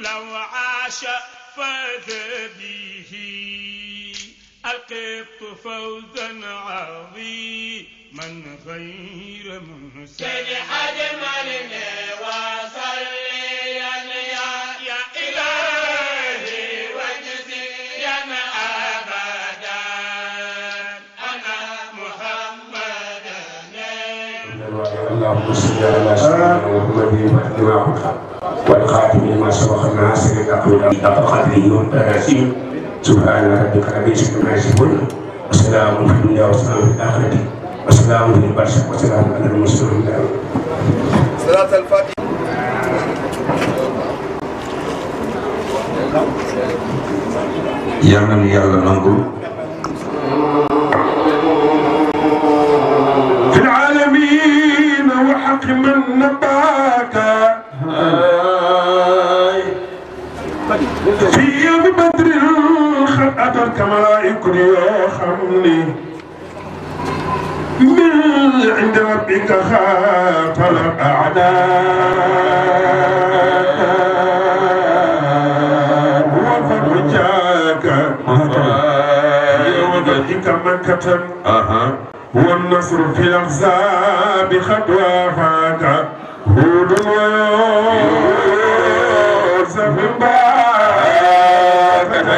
لو عاش فاز به القط فوزا عظيما غير منسى سيدي حاج مالنا وصلي يا يا إلهي واجزينا أبدا أنا محمد اللهم صل على سيدنا محمد وعلى آله القاتل لما سبق الناس من قبل حق قتله والتناسيم سبحان ربك رب العزة عما يصفون وسلام في الدنيا وسلام في الآخرة وسلام في البشر وسلام على المرسلين صلاة الفاتحة yàlla na yàlla nangu في العالمين وحق من نبأ fii yow bi badrin xat atal kamalaa ikun yoo xam ni min inda rabbika xaatal aadaa wa farjaaka yawma ika mankatan والنصر في الأحزاب قد وافاك هود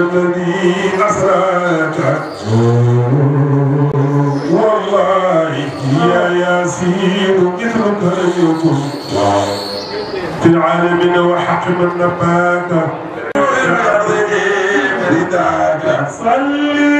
الذي أسرى والله يا ياسين مثلك يكون في العالمين وحكم النبات صلي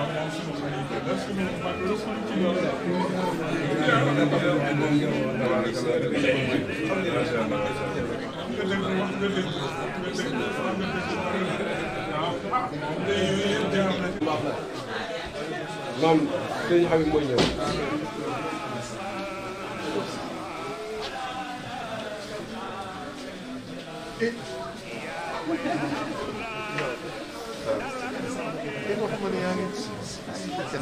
loolu suñu xam mooy ñëw. so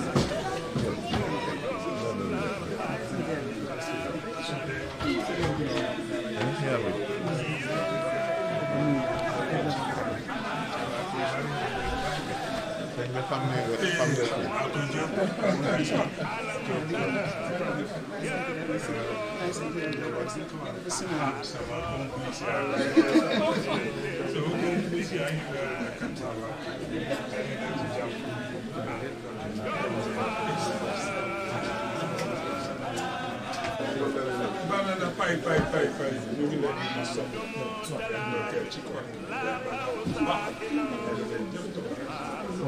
pay pay pay pay ñu ngi leen di mos a ndokkeel ci koor gi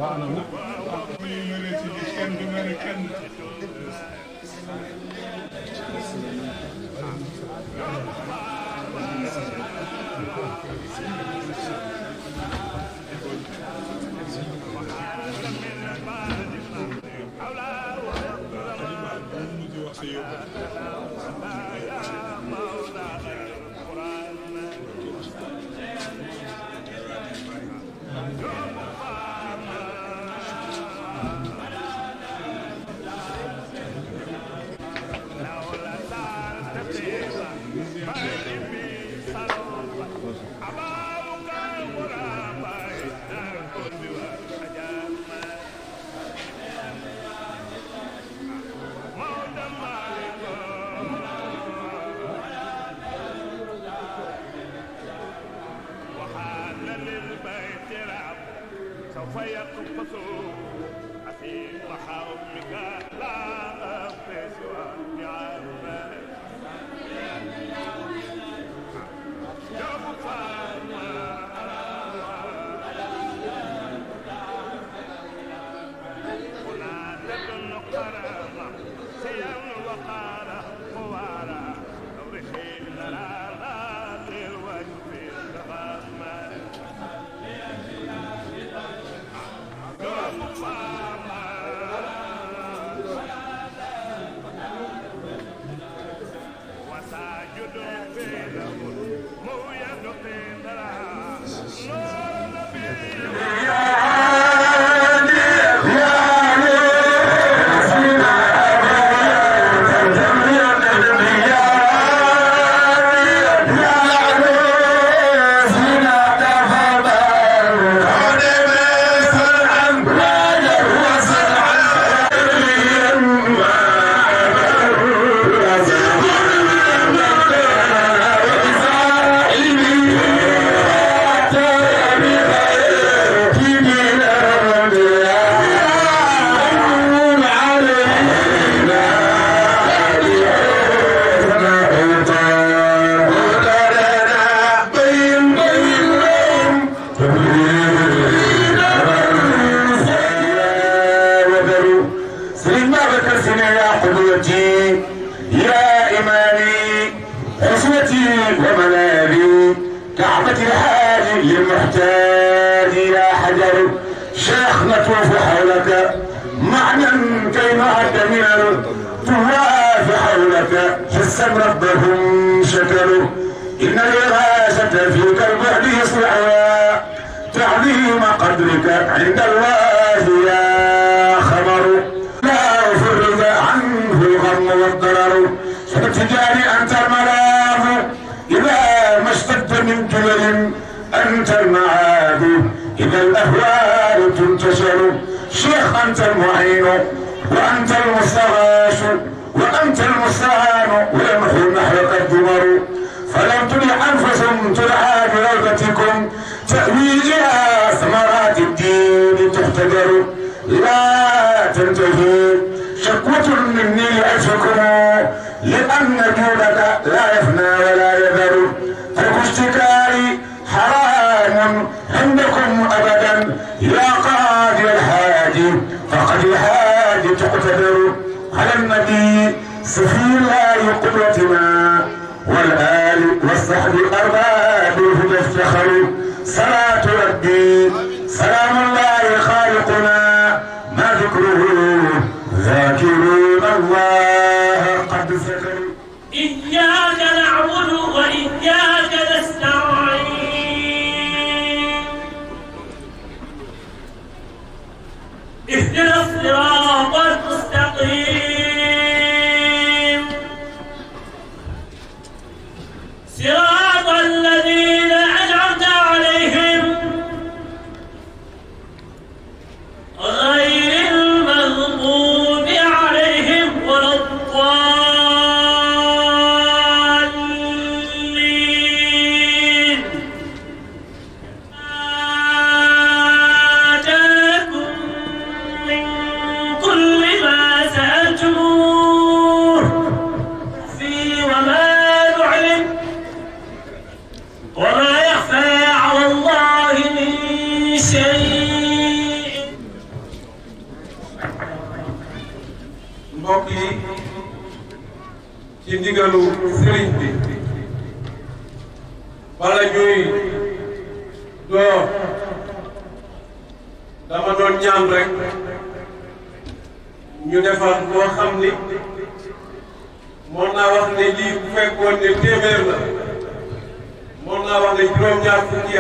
waaw na mu ñu mënee ci di kenn du mën a kenn la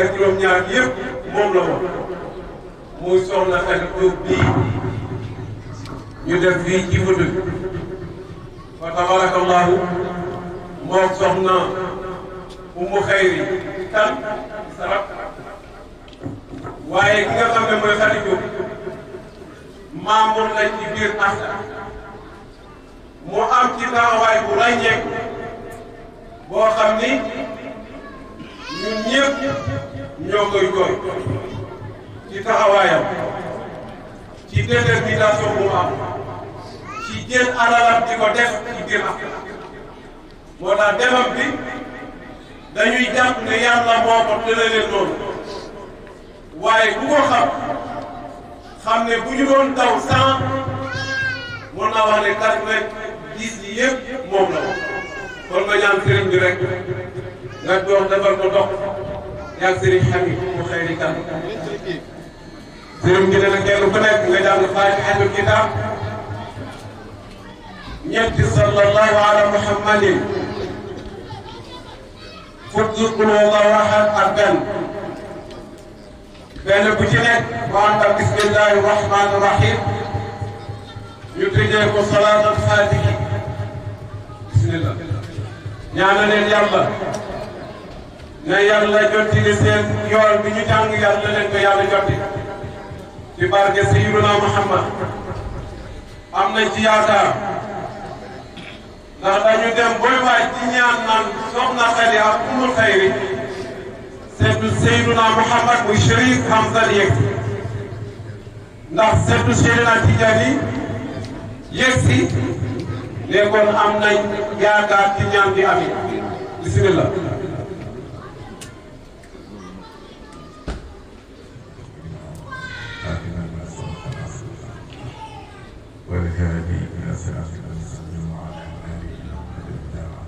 ak juróom-ñaar yëpp moom la moom muy soxna ak jóg ñu def fii ci wund fa tabarakallahu moom soxna umu xayri kan sarab waaye ki nga xam ne mooy xarit jóg membre ci biir AFCA mu am ci taxawaay bu ràññeeku boo xam ni ñun ñëpp ñoo koy jooy ci taxawaayam ci détermination bu mu am ci jël alalam di ko def ci gën moo tax demam bi dañuy jàpp ne yàlla moo ko tëralee noonu waaye ku ko xam xam ne bu ñu doon daw cent mën naa wax ne quatre-vingt-dix yi yëpp moom la ko kon nga ñaan sëriñ bi rek nga jox defal ko dox. yaa ngi sëriñ Habib mu xëy di kan. sëriñ bi dana kenn ku nekk nga jàng faatihatul kitaab ñetti sallallahu ala muhammadin fukki qul wallahu ahad ak benn. benn bu ci nekk mu ànd ak bismillahi rahmani rahim ñu tëjee ko salaatul faatihi bismillah ñaana leen yàlla. ne yàlla jottili seen yool bi ñu jàng yàlla na leen ko yàlla jotti ci barke Sayyiduna Muhammad am nañ ci yaakaar dañu dem booy waaj ci ñaan naan soxna ak umul xayri seetu Muhammad bu Chérif Hamza yëg ndax seetu Seydina Tijaani yëg si am nañ yaakaar ci ñaan bi bismillah والهادي إلى صراط المستقيم وعلى آله وصحبه وسلم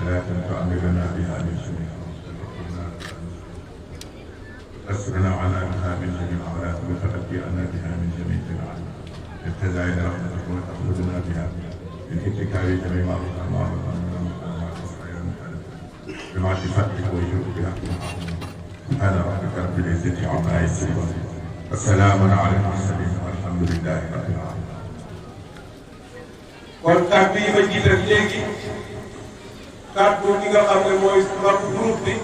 ثلاثا تعلمنا بها من جميع أسرنا على أنها من جميع العورات وتأتينا بها من جميع العلم ابتدعي رحمتك وتأخذنا بها من اتكال جميع ما الله بما صفتك وجودك سبحان ربك رب العزة عما يصفون وسلام على المرسلين والحمد لله رب العالمين kon kàddu yi ma jiital léegi kàddu gi nga xam ne mooy mag groupe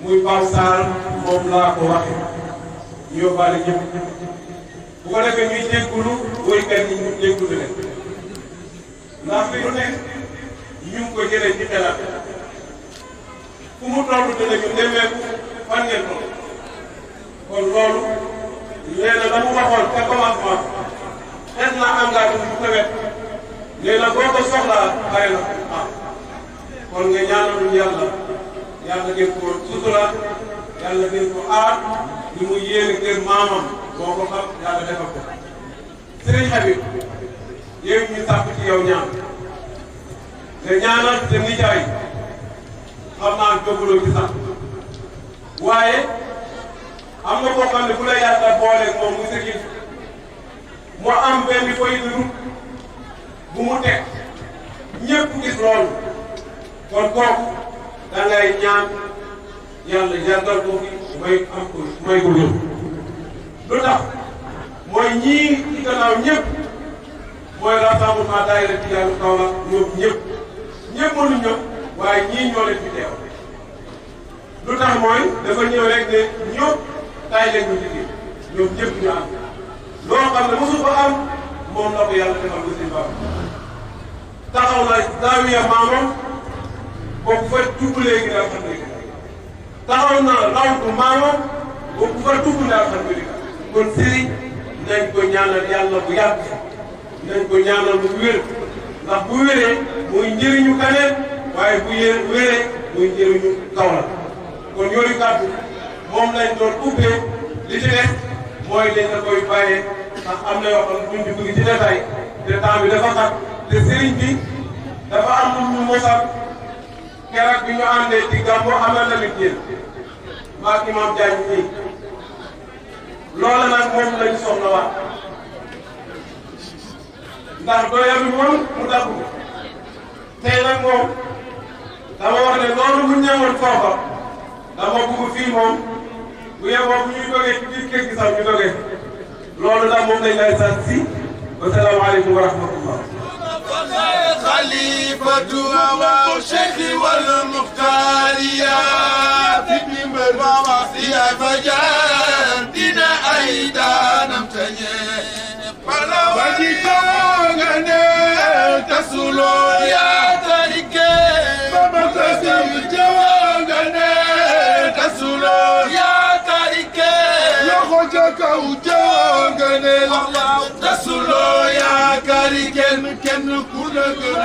muy Pape Sarr moom laa ko waxe ñu yóbbaale ñëpp bu ko defee ñuy jéggulu woykat yi ñu jéggulu leen ndax li ñu ne ñu ngi ko jëlee ci xelal fu mu toll dina ñu demeeku fan ngeen kon loolu nee na la mu waxoon ca commencement xet naa engagé bu tawet léegi nag boo ko soxlaa bare na ah kon nga ñaanal ñu yàlla yàlla gën ko sutura yàlla gën ko aar li mu yéene kër maamam boo ko xam yàlla defal ko. Serigne Habib yéen ñu sàpp ci yow ñaan te ñaanal te nijaay xam naa jóguloo ci sax waaye am na koo xam ne bu la yàlla booleeg moom mu sëgil mu am benn foy dund. bu mu teg ñëpp gis loolu kon kooku da ngay ñaan yàlla yàggal ko fi may am ko may ko wér lu tax mooy ñii ci gannaaw ñëpp mooy la ñoom ñëpp ñëpp mënuñ ñëw waaye ñii ñoo leen fi teew lu tax mooy dafa ñëw rek ne ñëpp taay leen ñu liggéey ñoom ñëpp moom la ko yàlla defal ko sëñ Bamba taxaw na daawiya maamam boobu fa tubb léegi daal xam taxaw na lawtu maamam boobu fa tubb daal xam ne kon nañ ko ñaanal yàlla bu yàgg nañ ko ñaanal bu wér ndax bu wéree muy njëriñu kaneen waaye bu yé wéree muy njëriñu Kaolack kon yooyu kàddu moom lañ doon ubbee li ci des mooy dañ koy bàyyee. ndax am na yoo xam ne buñ di dugg ci détail te temps bi dafa xat te sëriñ bi dafa am ñu mosal keroog bi ñu àndee ci gàmmu amal na nit yéen maak imam Diagne fii loola nag moom lañ soxlawaat ndax doya bi moom mu dàqu tey nag moom dama wax ne loolu bu ñëwoon foofa dama bëgg fii moom bu yeboo bu ñuy dogee ci biir kër gi sax ñu dogee loolu nag moom lañ lay sant si wasalaamaaleykum wa rahmatullah خليفة أمام الشيخ والمختار يا في منبر ومعصية فجان دينا أيدا نمتني ولي جوانا تسولو يا تاريكي فما تسولو جوانا تسولو يا تاريكي يا خجاك وجوانا ne la rasuloo yaakaar kenn ku ne gën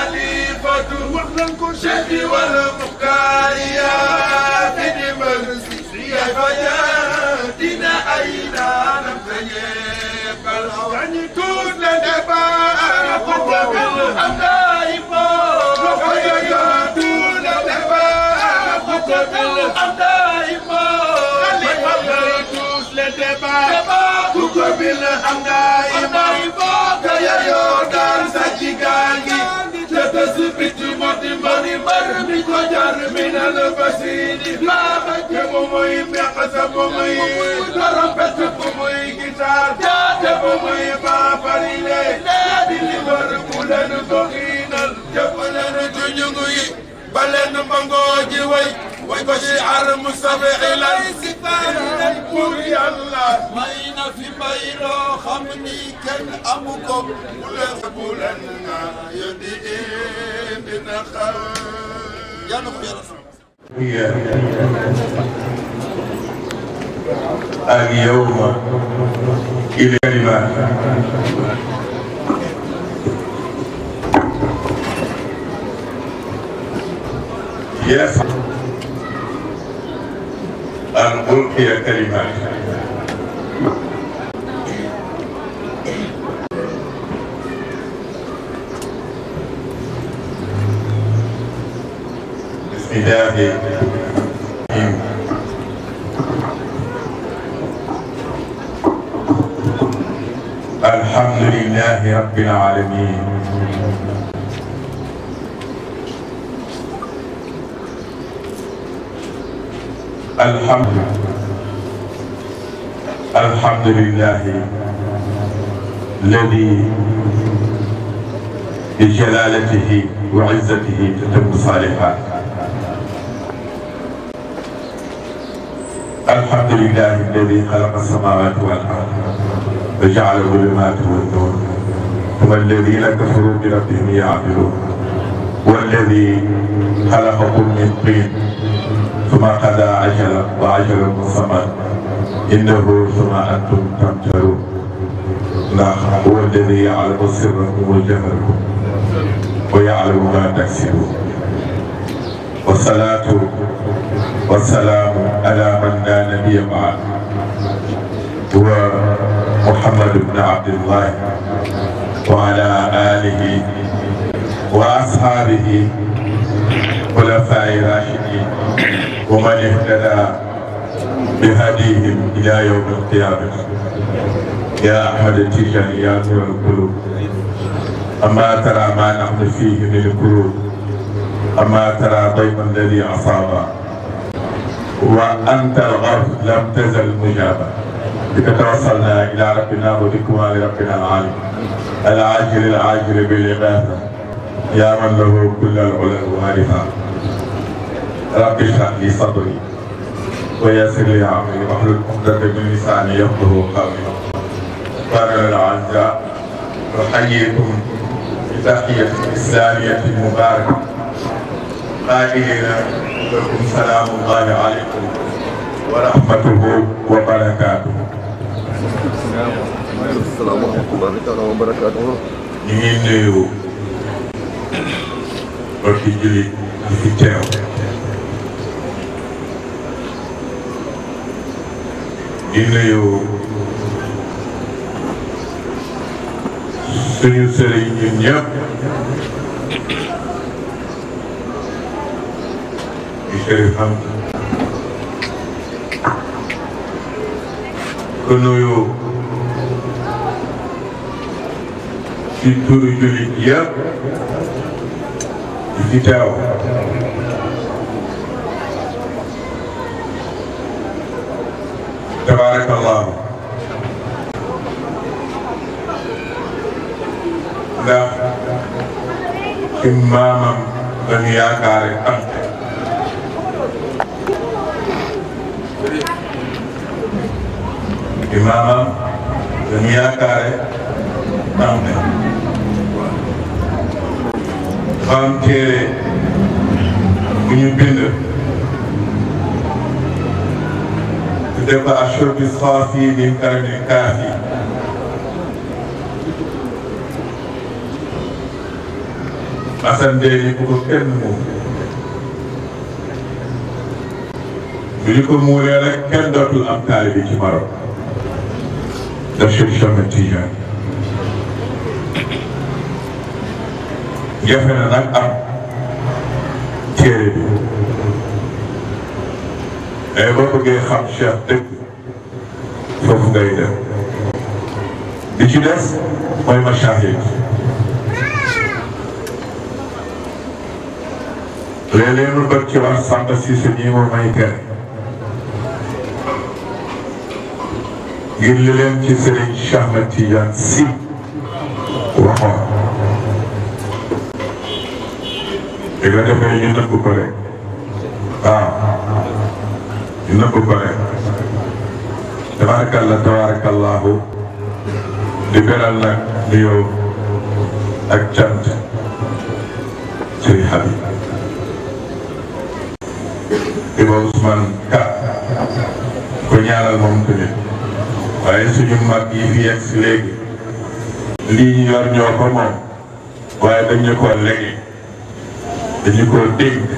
alifatu wax nañ ko cheikh wala muxtaar yaa fi dimbal si yaay fa jaar dina ay daanam sa ñeebal dañu tuut na débat ak am na ay moom dañu tuut na débat ak am na ay moom dañu tuut ko bil am daay ba ka yar yoo daan ci gaangi te tës picc moo di mani ko jar mi na la fasini laa ba ke mu muy meq sa mu muy la rompet li war mu leen ko xiinal jëpp leen way وبشير المصطفى إلى السفارة بور يلا ماينا في بيرو خمني كان أمكم ولا بولنا يدي بنا خل يا نخير اليوم إلى كلمة يفعل أن ألقي كلمات بسم الله الحمد لله رب العالمين الحمد الحمد لله الذي بجلالته وعزته تتم الصالحات الحمد لله الذي خلق السماوات والارض وجعل الظلمات والنور ثم الذين كفروا بربهم يعدلون والذي خلقكم من طين suma xada ajala wa ajala musamman innahu suma antum tamtaru ndax huwa alladi yalamu sirrakum wa jahrakum wa yalamu ma taksibu wasalaatu wasalaamu ala man laa nabiya ba'd huwa Muhammad ibn Abdillah wa ala alihi wa ashaabihi xulafaa'i raashidiin ومن اهتدى بهديهم إلى يوم القيامة يا أحمد التجاني يا نور القلوب أما ترى ما نحن فيه من القلوب أما ترى ضيما الذي أصاب وأنت الغرب لم تزل مجابا بك توصلنا إلى ربنا وبكما لربنا العالم العاجل العاجل بالعبادة يا من له كل العلا وارثا rabbi shrah li sadri wa yassir li amri wahlul uqdatan min lisani yafqahu qawli baral azza wa hayyikum bi tahiyatin islamiyatin mubarakah qaailina lakum salaamullahi alaykum wa rahmatuhu wa barakatuhu ñu ngi nuyu mbokki jullit yi fi teew di nuyu suñu ya ñun ñëpp di sëriñ xam ko nuyu ci turu jullit yëpp di ci teew tabaarakallaahu ndax ci maamam dañu yaakaare am ci maamam dañu yaakaare am dafa am téere bu ñu bind دب الشرب الصافي من كرم الكافي asan dee ni ku kenn muur bu ñu ko muuree rek kenn dootul am taalibi ci Maroc daf sur chemin Tijaan jafe na nag am téere mais eh, boo bëggee xam Cheikh dëgg foofu ngay dem li ci des mooy mashahid léeg-léeg lu bëgg ci wax sant si sa ñi may tere ngir li leen ci Serigne Cheikh Ahmed Tidiane Sy waxoon léegi la defee ñu tënk ko rek waaw ah. na ko gone tabaarakalla tabaarakallaahu di beral nag nuyoo ak cant Serigne Habib Iba Ka ko ñaanal moom tamit waaye suñu mag yi fi yegg si léegi lii ñu yor ñoo ko moom waaye dañ ñu ko ko dégg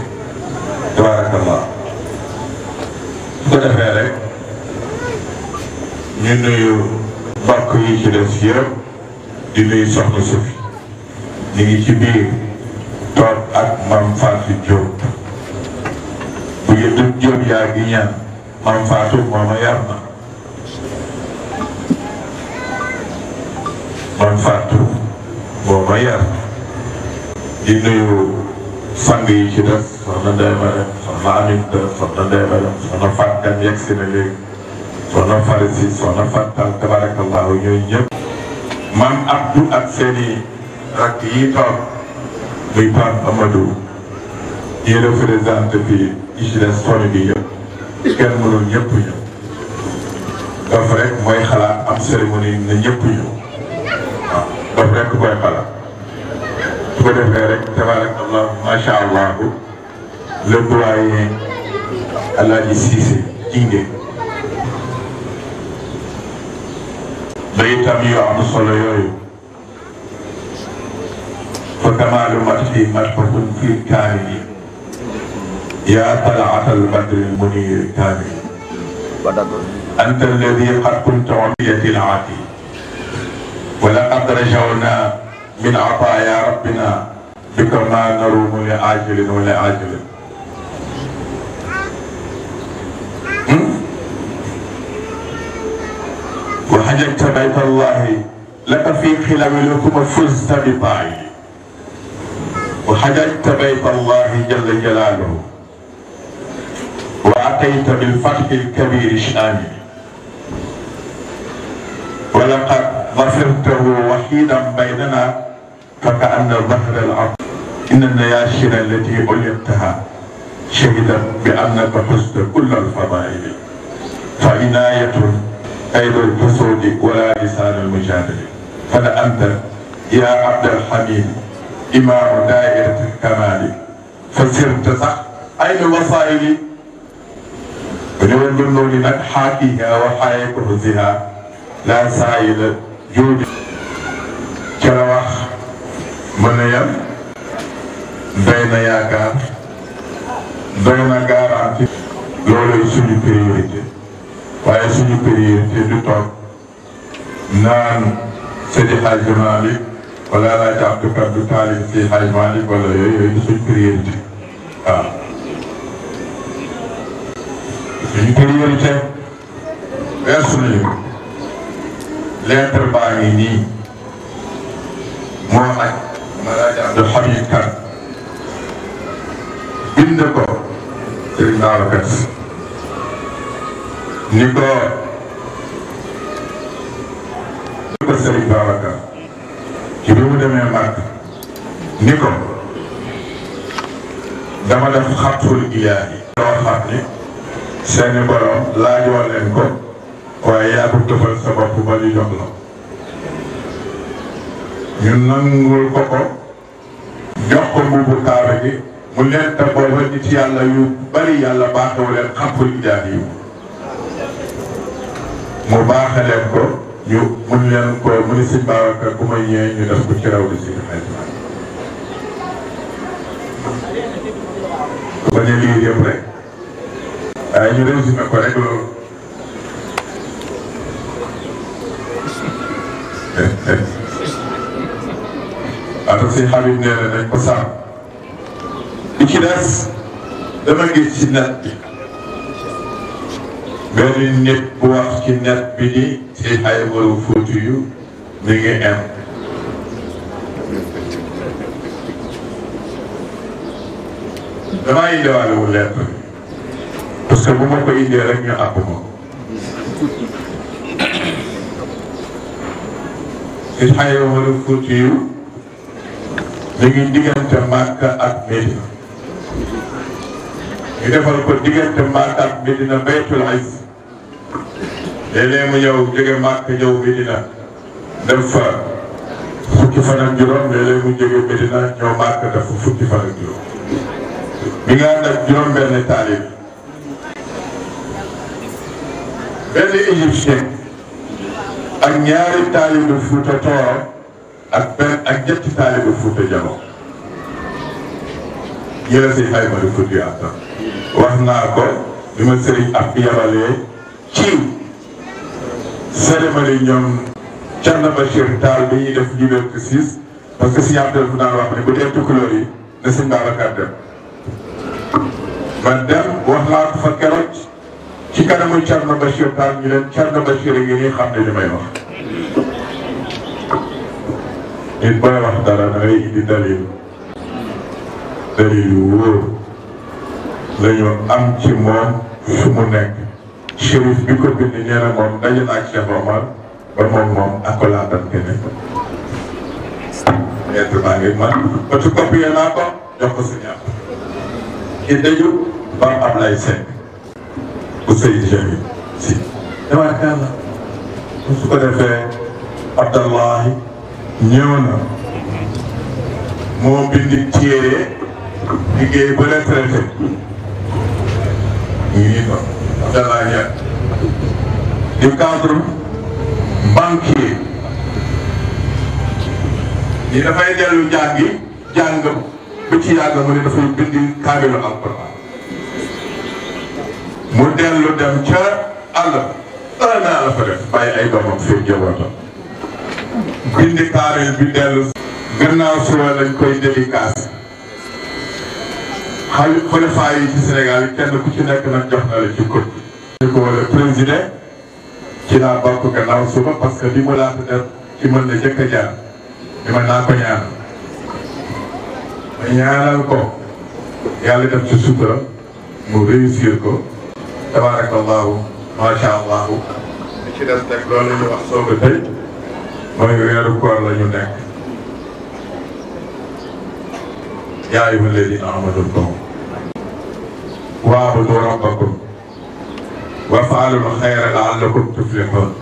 ko defee rek ñu nuyu bàkk yi ci des yëpp di nuyu soxna sufi ñu ngi ci biir toog ak mam Fatou Diop bu yëddu yaa ngi ñaan mam Fatou mooma yar na mam Fatou mooma yar di nuyu sang yi ci des soxna Ndeye Marème soxna Aminta soxna Ndeye Mariam soxna Fatou Kane yegg si na léegi soxna Farid Si soxna Fatou Tall tabarakallahu ñooñu ñëpp maam Abdou ak seeni rakk yi toog muy Pape Amadou ñi représenté fii IGLES famille bi yëpp kenn mënul ñëpp ñëw daf rek mooy xalaat am cérémonie na ñëpp ñëw waaw daf rek koy xalaat su ko defee rek tabarakallahu macha allah le doyen Alaaji Cissé Jinge bayitam yu am solo yooyu fa kamaalu mat fi mat fatun fi kaamili yaa talaatal badri munir kaamili أنت الذي قد كنت عمية العادي ولقد رجعنا من عطايا ربنا بك ما نروم لآجل ولا آجل وحججت بيت الله لك في خلالكم فزت بطاعي وحججت بيت الله جل جلاله وأتيت بالفتح الكبير شاني ولقد ظفرته وحيدا بيننا فكأن ظهر الأرض إن النياشر التي ألقتها شهدت بأنك حزت كل الفضائل فعناية أيضا الحسود ولا لسان المجادلة فلأنت يا عبد الحميد إمام دائرة الكمال فسرت صح أين الوسائل ونقول من لمن حاكيها وحاي كنوزها لا سائل جود كلواح من يم بين ياكار بين غارانتي لولو سوني بريوريتي waaye suñu priorité du toog naan Seydi Hadj Malick wala laaj Abdou Kaddu Taalib si Hadj wala yooyu yooyu du suñu priorité waaw suñu priorité weesu nañu ko lettre ngi nii moo ak Alaaji Abdou Hamid Kan bind ko Serigne Babacar ni ko ni ko Serigne Babacar ci bi mu demee màgg ni ko dama def xatul ilaahi loo xam ni seeni borom laajoon leen ko waaye yaa ko tëfal sa bopp ba ñu jox la ñu nangul ko ko jox ko mbubu kaaba gi mu leen te booba nit yàlla yu bari yàlla baaxewu leen xatul ilaahi yu mu baaxaleen ko ñu mun leen ko mu ni si Babacar bu may ñëwee ñu def ko ci raw di si xayma. ba ne lii yëpp rek waaye ñu résumé ko rek loolu. waaw si Habib nee na nañ ko sàmm. li ci des dama gis ci naaj bi. benn nit bu wax ci net bi ni si ay maru fóotu yu mi ngi am damaa indiwaale wu lepp parce que bu ma ko indee rek ñu àpp si xaye maru fóotu yu mi ngi diggante Màkka ak Medina ñu defal ko diggante Màkka ak Medina baytul aziz léeg-léeg mu ñëw jóge Màkka ñëw Medina dem fa fukki juróom léeg mu jóge Medina ñëw Màkka def fa fukki juróom bi nga ànd juróom benn taalib benn égyptien ak ñaari taalibu Fuuta Tooro ak benn ak ñetti taalibu Fuuta Jallo yële si xayma di Fuuta Jallo wax naa ko bi ma sëriñ ak yabalee ci cérémonie ñoom Thierno Bachir Tall dañuy def liberté 6 parce que si ñaata fu daan wax ne bu dee tukkulóor yi na sëñ Babacar dem. man dem wax laa fa keroog ci kanamu Thierno Bachir Tall ñu leen Thierno Bachir a ngi nii xam ne li may wax. nit booy wax dara da ngay indi dalil dalil yu wóor la am ci moom fu mu nekk. Chérif bi ko bind nee na moom daje na ak Cheikh Omar ba moom moom akolaatante ne ko. lettre baa ngi man photocopie naa ko jox ko suñu am. ki dëju ba Ablaye Seck. bu Seydou si. damaa teel a. su ko defee Abdallahi ñëw na. moo bind téere liggéey ba la traité. ñu ngi dell'Aia du cadre banquier ñi dafay dellu jàngi jàng ba ci yàgg mu ne dafay bind kaamilu alquran mu dellu dem ca àll un la fa def bàyyi ay doomam fii njabootam bind kaamil bi dellu gannaaw suba lañ koy dédicace xaw xulafaa yi ci Sénégal kenn ku ci nekk nag jox na la jikko ñu ko président ci laa bokk gannaaw suba parce que li ma laata def ci mën na jëkk jaar li ma naa ko ñaanal ma ñaanal ko yàlla def ci sutura mu réussir ko tabarakallahu macha allahu li ci des nag loolu ñu wax sooga tey mooy weeru koor la nekk يا أيها الذين آمنوا اتقوا واعبدوا ربكم وافعلوا الخير لعلكم تفلحون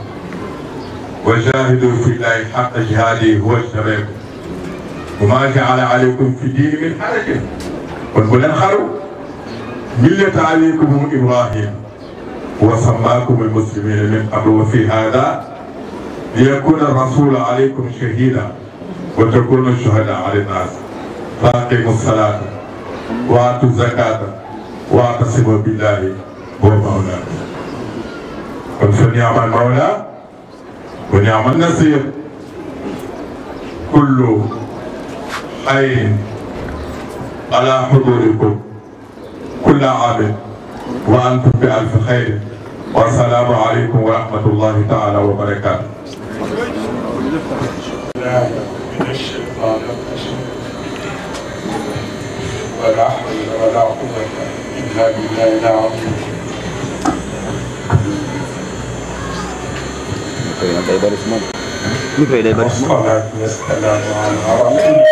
وجاهدوا في الله حق جهاده هو اجتباكم وما جعل عليكم في الدين من حرج قل بلن خروا ملة عليكم إبراهيم وسماكم المسلمين من قبل وفي هذا ليكون الرسول عليكم شهيدا وتكونوا شهداء على الناس fa aqimu salaata wa atu zakaata wa atasimu billahi wa mawla kon fa niamal mawla wa niamal nasir kullu xayrin ala xudurikum kulla amin wa antum bi alfi xayrin wa salaamu aleykum wa rahmatullahi taala wa barakaatu ولا حول ولا قوة إلا بالله العظيم والصلاة والسلام على رسول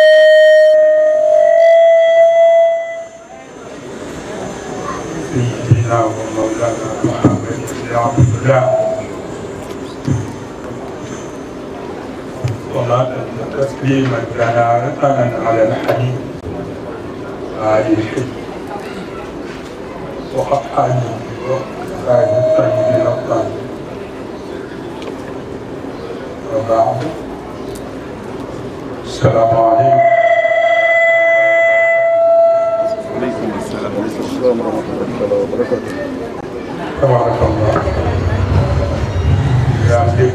سيدنا ومولانا محمد بن عبد الله وما تسليما كان على الحديث آل الحب وقد حاجت وقد حاجت إلى الطالب وبعد السلام عليكم وعليكم السلام ورحمة الله وبركاته تبارك الله يا عليك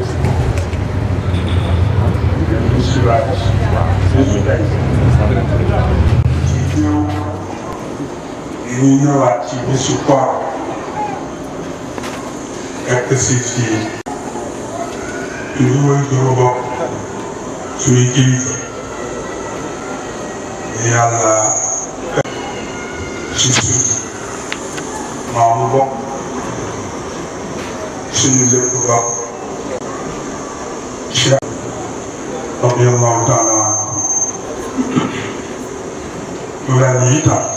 Thank you. ñëw ñu ñëwaat ci bisu koor fekk si fii suñu waajuru bopp suñu kilifa yàlla ci suuf maamu bopp suñu lépp bopp. radiyallahu taala alxuraan yi itam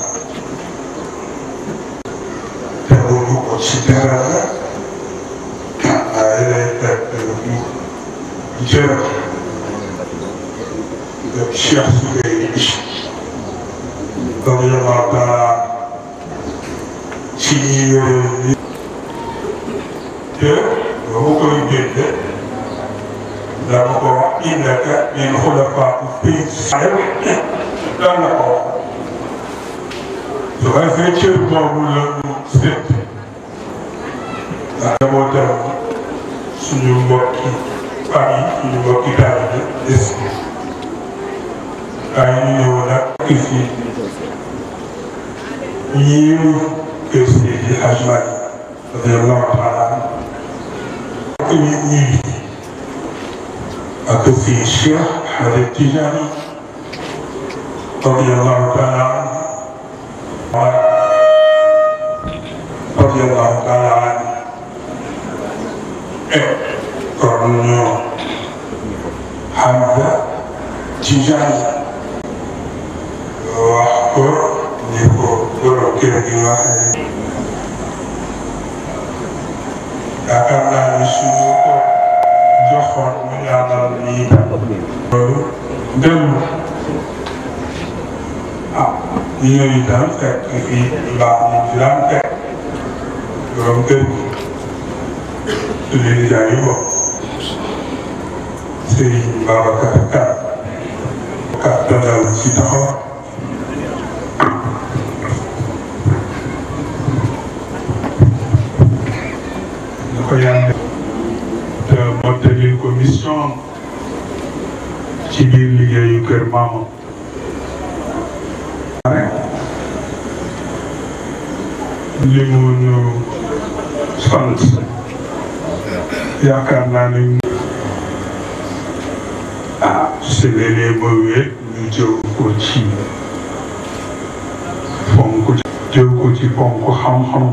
ci ponk xam-xam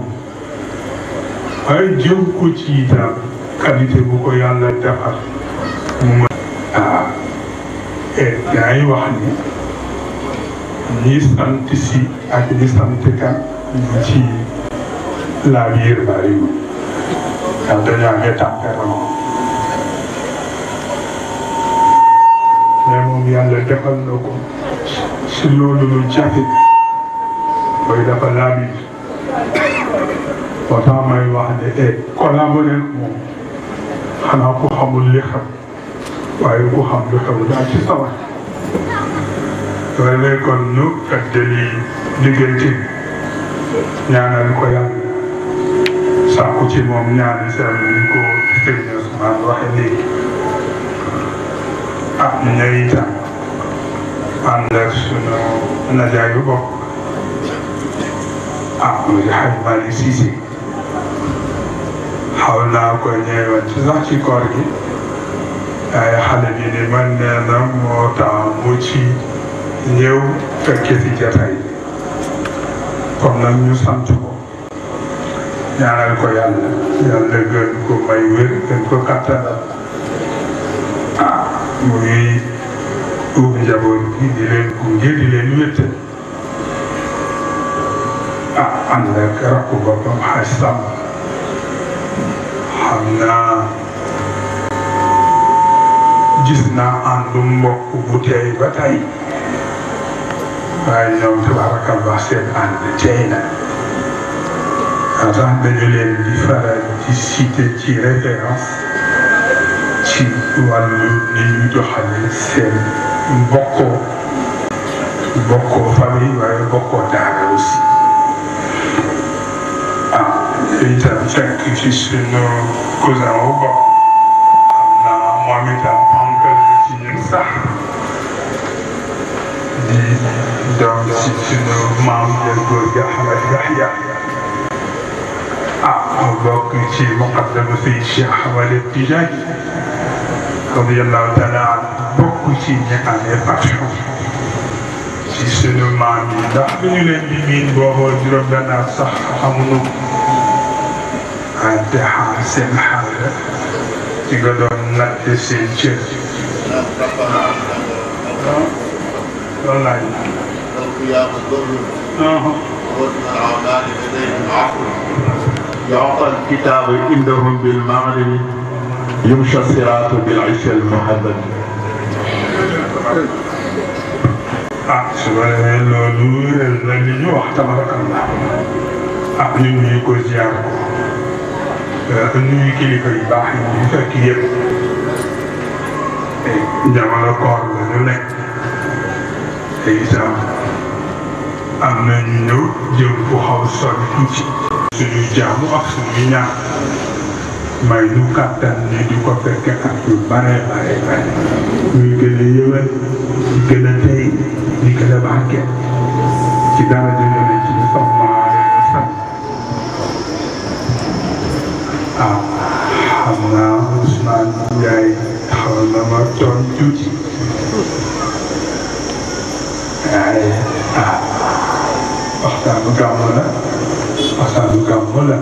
waaye jëm ko ci itam qualité bu ko yàlla defar mu mën ah et daay wax ni ñi sant si ak ñi sant ka ñu ci la biir bariwul ndax dañoo amee tempérament mais moom yàlla defal na ko si loolu lu jafe mooy dafa laa biir pourtant may wax ne eh collaborer moom xanaa ku xamul li xam waaye ku xam lu xew daal ci sawar loolu lay kon nu feddali diggante ñaanal ko yàlla sàkku ci moom ñaari seen ñu ko sëriñ Ousmane waxe léegi ah ñu ñëw itam ànd ak muy xaj Malick Cissé xaw naa ko ñëwoon ci sax ci gi ay xale bi ni man nee na moo tax mu ci ñëw fekke si jataay ñu sant bo ñaanal ko yàlla yàlla gën ko may wér gën ko kattanal ah mu ngi ubbi njaboot gi di leen gunge di ànd ak rakku boppam xaj sàmm xam naa gis naa àndu mbokk bu tey ba tey waaye ñoom tabaarakallah seen ànd tey na daa tax dañu di faral di cité ci référence ci wàllu ni ñu doxalee seen mbokkoo mbokkoo famille itam ci suñu cousin wu bopp xam naa moom itam ponkal bi ci ñun di doom ci suñu maam ya góor gi Ahmed Yahya ah mu bokk ci muqaddama fi Cheikh Ahmed Tidiane radiyallahu taala bokk ci ñi amee passion ci suñu maam yi ndax bi ñu leen di miin boo xool juróom-benn sax xamuñu te xaar seen xaal ci nga doon natte seen cër loolu laaj يعطى الكتاب عندهم بالمغرب يمشى الصراط بالعشاء المحدد ah su ma defee loolu la ñu wax tabaraka Allah ah ñu ngi ko ziar ko Euh, ak nuyu kilifa yu baax yi ñu fekk yëpp jamono koor la ñu nekk te itam am na ñu ñëw jëm fu xaw sori tuuti suñuy jaamu ak suñuy may lu kàttan ni ko fekke ak yu bare bare bare ñuy gën a yëwal di gën a tey di gën a barke ci dara gàmm la waxtaanu gàmm la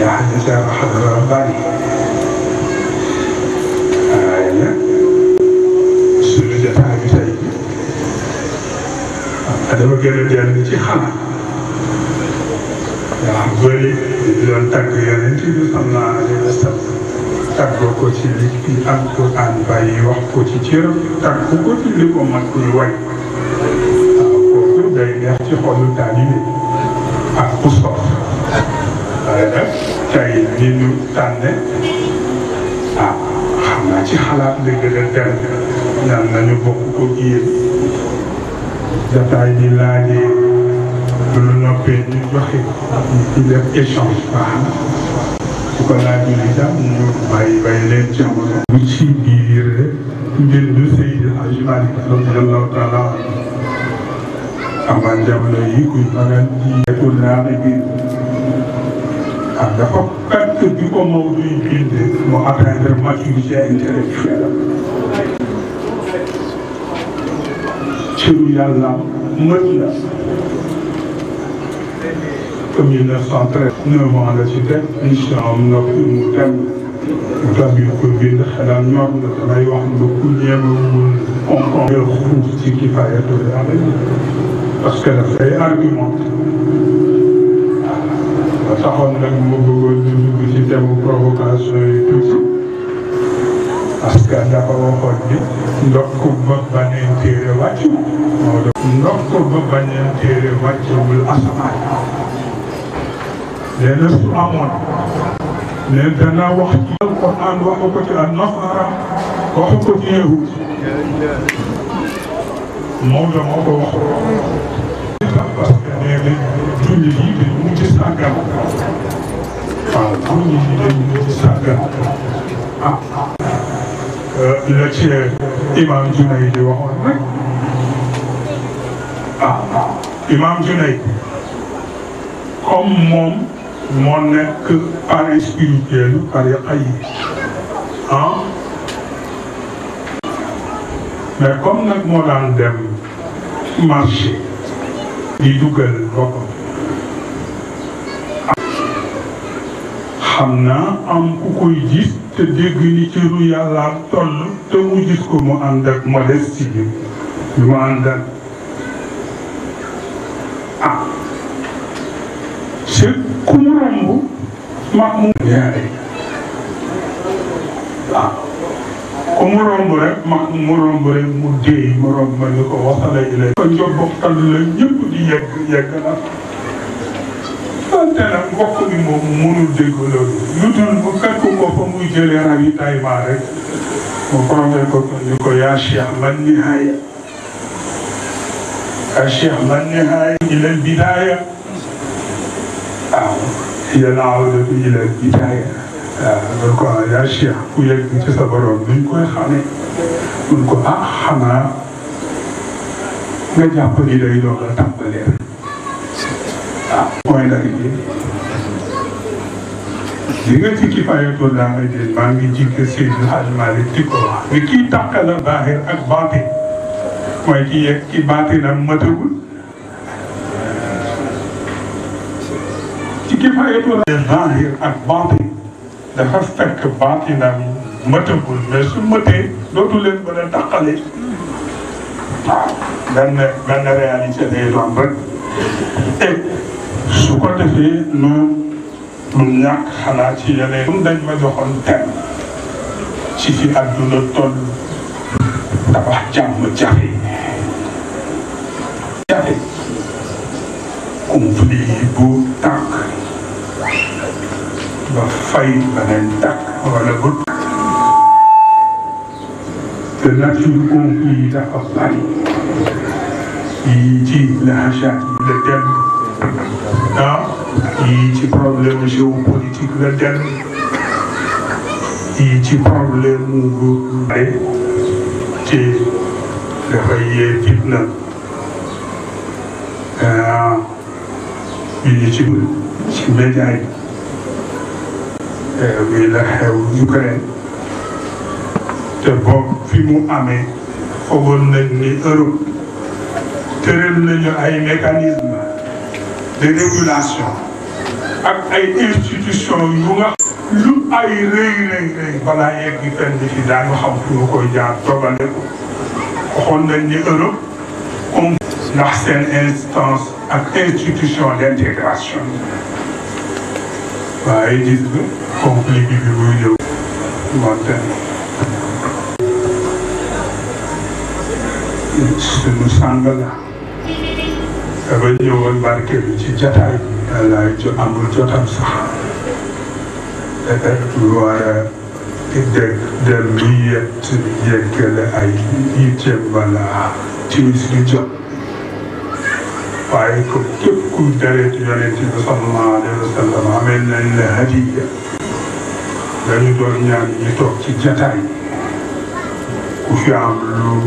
yaa xam ne daal bari waaye nag suñu jotaay bi tey dama gën a dellu ci xalaat yaa xam bëri di doon tàgg yonent bi sallallahu alayhi wa sallam tàggoo ci li am Quran bàyyi wax ko ci cëram tàggu ko ci li ko mag way ci xolu taalibe ak pusof waaye nag tey ni ñu tànne ah xam naa ci xalaat la gën a dem ñaan nañu bokk ko yéen jataay bi laajee lu noppee ñu joxe ñu def échange baax na su ko laajee li tam ñu bàyyi bàyyi leen bu ci biir mbir du Seydi Hadji Malick radiyallahu taala amma jamono yi kuy magal yeetu naari biir am dafa fekk bi ko Maodo yi bindee mu atteindre maturité intellectuelle cëru yàlla mët la te mille neuf cent treize neuf ans la ci teg incha am na fi mu dem mu tax ñu ko bind xelal ñor na damay wax ne ku ñeemewul on on xuus ci kifaayatu parce que daf argument ba taxoon nag mu bëggoon ñu dugg ci thème provocation yi tuuti parce que dafa waxoon ni ndokk ba baneen téere wàccul Maodo ndokk ba baneen téere wàccul asamaan nee na su amoon ne danaa wax ci alquran waxu ko ci an nasara waxu ko ci yahud moom la moo ko wax. parce que nee nañ jullit yi dañ mujj sàggan waaw jullit yi dañ mujj sàggan ah, ah. la ci Imaam Junayd di waxoon rek ah, ah. Imaam Junayd comme moom moo nekk parrain spirituel tariqa yi ah mais comme nag dem. marché di dugal boppam xam naa am ku koy gis te dégg ni cëru yàlla toll te mu gis ko mu ànd ak modeste bi lu ànd ak ah c'est ku mu romb ma mu mu romb ma mu romb mu dee mu romb ma ni ko waxale ilay ko njoboktal la ñëpp di yegg yegg na wante nag mbokk bi moom mënul dégg lu dul bu fekk ko fa muy jëlee ravitaillement rek mu promé ko ni ko yaa cheikh man yaa cheikh man nihaaya ilal bidaaya waaw yanaaw la ilal bidaaya loolu ko yaa Cheikh ku yegg ci sa borom nuñ koy xamee mun ko ah xanaa nga jàpp ni day doog a tàmbalee ah mooy li nga ci kifaayatu laa nga jël maa ngi jiite Seydou Hadj Malick di ko wax ni kii tàqala baaxir ak baatin mooy ki yegg ki baatinam ci kifaayatu laa baaxir ak baatin dafa fekk baatinam mëtagul mais su mëtee dootu leen mën a dàqale waaw benn benn réalité day doon su ko defee nu lu ñàkk xanaa ci yeneen comme dañ ma joxoon ci fi àdduna toll tabax jàmm jafe jafe conflit bu tànk ba fay beneen tàkk wala bu tàkk te nature conflit yi dafa bari yii ci laxasaat yi la dem ah yii ci problème géopolitique la dem yii ci problème mu bëri te dafay yee fitna ah yii ci ci média muy la xew Ukraine te boobu fi mu amee foogoon nañ ni Europe tëral nañu ay mécanisme de régulation ak ay institution yu nga lu ay rëy rëy rëy balaa yegg fenn fi daanu xam fu ñu koy jaar togale ko waxoon nañ ni Europe comme ndax seen instance ak institution d' waaye gis nga compliqué bi muy ñëw montagne suñu sàng la dafa bi ci jataay yàllaay ju amul jotam sax peut-être war a dem bi yett yeggale ay yitteem balaa timis di jot waaye ko képp ku dareet yonent bi sallallahu alayhi wa sallam amel nañ la hadiya dañu doon ñaan ñu toog jataay ku fi am lu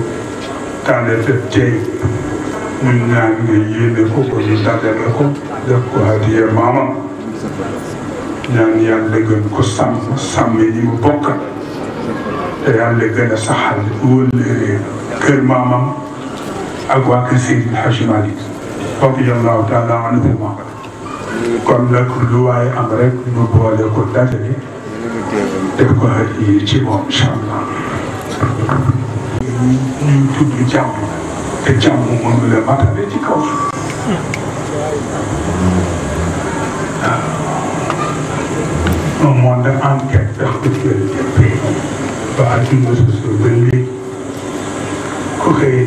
tànneefet tey ñun ñaan nga yéene ko ko ñu dajale ko def ko hadiya maamam ñaan yàlla gën ko sàmm sàmm yi mu bokkal te yàlla gën a saxal wëllëre kër maamam ak waa kër Seydil Hadji Malick radiyallahu taala anhu kon nag lu waaye am rek ñu boole ko dajale da ko yi ci moom incha allah. ñu tudd jàmm te jàmm moom la matale ci kaw. un monde en quête d'actualité ba àdduna soso ba léegi ku koy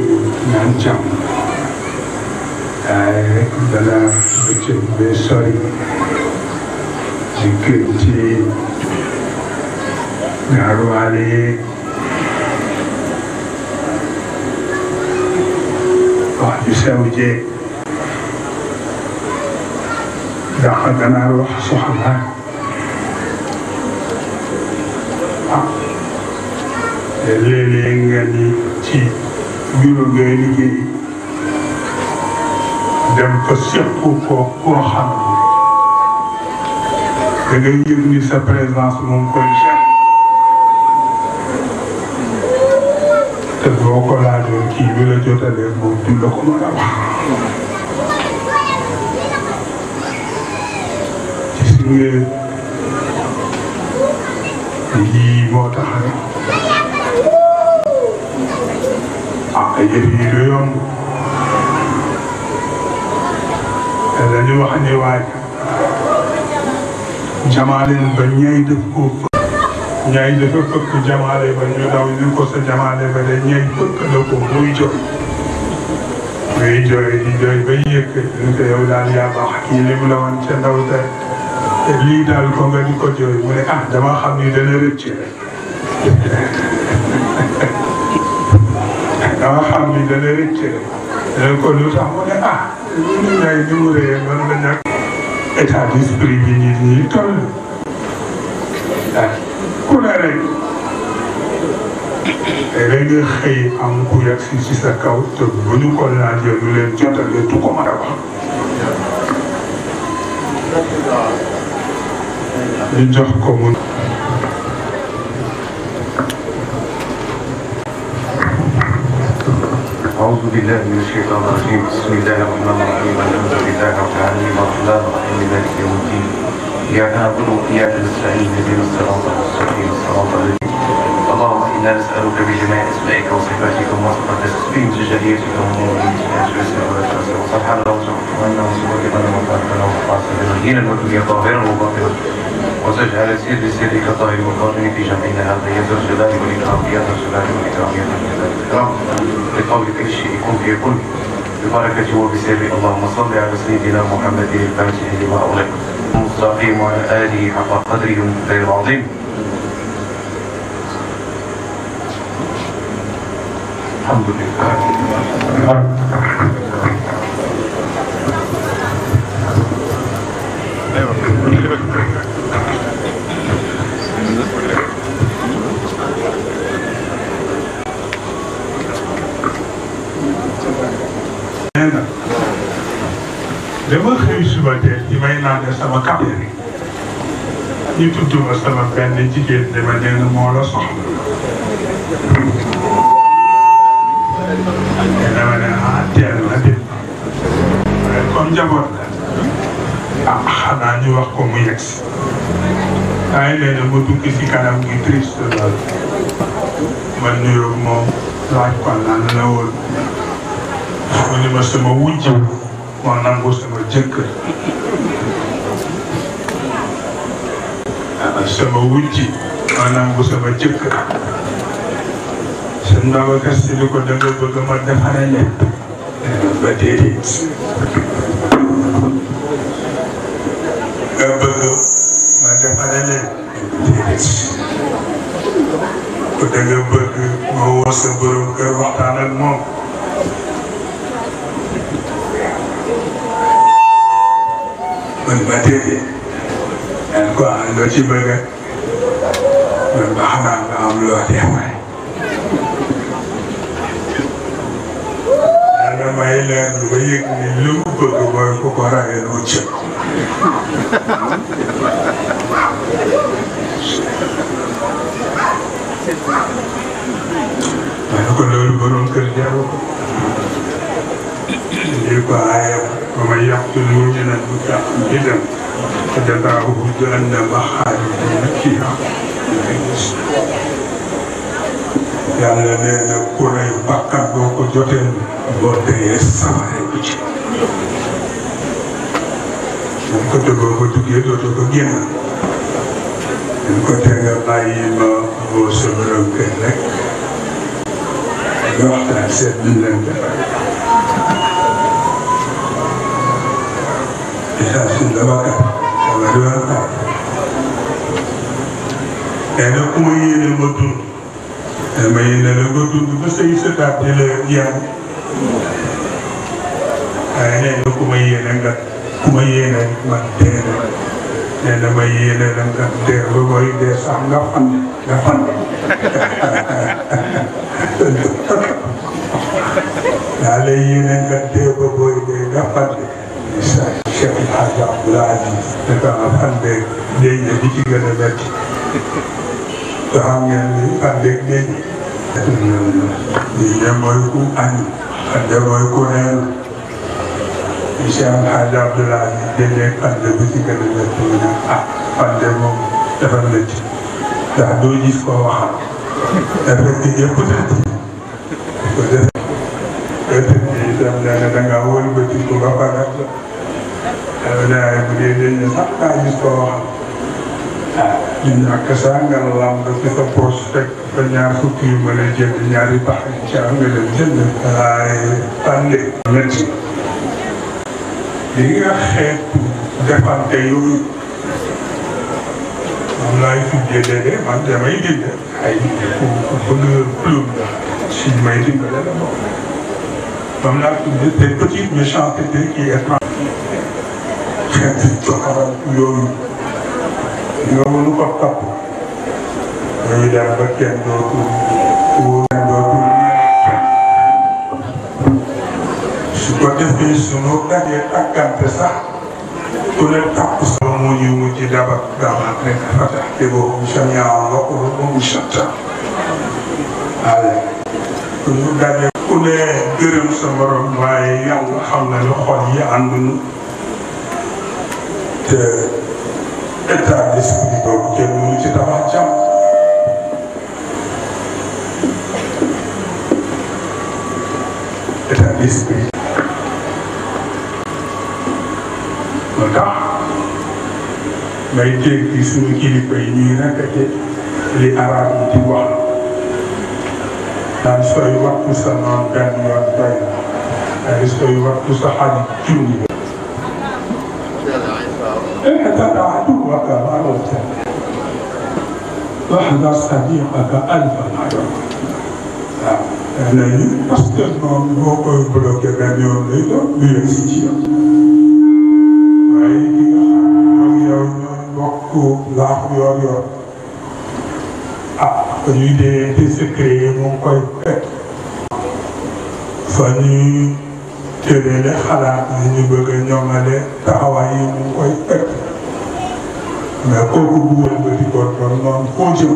ñaan jàmm waaye balaa bëccëg bee sori ci kër ci gaaru waale wax ju sew jeeg dàq ganaar wax soxla ah léeg-léeg nga ni ci bureau ngay liggéey dem ko seq ko koo xam da ngay yëg ni sa présence moom koy te boo ko laajoon kii bi la jotalee moom du la ko mën wax. gis ngeen lii moo tax rek ah yëf yi du te dañu wax ne waay jamaaleen ba ñay def ko. ñaay dafa fëkk jamaale ba ñu daw ñu ko sa jamaale ba de ñaay fëkk na ko muy jooy muy jooy di jooy ba yëkk ñu ko yow daal yaa kii li mu la woon ca ndaw te lii daal ko nga di ko jooy mu ne ah dama xam ni dana rëcc rek dama xam ni dana rëcc rek dana ko lu tax mu ah ñu ne ñaay ni mu rëyee man ñàkk état d'esprit bi nit ñi toll ku ne rek te léegi nga xëy am ku yegg si si sa kaw te bu ñu ko laajee lu leen jotale du ko mën a wax. ñu jox ko mu. أعوذ بالله من الشيطان الرجيم بسم الله الرحمن الرحيم الحمد لله رب العالمين الرحمن الرحيم مالك يوم الدين إياك نعبد وإياك نستعين اهدنا الصراط المستقيم صراط الذين اللهم إنا نسألك بجميع أسمائك وصفاتك ومصفات تسبيح جلاليتك ومؤمنتك وسبحان الله سبحانه وسبحانه وتعالى وتعالى دينا والدنيا ظاهرا وباطنا وتجعل سير سيرك طاهر وقاطن في جمعنا هذا يا ذا الجلال والإكرام يا ذا الجلال والإكرام يا ذا الجلال والإكرام بقولك الشيء يكون فيكون ببركته وبسره اللهم صل على سيدنا محمد الفاتح لما أغلق المستقيم وعلى آله حق قدره ومقداره العظيم الحمد لله dama xëy suba tey bi may laajte sama kàddu ñu tudd ma sama benn jigéen dama leen moo la soxla. te dama ne ah teel na dem waaye comme njaboot la ah xanaa ñu wax ko mu yegg si. waaye léegi nag ma dugg si kanam muy triste lool ma nuyoo moom laaj ko lan la woon mu ne ma sama wujj moo nangu sama jëkkër. sama wujji maanaam bu sama jëkkër sëñ Babacar Si li ko danga bëgg ma defaree ba déedéet nga bëgg ma defaree ko danga bëgg ma woo sa borom kër moom man ma déedéet quoi loo ci bëgg a loolu baax naa nga am loo teewaay. yàlla may leen lu ba yëg ni lu mu bëgg mooy ku ko rawee mu cëpp. ma ne ko loolu borom kër jaru ko. lii ko aayam ba ma yàq lu mu ñu naan mu tax mu dem. فدفعه جهنم خالدا فيها yàlla nee na ku rey bakkan boo ko jotee boo dee saware ko ci dañ ko dëggoo ko duggee dootoo ko génn dañ ko tee nga bàyyi ma boo sëmëram kër rek nga waxtaan seet bi leen defal isaasi la bakkan ma di weeru koor nee na ma yéene ma dund dama yéene la nga dund ba say sëtaat di la yem waaye nga ku ma yéene ma dee nee na ma yéene la nga dee ba booy dee sax nga fan nga fan daa lay nga dee ba booy dee nga fan El Hadj Abdoul Aziz ne ko àndeeg déy na di ci gën a métti te xam ngeen ni àndeeg déy lii de mooy ku añ ànd mooy ku reer monsieur El Hadj Abdoul Aziz déedéet ànd bi ci gën a métti mu ne ah ànd moom dafa métti ndax doo gis koo waxal effet bi yëpp dañ ci ko def. walaay bu dee dañ ne sax daa gis koo wax ah ñun ak saa nga la lam ba ci sa poche fekk fa ñaar fukki yu ma lay jënd ñaari pax yi ci am nga dem jënd. walaay tànde métti li nga xeetu defante yooyu moom laay tuddee léeg-léeg man damay dindi ay ku ku bëgg plume la si may dimbale la moom. moom laa tuddee des petites méchancetés qui yooyu nga mënu ko topp dañuy dem ba kenn su ko defee sunu dajee takkante sax ku ne takku sama mu ñu mujj daba daba rek fatax te boobu jamia waqulu mu shatta ku ñu dajee ku ne gërëm sa morom waaye yàlla xam na ne xol yi ànduñu te état d'esprit boobu kenn mënu ci tabax jàmm état d'esprit moo tax may ci suñu kilifa yi ñuy répété li arab yi di wax daan sooy waxtu sa noon benn yoon doy na daan sooy waxtu sa xarit احذر عدوك مرة واحذر صديقك ألف مرة léegi parce que moom boo koy bloqué benn yoon lay doon du yegg si ci yow waaye li nga xam ne yow ñooy bokk laaxu yoor yoor ah ñuy dee te secret mu ngi koy fekk fa ñuy xalaat yi ñu bëgg a ñoŋale taxawaay mu ngi mais kooku bu wëlbati ko doon noonu foo jëm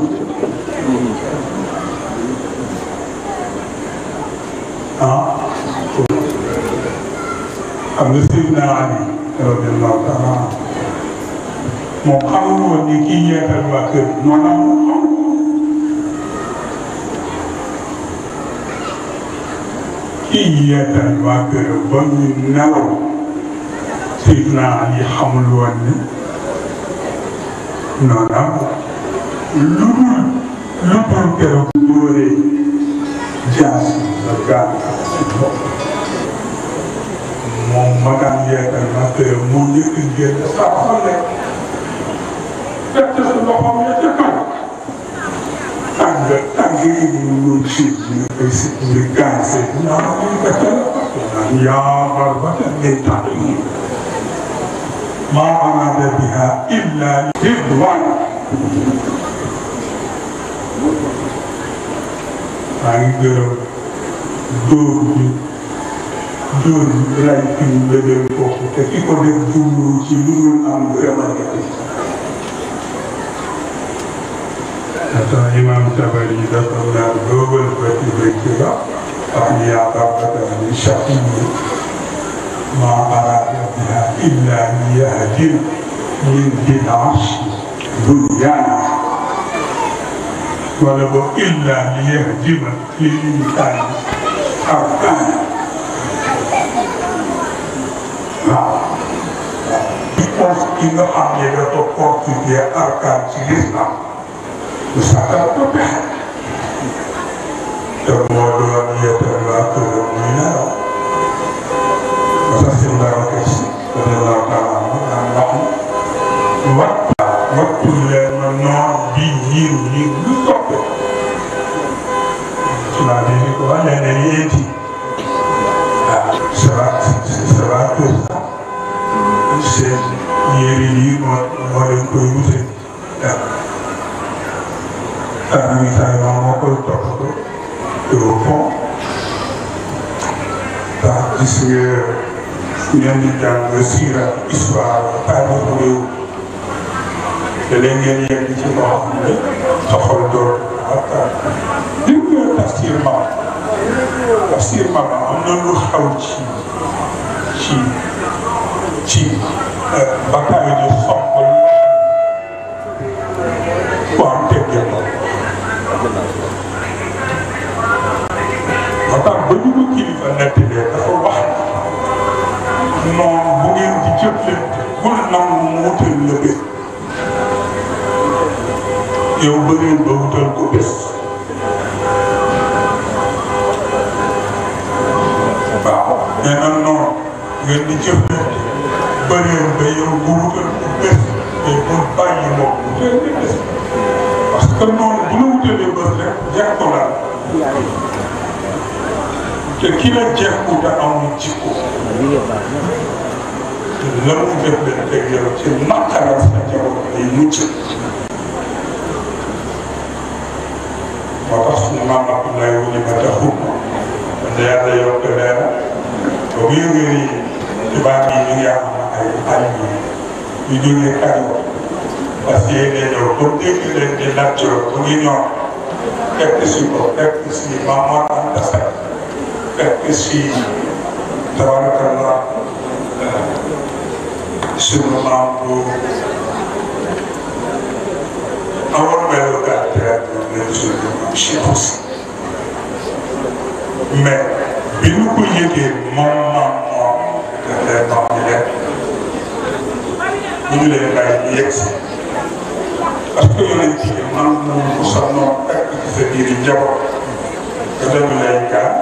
ah xam nga Seydina Ali radiyallahu taala moom xamul woon ni kii yeetal waa kër maanaam kii yeetal waa kër ba ñu nelaw Seydina Ali xamul woon ni maanaam lu dul lu dul keroog dóoree jaas la gàllankoor si bopp moom magaan yaakaar naa te moo njëkk a génn saa xam ne fekk sa loxoom ya ca kaw tàng tàng yi ñu woon si ñu koy si ñu gaasee naa ñu ba teel a yaa xar ba teel ngay tàng ما أراد بها إلا رضوان maa ngi gërëm dóor bi dóor bi laaj bi mu bëggoon foofu te ki ko def jublu ci lu dul am vraiment Hatta Imam Tabari dafa naan doogal ba ci bëccëg wax ni yaa baax ba ما أرادتها إلا ليهدم من دناش دنيانا ولو إلا ليهدم للإنسان أركانا Parce qu'il a amené le topor qui est arcane sur l'islam. Le sacre de père. Le mot de la vie yére yi moo moo leen koy wute ndax ravitaillement moo koy toppatoo au fond ndax gis nga ngeen di jàng siira histoire taarix réew te léegi ngeen yegg ci loo xam ne sa xol door waxtaan li mu yor tafsir maam tafsir maam am na lu xaw ci ci ci bakkaar yi soxla ku am teggin la moo tax ba ñu ko kilifa nettalee dafa wax noonu bu ngeen di jëflante bul nangu mu wutal la yow bëreel ba wutal ko bés waaw nee noonu ngeen di jëflante bëriwul ba yow bu wutal bu bés te bul bàyyi moom bu teel di bés parce que noonu bu la wutalee bés rek jekku la te ki la te amul jikko la mu def leen teg yow ci naqaral sa jabar ay mucc moo tax ñu maam Abdoulaye wu ñu ma te yàlla yokk leer ba muy wér yi ci baat yi ñu ngi ay fan yii ñu jógee Kajoor parce que yéen ñëw pour dégg leen di Lat Joor mu ngi ñor fekk si ko fekk si Maam Anta Sall fekk si tabarakallah eh, sunu maam bu amoon melu gàtt rek leen sunu maam Cheikh Ousseyn mais bi ñu ko yëgee moom maam moom daf lay ñu ngi leen bàyyi ñu yegg si parce que yonent bi man moom Moussa ak sa biir njaboot. te demee lay gaa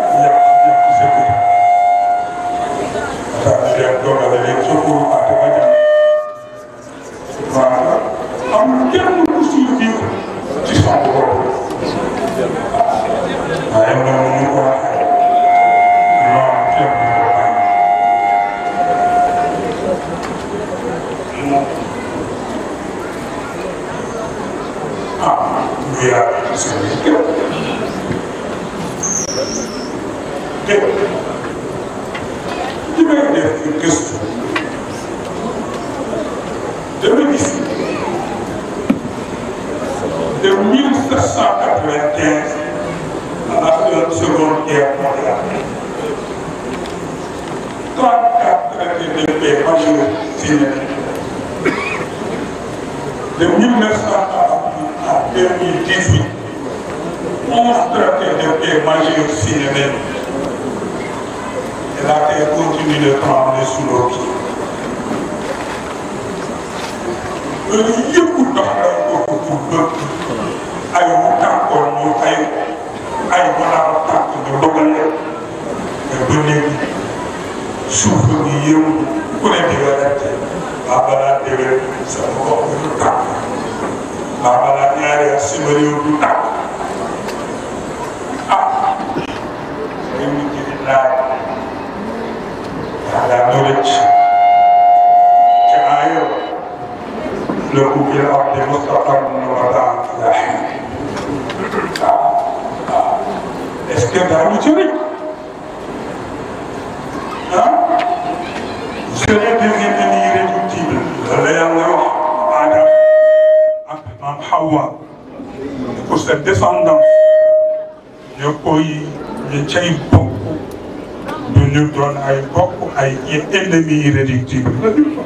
l'ennemi irréductible na dul ko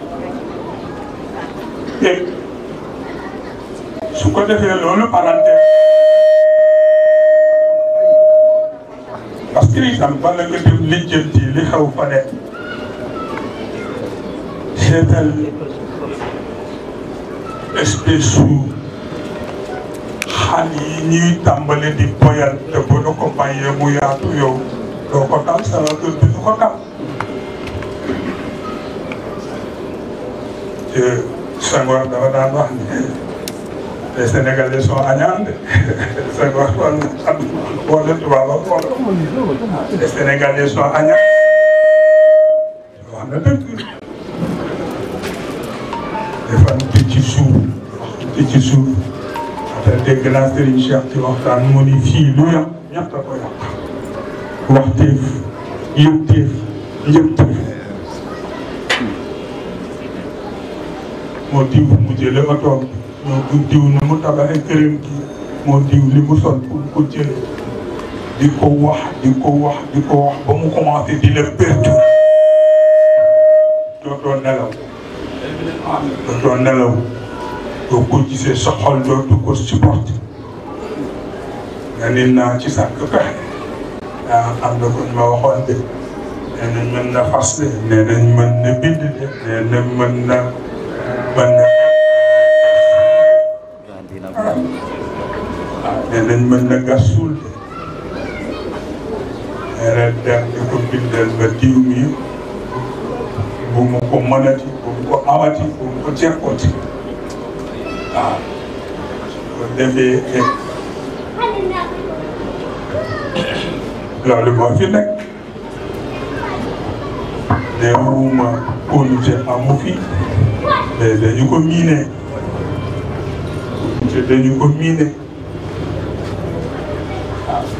dégg su ko defee loolu parenthèse parce que itam li xew fa de seetal espèce su xal yi ñuy di boyal te bu ñu ko bàyyee mu yaatu yow doo ko tal sa kër bi du ko Senghor dafa daan wax ni les Sénégalais sont añaan de Senghor wala am boole tubaab ak wala les Sénégalais sont añaan. wax na dëgg. dafa am ci suuf wax ci suuf après dégg naa Serigne Cheikh ci waxtaan mu ni fii lu yàq ñaata ko yàq. waxteef moo diw fu mu jëlee otoom moo diw nu mu tabaxee këram gi moo diw li mu sol pour ko jële di ko wax di ko wax di ko wax ba di la perturber dootoo nelaw dootoo nelaw doo ko gisee sa xol dootu ko supporté nga ne naa ci sànq pexe ah am na kuñ ma waxoon de nee nañ mën na fas de nee nañ mën na bind de nee nañ mën na mën na. ah nee mën na gas suul de. nee na dem di ko bindal ba diw mi bu mu ko mënati bu mu ko amati bu mu ko jekkooti waaw. bu defee loolu moo fi nekk. nee ruuma kóolute amu fi. te dañu ko miine te dañu ko miine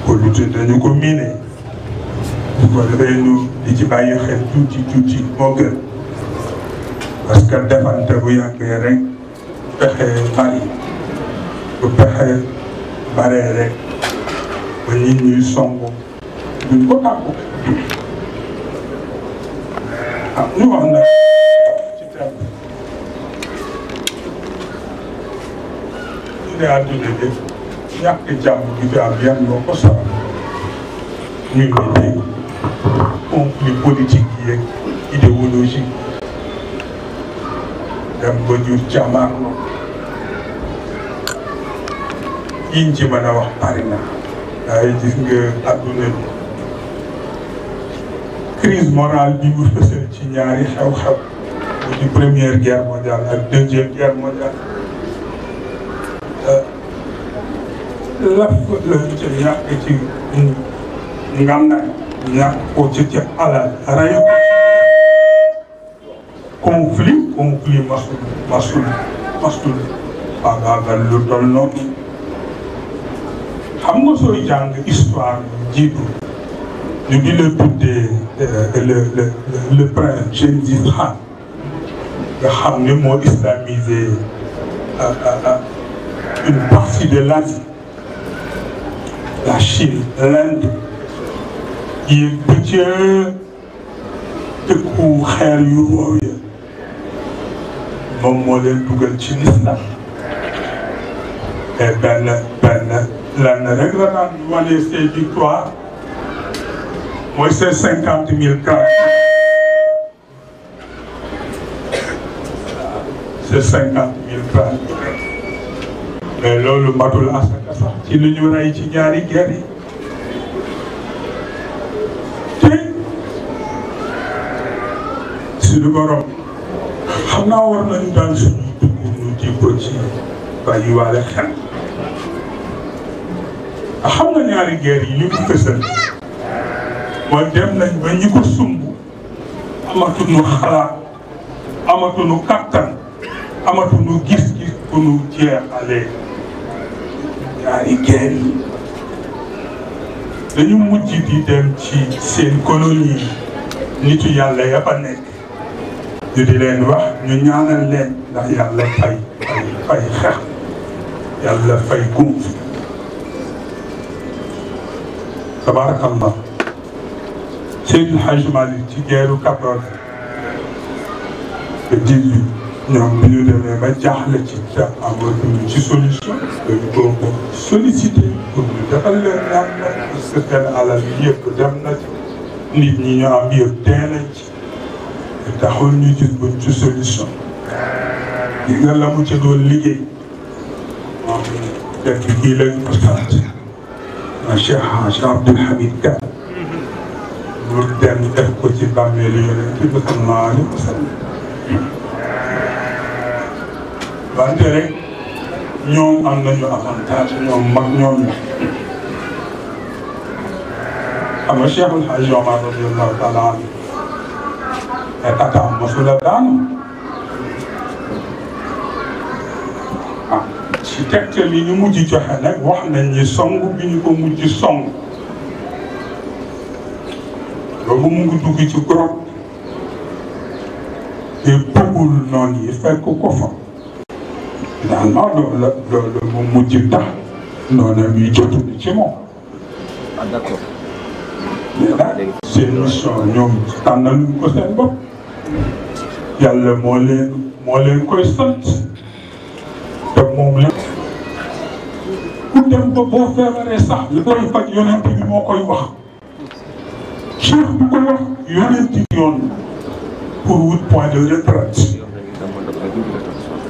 pollution dañu ko miine bu ko defee ñu di ci bàyyi xel tuuti tuuti moo gën parce que defante bu yàggee rek pexe bari bu pexe baree rek ba nit ñuy te àdduna def ñàkk jàmm gi fi am yan ñoo ko sax ñu ngi dégg conflit politique yeeg dem ba jur jàmmaarlo yiñ wax bari na waaye gis nga àdduna bi crise morale bi mu fësal ci ñaari xew-xew guerre mondiale ak deuxième guerre mondiale lafɗoje ñaɓɓiti ngandal ñaɓɓotite alal rayo conflit conflit masul masul masul fagagal luddol noon xam nga sooy jàng histoire jiitu ñu ngi la tuddee euh, le le le prince Gengis Khan nga xam ne moo islamisé euh, euh, une partie de l'Asie la Chine, l'Inde yi bu ca dëkku xeer yu wow moom moo leen ci lislam mais benn benn lenn rek la daan wane ses victoires mooy ses cinquante mille cas ses cinquante mille cas mais loolu matul asaka sax ci lu ñu rey ci ñaari guerre yi te suñu borom xam naa war nañ daal suñu dugg ñu di ko ci bàyyi waale xel xam nga ñaari guerre yi ñu ko fësal mooy dem nañ ba ñi ko sumb amatuñu xalaat amatuñu kattan amatuñu gis-gis bu ñu jeexalee ñaari guerre yi dañu mujj di ci seen colonie yi nitu yàlla ya fa nekk ñu di leen wax ñu ñaanal leen ndax yàlla fay fay fay xeex yàlla fay seen Hajj ci geeru Kaproon le 18 ñoom bi ñu demee ba jaaxle ci te amatuñu ci solution dañu doon ko sollicité nit ñi ñu am ci te taxul ñu gis buñ ci solution di nga la mu ci doon liggéey moom dëkk bii lañ ko sant Ka mu dem def ko ci bàmmeelu Yonent bi sallallahu alayhi wante rek ñoom am nañu avantage ñoom mag ñoom ñu xam nga Cheikh El Hadj Omar radiyallahu taala anhu ay atam mosul a daanu ah ci tegtal yi ñu mujj joxe nag wax nañ ni song bi ñu ko mujj song boobu mu ngi dugg ci grotte te bëggul noonu yi fekk ko fa. finalement loolu la mu mujj tax noonu ñuy jot ci moom. ah d'accord. mais nag seen mission ñoom ko seen bopp. yàlla moo leen koy sant te moom la. ku dem ba boo feebaree sax li koy faj yonent moo koy wax. cheikh bu ko wax yonent yoon pour wut point de retraite.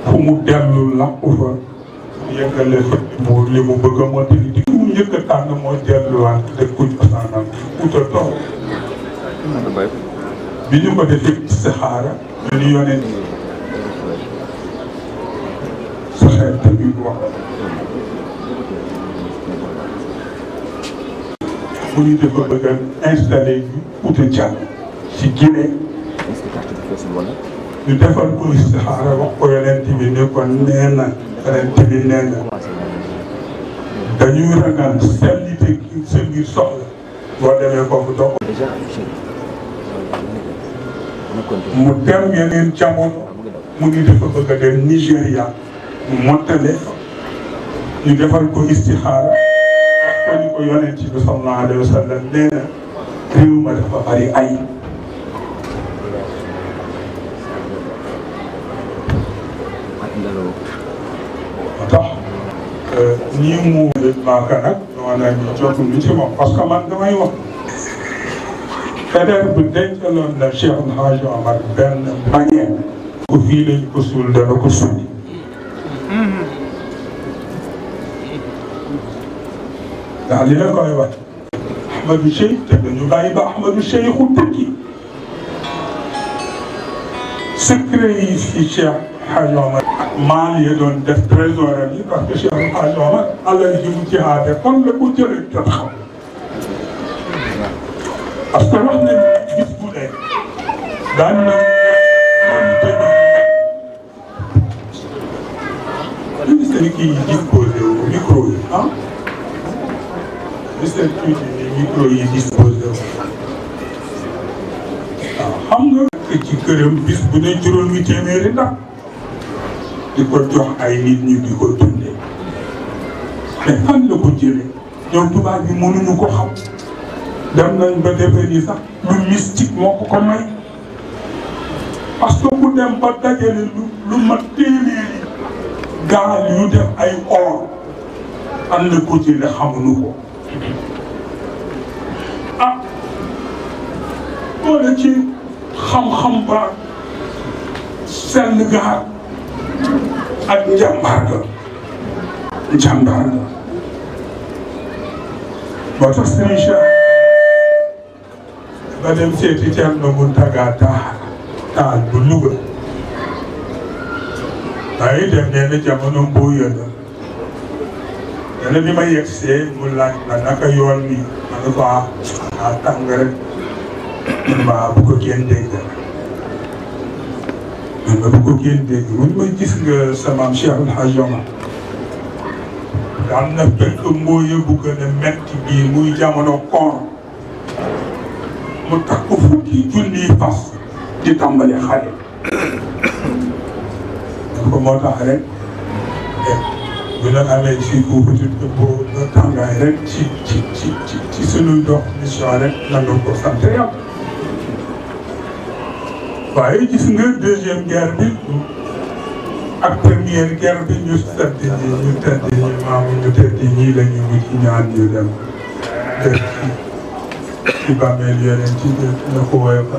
fu mu dellu làmp fa yëggale mu li mu bëgg a mottali di mu njëkk tànn moo delluwaat dëkkuñ cosaanam ut a tox bi ñu ko defee ñu ni yonent sa xeet tamit wax mu ni dafa bëgg a installé bi ut a jàll ci Guinée ñu defal ko istixaara wax ko yonent bi ne ko nee na yonent bi nee na dañuy ragal sellite soxla boo demee foofu dox mu dem yeneen jamono mu ngi dafa bëgg dem Nigéria mu montale ñu defal ko istixaara wax ko ni ko yonent bi sallallahu alayhi wa sallam nee ma dafa bari ay nii mu wóoree maaka nag dama daal di jotul lu ci moom parce que man damay wax. feder bu dencaloon na Cheikh El Hadj Omar benn manière. ku fii lañ ko suul dana ko suuli. ndax li la koy wax. Ahmadou Cheikh te dañu bàyyi ba Ahmadou Cheikh ku tukki. secret yi si Cheikh. Hadj Omar maam yi doon def trésorier yi parce que Cheikh Hadj Omar alal ji mu jihaate kon la ko jëlee jot xam parce que wax nañu gis bu dee daan na ministère kii disposé wu micro yi ah ministère kii micro yi disposé wu waaw ah, xam nga ci këram bis bu ne juróomi téeméeri ndax di ko ay nit ñu di ko dundee mais fan la ko jëlee ñoom tubaab bi mënuñu ko xam dem nañ ba defee ni sax lu mystique moo ko ko may parce que ku dem ba dajale lu lu mat téeméeri gaal yu def ay or fan la ko jëlee xamuñu ko ah boole ci xam-xam ba seen gaal. ak njàmbaar la njàmbaar la boo tax Serigne Cheikh ba dem seeti Thierno Mountaga Tall Tall bu Louga dem nee na jamono mbuuya la dana bi ma yegsee mu laaj ma naka yoon mi ma ne ko ah, ah tàng rek ma ah, bu ko kenn ma ko kenn dégg mu ni ma nga sa maam Cheikh El Hadj Omar na benn mbooye bu gën a metti bii muy jamono koor mu takk fukki junniy fas di tàmbali xale ko moo tax rek eh, bu la amee si foofu di boo tàngaay rek ci ci ci ci suñuy dox mission rek nanga ko sant yàlla waaye gis nga deuxième guerre bi ak première guerre bi ñu tedd ñi ñu tedd ñi maamu ñu tedd ñii la ñu mujj ñaan ñu dem dem ci ci bàmmeel yeneen ci na ko woy ba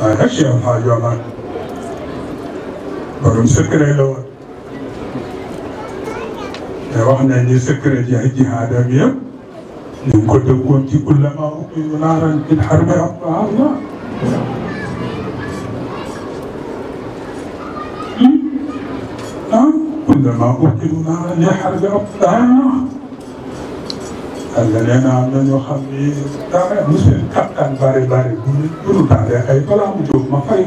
waaye nag Cheikh Mouha Diomaye borom secret la woon te wax nañ ni secret yi jihaadam yëpp ñu ngi ko dëkkoon ci ulama yu naaran bil harbi عندما أمكننا أن يحرق أبطالنا leneen am na ñoo xam ni daanaka lu seen kattan bare bare bu ñu gënu tànnee ay balaa mu ma fay.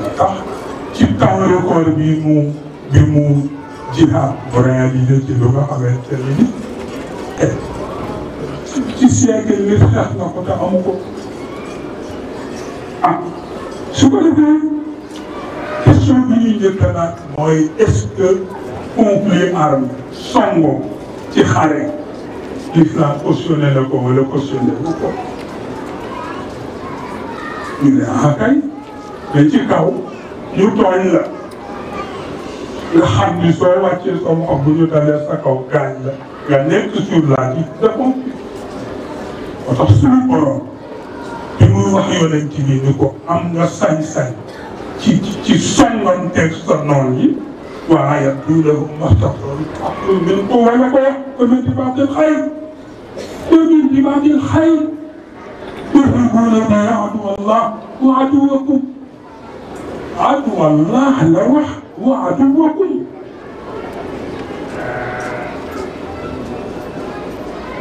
ndax ci temps bi mu bi mu jihaat lu nga xamante ne ni ci siècle li xeex na ko te amu ko ah su ko question bi ñuy njëkk mooy est que conflit armé songo ci xare l'islam cautionné la ko wala cautionné la ko ñu ne ah kay mais ci kaw ñu tooñ la nga xam ni soo bu ñu dalee sa kaw gaañ la nga nekk sur la vie de conflit moo tax bi muy wax yonent bi ni ko am nga sañ-sañ ci ci songanteeg sa noon yi waaye duulahum maxtaxoon aqul min quwa la ko wax famin dibaatil xayr famin dibaatil xayr tuhibbuuna bihi aduwa allah wa aduwakum aduwa allah la wax wa aduwakum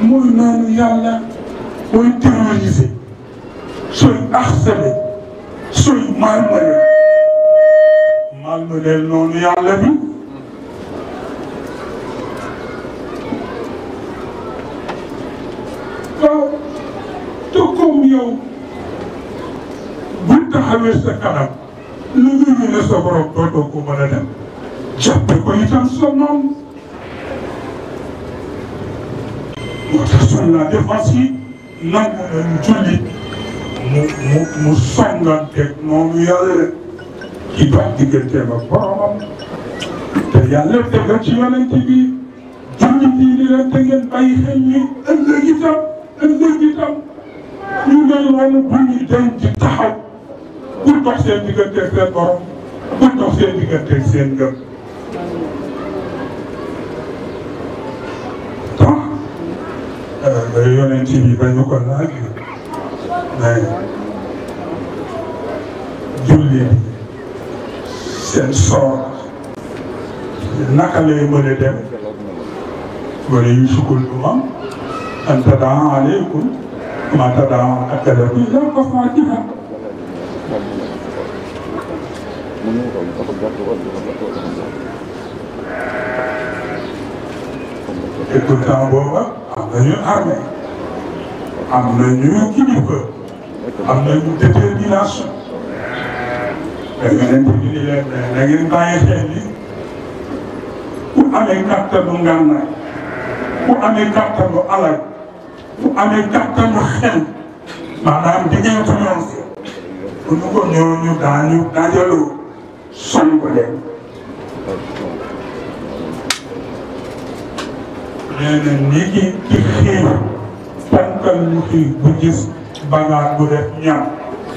mooy noonu yàlla mooy terroriser sooy axsale sooy marmale ànd leen noonu yàlla bi waaw te comme yow buñ taxawee sa kanam lu ñu ne sa borom dootoo ko mën a dem jàppe ko itam sa noonu moo tax sur la défense yi nan la leen jullit mu mu mu songante noonu yàlla rek di dox digganteem ak boromam te yàlla dëgg ci yonent bi jullit yi di leen te ngeen bàyyi xel ni ëllëg itam ëllëg itam ñu ngi woon bu ñu dem ci taxaw pour dox seen digganteeg seen borom pour dox seen digganteeg seen ngëm. donc euh, yonent bi ba ñu ko laaj mais jullit seen soor naka lay mën a dem wala sukul du am an tadaa aleykum ma tadaa akadami la ko fatiha et pourtant booba am nañu armée am nañu kilifa am nañu détermination da nga leen di julli leen da ngeen bàyyi xel ni ku amee kattanu ngànnaay ku amee kattanu alal ku amee kattanu xel maanaam di ngeen financé bu ñu ko ñooñu daañu dajaloo song ko leen. nee na nit ki ci xiif tànkal ñu fi bu gis bagaar bu def ñaar.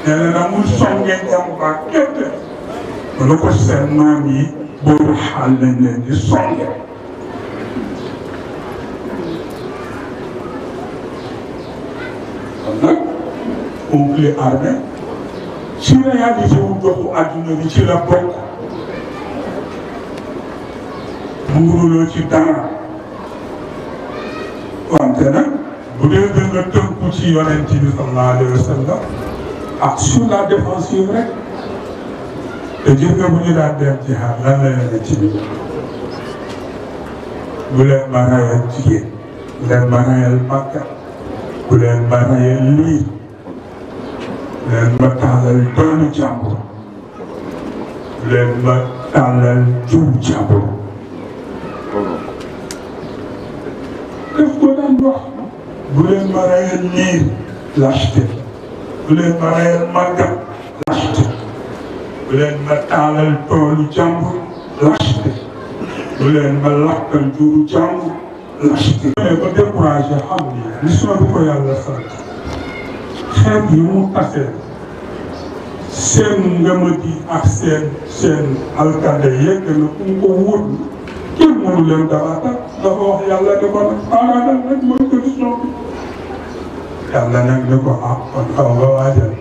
nee na amul songeen dem ba kenn wala ko seen maam yi booru xaal lañ leen di songe kon nag oncle armé ci réalité wu doxu adduna ci la bokk muuruloo ci dara wante nag bu dee da nga tënku ci yonent bi sallallahu alayhi wa sallam ah sur la défensive rek te nga bu ñu daan dem jihaad lan la leen ci bu leen ma rayal jigéen bu leen ma rayal màkka bu leen ma rayal lii bu leen ma tàllal doomu jàmbur bu leen ma tàllal jiwu jàmbur def ko daan wax bu leen ma rayal niir lâcheté bu leen ma reyal màggat laxte bu leen ma taalal toolu jàmbur laxte bu leen ma lakkal juru jàmbur laxte ne ba découragé xam ni mission bi ko yàlla sant xeet yi mu tasee seen ngëmadi ak seen seen alkande yegg na ku mu ko wóor kenn mënu leen dara tax wax yàlla ne ko nag aaraanal rek mooy condition bi yàlla nag da ko ah kon xaw nga waajal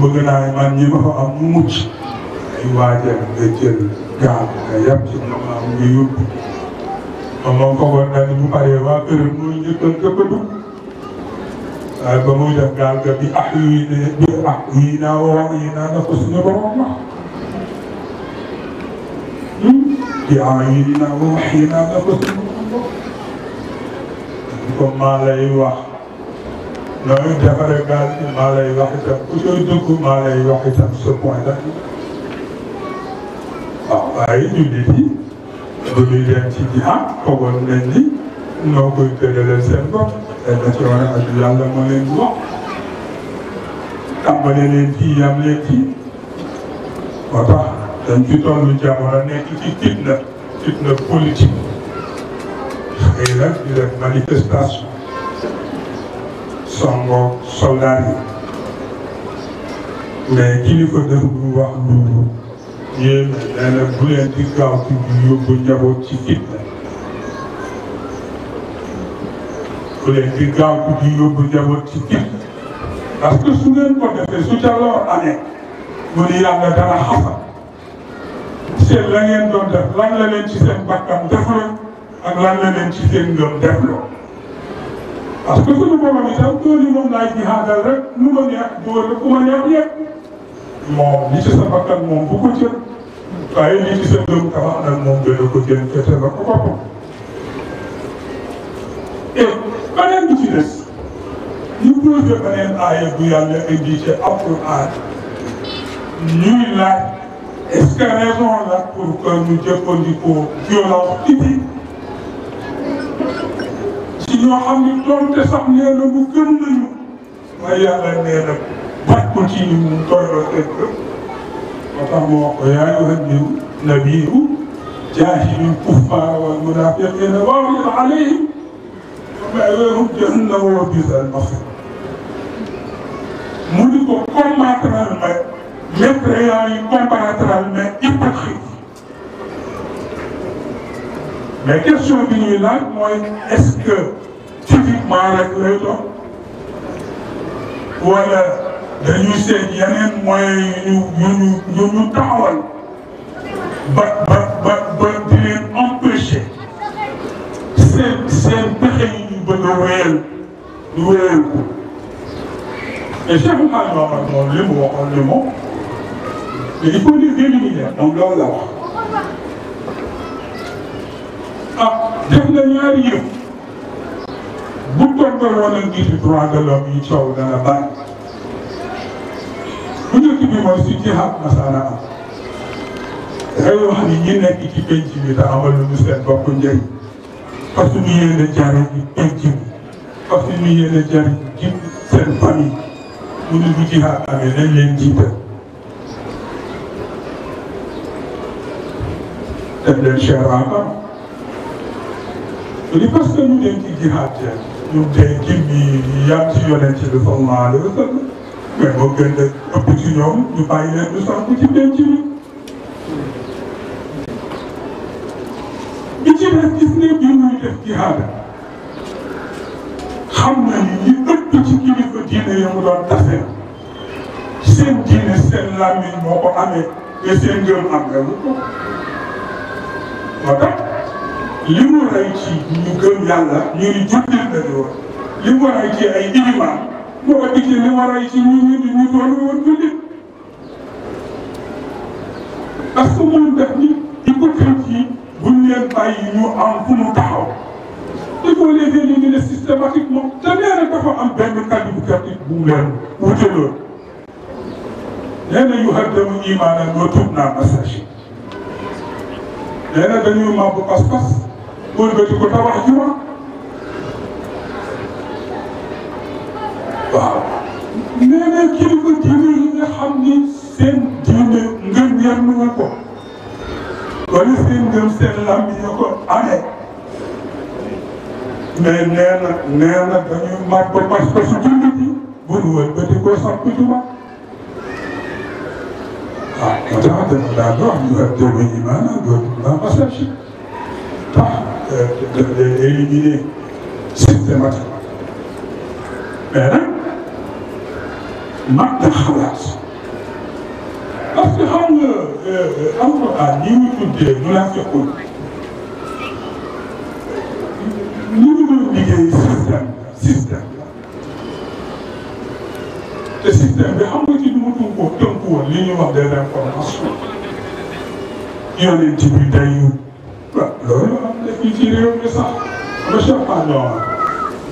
bëgg man ñi ma fa am mu mucc ay waajal nga jël gaal ci ñoom am nga yóbbu moom moom foogoon na ni bu paree waa bi ah yi ne bi ah yi naa woo wax yi naa ko suñu borom hmm? ko maa lay wax ñooñu defaree gaal gi maa lay wax itam ku sooy dugg maa lay wax itam ce point là waaw ah, waaye jullit yi bu ñuy dem ci jihaad ah, foogoon nañ ni noo koy tëralee seen bopp te da ci war a aju yàlla moo leen di wax tàmbale leen ci yam leen ci moo tax dañ ci tollu jamono nekk ci fitna fitna politique xëy na di def manifestation songo soldaar yi mais kilifa def lu wax lu yéeme nee na bu leen di gaaw ci di yóbbu njaboot ci ci di yóbbu njaboot ko defee su ca lor mu ni yàlla dana xasa seen la ngeen doon def lan la leen ci seen bakkan def la ak lan ci seen ngëm def loo parce que suñu borom itam tool yi moom laay jihaadal rek lu ma neex dóor rek ku ma neex yegg moom li ci sa bakkan moom bu ko jël waaye li ci sa dëgg dafa ànd ak moom dana ko jël te la ko boppam. et beneen bi ci des ñu posé beneen aaya bu yàlla indi ci alquran ñuy laaj est-ce que raison la pour que ñu jëfandikoo violence physique ñoo xam ni donte sax nee na mu gën nañu waaye yàlla nee na baaj ko ci ñu mu doyloo seen kër ba tax mu wax ko yaa ayyuhan nabiyyu jaahidil kuffaara wal munaafiqiina waghlid alayhim wa ma'waahum jahannamu wa bi'sal masiir mu di ko combattre météo comparateur mais hypocrite mais question bi ñuy laaj mooy est-ce que physiquement rek lay doon wala dañuy seet yeneen moyens yu ñu ñu ñu ñu taxawal ba ba ba ba di leen empêcher seen seen pexe yi ñu bëgg a wéyal ñu wéyal ko et Cheikh Oumar Mohamed moom li mu waxoon ne moom il faut les éliminer donc loolu la wax ah def na ñaari yëpp. bu tontoroon ak njiitu droit de l'homme yi coow dana bari bu njëkk bi mooy su jihaad masaana am dangay wax ni ñi nekk ci penc bi te amaluñu seen bopp njëriñ parce que ñu yéene jariñ penc bi parce que ñu yéene jariñ ci seen famille mu ne bu jihaad amee nañ leen jiital dem leen cher encore li parce que ñu dem ci jihaad jariñ njuumte jiw bi yàgg ci yonent bi sallallahu alayhi wa sallam mais boo gën a ëpp ci ñoom ñu bàyyi leen ñu sànq ci denc bi. bi ci des gis ne bi muy def jihaad xam na li ëpp ci kilifa diine ya mu doon tase seen diine seen làmmiñ moo ko amee te seen gëm am nga lu ko moo tax li mu rey ci ñu gëm yàlla ñu ni jullit li mu rey ci ay iliman moo indi ci li mu rey ci ñu ñu ñu doon woon jullit parce que moom def ni hypocrite yi buñ leen bàyyi ñu am fu mu taxaw il faut les éliminer systématiquement te nee na dafa am benn kàddu bu gàtt bu leen wute loolu nee na yu haddamu imaana wa tub naa message nee na dañuy màbb pas-pas wëlbati ko tabax juma waaw nee na kilifa diine yi nga xam ni seen diine ngëm yenn nga ko wala seen ngëm seen lambi ya ko amee mais nee na nee na dañuy ba màgg ba su dund bi bu ñu ko sax juma ah ma tax dama daal di wax ñu wax déglu ñu maanaam loolu maa ma sàcc de de d'éliminer systématiquement mais nag mag na xalaat parce que xam nga euh, euh, alxuraan ñi ñu tuddee munaafiqun ñu ngi doon liggéey système système te système bi xam nga ci nu mu tënkuwoon tënkuwoon li ñuy wax des informations yonent bi dayu waaw loolu ne fii ci réew mi sax monsieur Pandor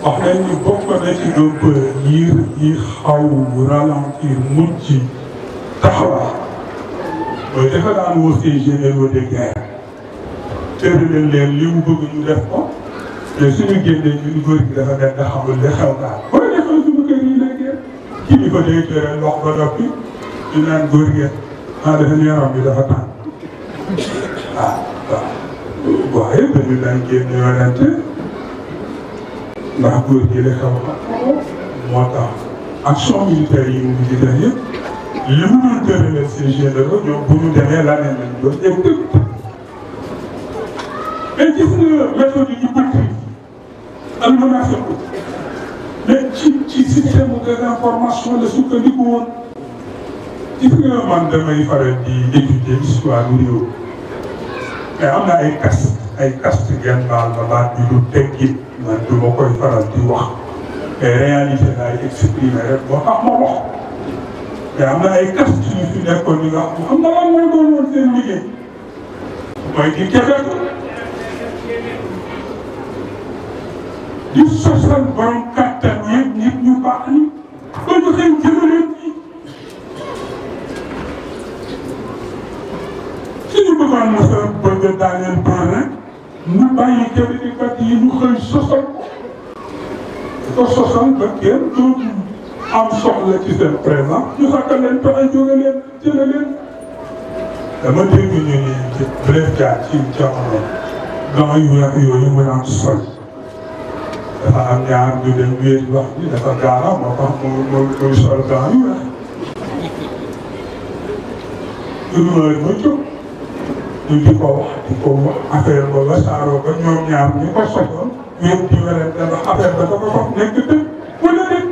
wax nañ ni bokk na ci un peu yi yi xaw ralentir mujj taxawaay mooy dafa daan woo ces généraux de guerre tëralal leen li mu bëgg ñu def ko te suñu génnee ñun góor gi dafa mel ne xamul ne xew naa ko. boo defee suñu kër yi la guerre kilifa day tëral wax ba noppi ñu naan góor gi ah dafa yaram bi dafa tàng waaw. Ah. waaye ba ñu daan génn yoonante ndax góor gi la xaw a moo tax action militaire yi mu ngi ci def yëpp li mu doon tëralee ces généraux ñoom bu ñu demee laa ne nañ doon ñëw dëpp mais gis nga méthode yi ñu bëgg am na naa mais ci ci système de l'information la sukkandiku woon gis nga man damay faral di étudier histoire réew mais am na ay kast ay kast ngeen baal ma baat bi du teggin man du ma koy faral di wax mais réalité laay exprimer rek moo tax ma wax mais am na ay kast yu fi nekkoon ñu nga xam ne am na lan mooy doon woon seen liggéey mooy di jëfee di sosal borom kattan yëpp nit ñu baax ñi ba ñu xëy jëmaleen sëriñ bi maanaam Moussa Mbodja daa leen boole ñu bàyyi jëfandikoo yi ñu xëy sosal ko sosal ba kenn dootul am soxla ci seen présent ñu sàkkal leen pexe jóge leen jële leen. dama dégg ñu ne bref jaar ci jamono gants yu weex yooyu mu daan sol dafa am ñaar ñu dem wéer wax bi dafa gaara moo tax mu mu muy sol gants yu weex. une heure ma jóg. ñu di ko wax di ko ba ñoom ñaar ñu ko soxla ñoom di wérén dana affaire ba dafa nekk dëgg wala dëgg.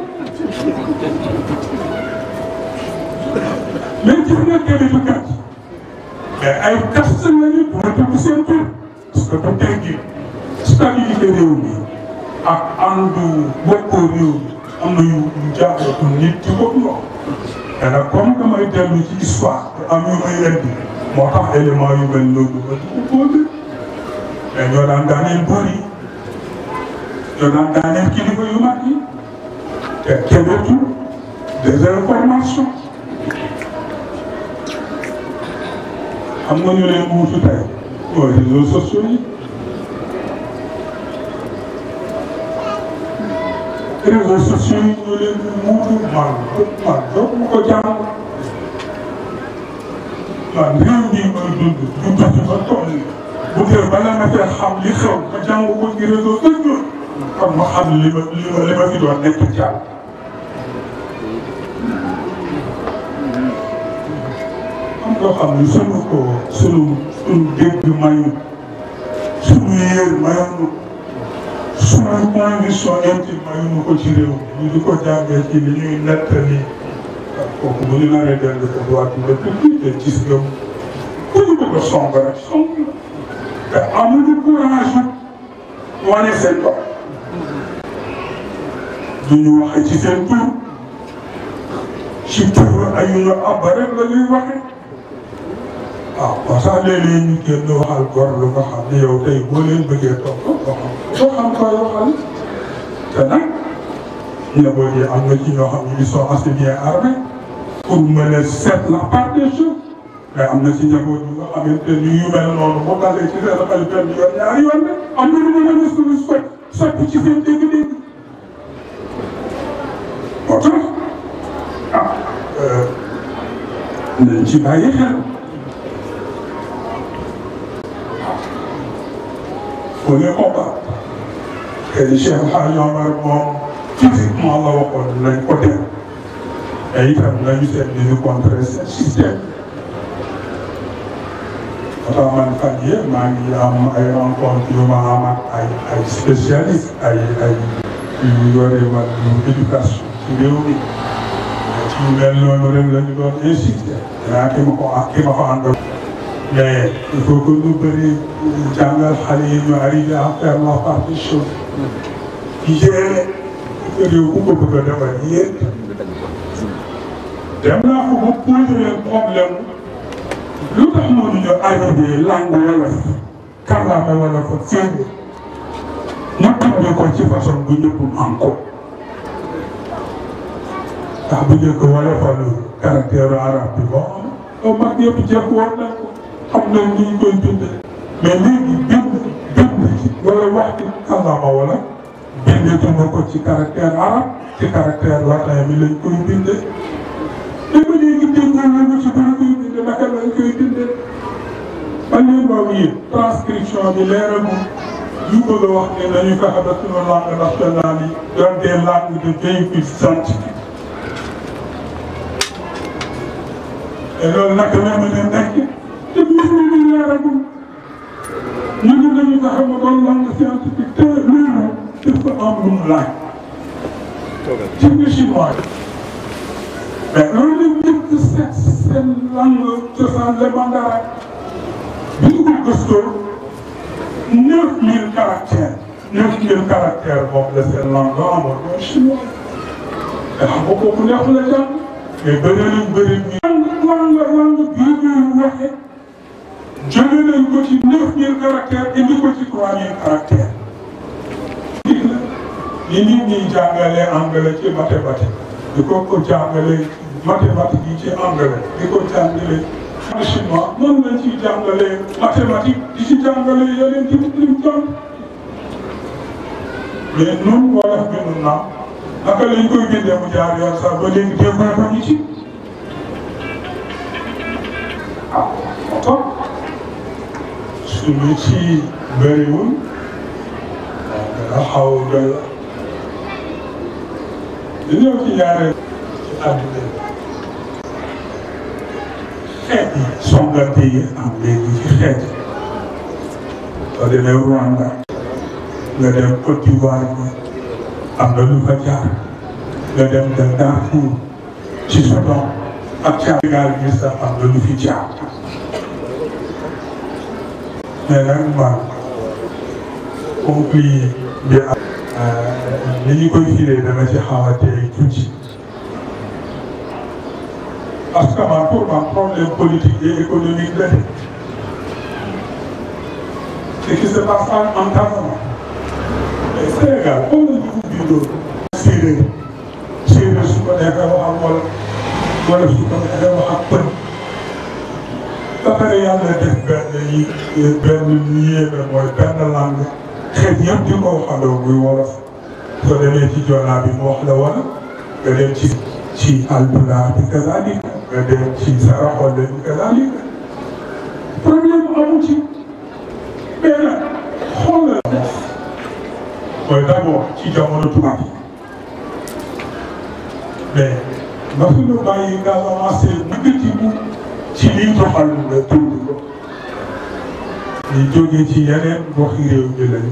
léegi ci fi nga gën a gàtt mais ay tas lañu dina seen tur parce que bu tey jii stabilité réew mi ak andu bokkoo réew mi am na yu yu jaaxleetu nit ci bopp ndox. comme que may dellu ci histoire te am yu may indi. moo tax élément yu mel noonu ba tuuti mais ñoo daan daaneel bor yi ñoo daan daaneel kilifa yu mag yi te tegeetu désinformation xam nga ñu leen wuutu tey mooy réseaux sociaux yi réseaux sociaux yi ñu leen wuutu man man doomu waaw réew mi koy dund ñu joxe ba toll bu dee bala nga fee xam li xew ma jàng ko ngir réseau bi kon ma xam li ma li ma li ma doon nekk jàll. am loo xam ne sunu ko sunu sunu dégg mayu sunu yéer mayu sunu condition intime mayu ko ci réew mi di ko jàngee ci li ñuy nettali. kooku bu ñu naree dellu ko droit de public te gis nga bëgg ko song rek song te amuñu courage nag wane seen bopp du ñu waxee ci seen tur ci tur ay ñu abba rek la ñuy waxee waaw ah, parce que léeg-léeg ñu génn waxal góor lu nga xam ne yow tey boo leen bëggee toog loo xam ko waxal te nag ñebe ji am na ci ñoo xam ne ils sont assez bien armés pour mën a seet la part des am na si njaboot yu nga xamante ni yu mel noonu boo dalee ci seen xel benn yoon ñaari yoon ne am na lu mën a suñu sot sotti ci seen dégg-dégg moo tax ah euh, nañ ci bàyyi xel la waxoon nañ ko teel te itam nañu seet ni ñu contrer ce système. man fan yii maa ngi am ay rencontre yu ma am ay ay ay ay yu yore wàllu éducation ci réew mi ci mel noonu rek la ñu doon insister. ki ma ko ak ki ma ko àndal. mais il faut que ñu bëri jàngal xale yi ñu arrivé à faire la ko bëgg a defar dem naa ko ba posé problème lu tax mënuñu arrivé langue wolof kàllaama wolof ak seen ñu tuddee ko ci façon bu ñëpp am ko ndax bu njëkk wolofalu caractère bi moo am au mag yëpp jëkk woon nañ ko xam nañ ni ñu koy bindee mais léegi bind bind ci wala wax ci kàllaama wolof bindee ko ci caractère arabe ci caractère latin bi lañ koy bindee. te ba léegi déggoo ci biir kuy dund naka lañ koy dundee man lii moom yi transcription bi leeral moom ñu bëgg a wax ne nañu fexe ba suñu langue nationale yi doon des langues de véhicule scientifique. te loolu naka la mën a nekk te mbir mi di leeragum ñu ne nañu fexe ba doon langue scientifique te loolu dafa am lu mu laaj. ci biir chinois yi. mais loolu lañ njëkk seen seen langue cosaan le mandara bi ñu ko gëstoo neuf mille caractères neuf mille caractères moom la seen langue la amoon mooy chinois te xam nga kooku neex la jàng mais bëri nañ bëri bi langue langue bii ñuy waxe jëlee nañ ko ci neuf mille caractères indi ko ci trois mille caractères ni nit ñi jàngalee anglais ci mathématique di ko ko jàngalee mathématique yi ci anglais di ko jàngale en chinois noonu lañ ciy jàngalee mathématique di ci jàngale yeneen ci lim doon mais noonu wala bindu naa naka lañ koy bindee mu jaar yoon sax ba léegi développé ñu ci ah moo tax suñu ci bëriwul dana xaw a doy la li ñëw ci ñaareel ci àdduna xeet yi songante am léegi ci xeet yi soo demee Rwanda dem Côte am na lu fa dem de Darfour ci Soudan ak Sénégal bi sax am na lu fi jaar mais nag man conflit bi ak euh, ni ñu koy filee dama ci xaw a tey parce que man pour man problème politique et économique lañ. ce qui se passe en Casamance. mais Sénégal foofu la ñu ko bindoo. séeréer séeréer su ko nekkee mu am wala wala su ko ba pare yàlla def benn benn li yéeme mooy benn langue xeet ñëpp di ko waxandoo muy demee ci joolaa bi la wala nga ci ci albulaar bi nga dem ci sara xool leen kazaalika problème amu ci mais nag xoolal mooy d'abord ci jamono tubaab yi mais masuñu bàyyi ci lii doxal nga tuuti ko ñu jógee ci yeneen gox yi réew mi lañ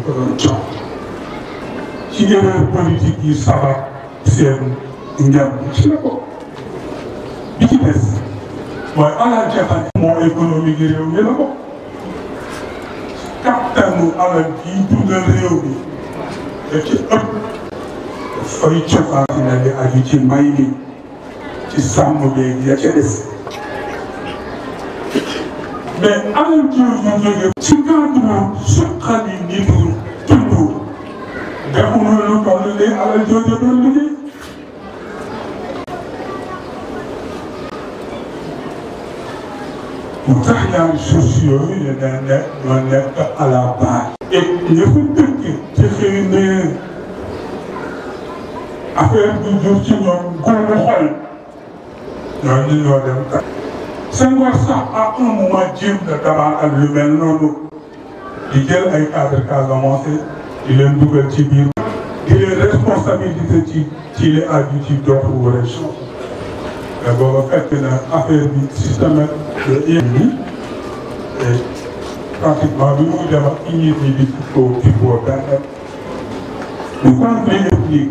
ci erreur politique yi sabab seen njàng ci la bi ci des mooy alal ci moo économie gi la ko kattanu alal gi dundal réew mi ci ëpp dafay cofaati na li aju ci mbay ci sàmm beeg ya ca des mais alal jooju jóge ci cadre suqali nit ñi dund defuñu lu toll li alal jooju doon liggéey lu tax ñaari suuf yooyu ne daa nekk la base. et ña fa ci xëy na affaire bi jur ci ñoom góobu xol ñooñu ñoo dem kat. Senghor sax à un moment jéem na damaa ak lu mel noonu di ay cadre Casamance di leen dugal ci biir. di leen responsabilité ci ci li aju ci dootu région. te booba fekk na affaire bi système de yéen bi et pratiquement bi mu dem ak ñi ñi di ko di ko benn. du point de vue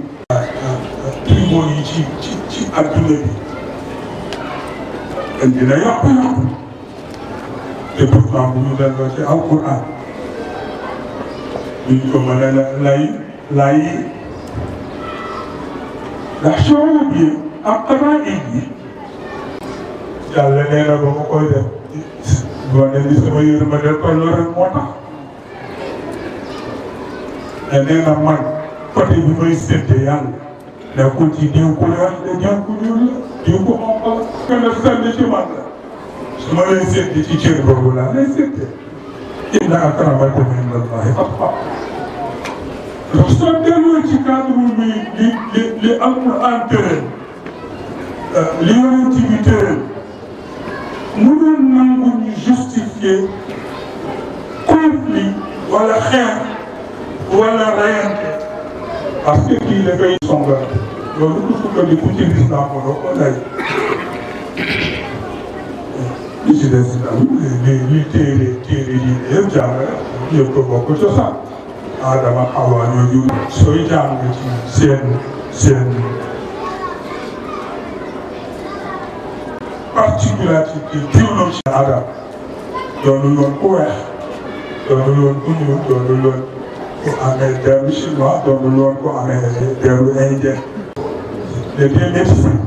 niveau yi ci ci ci adduna bi dina yokk yokk te pourtant bu ñu delloo ci alquran ñu ko mën a lay lay ndax soo wut yi ak tabax yi yàlla nee na ba ma koy def doone bi sama yërmande toll rek moo tax nee na man côté bi may sédde yàlla nekkul ci diw ku weex la diw ku ñuul la diw ku xonq la kenn sànni ci man la su ma lay sédde ci cër boobu laa lay sédde inna akramakum indallahi atqaakum ndax soo delloo ci cadre bi li li li alquran tëral euh, li yonent bi mënoon nangu ñu justifier conflit wala xeex wala reyante parce que kii dafay songal loolu du sukkandiku ci lislaam wala ko lay li ci des itam li li téere téere yi yëpp jàngale yëpp ko bokk cosaan Aadama Awa ñooñu sooy jàng ci seen seen particularité théologie Adam doonul woon ku weex doonul woon ku ñuul doonul woon ku amee dellu chinois doonul woon ku amee dellu indien les deux médecins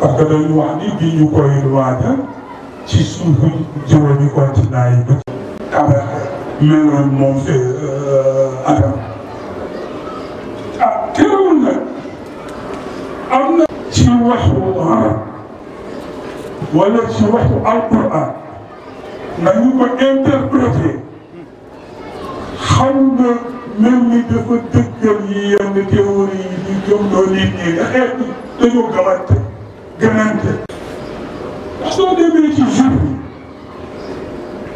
parce que dañu wax ni bi ñu koy waajal ci suufu juróomi continent yi ba tabax meloon moom fi euh, Adam ah teewul nag am na ci waxu arab wala ci waxu alquran nañu ko interpréter xam nga mel ni dafa dëggal yi yenn théorie yi ñu gëmloo nit ñi nga xeet dañoo gëmante gënante soo demee ci jour bi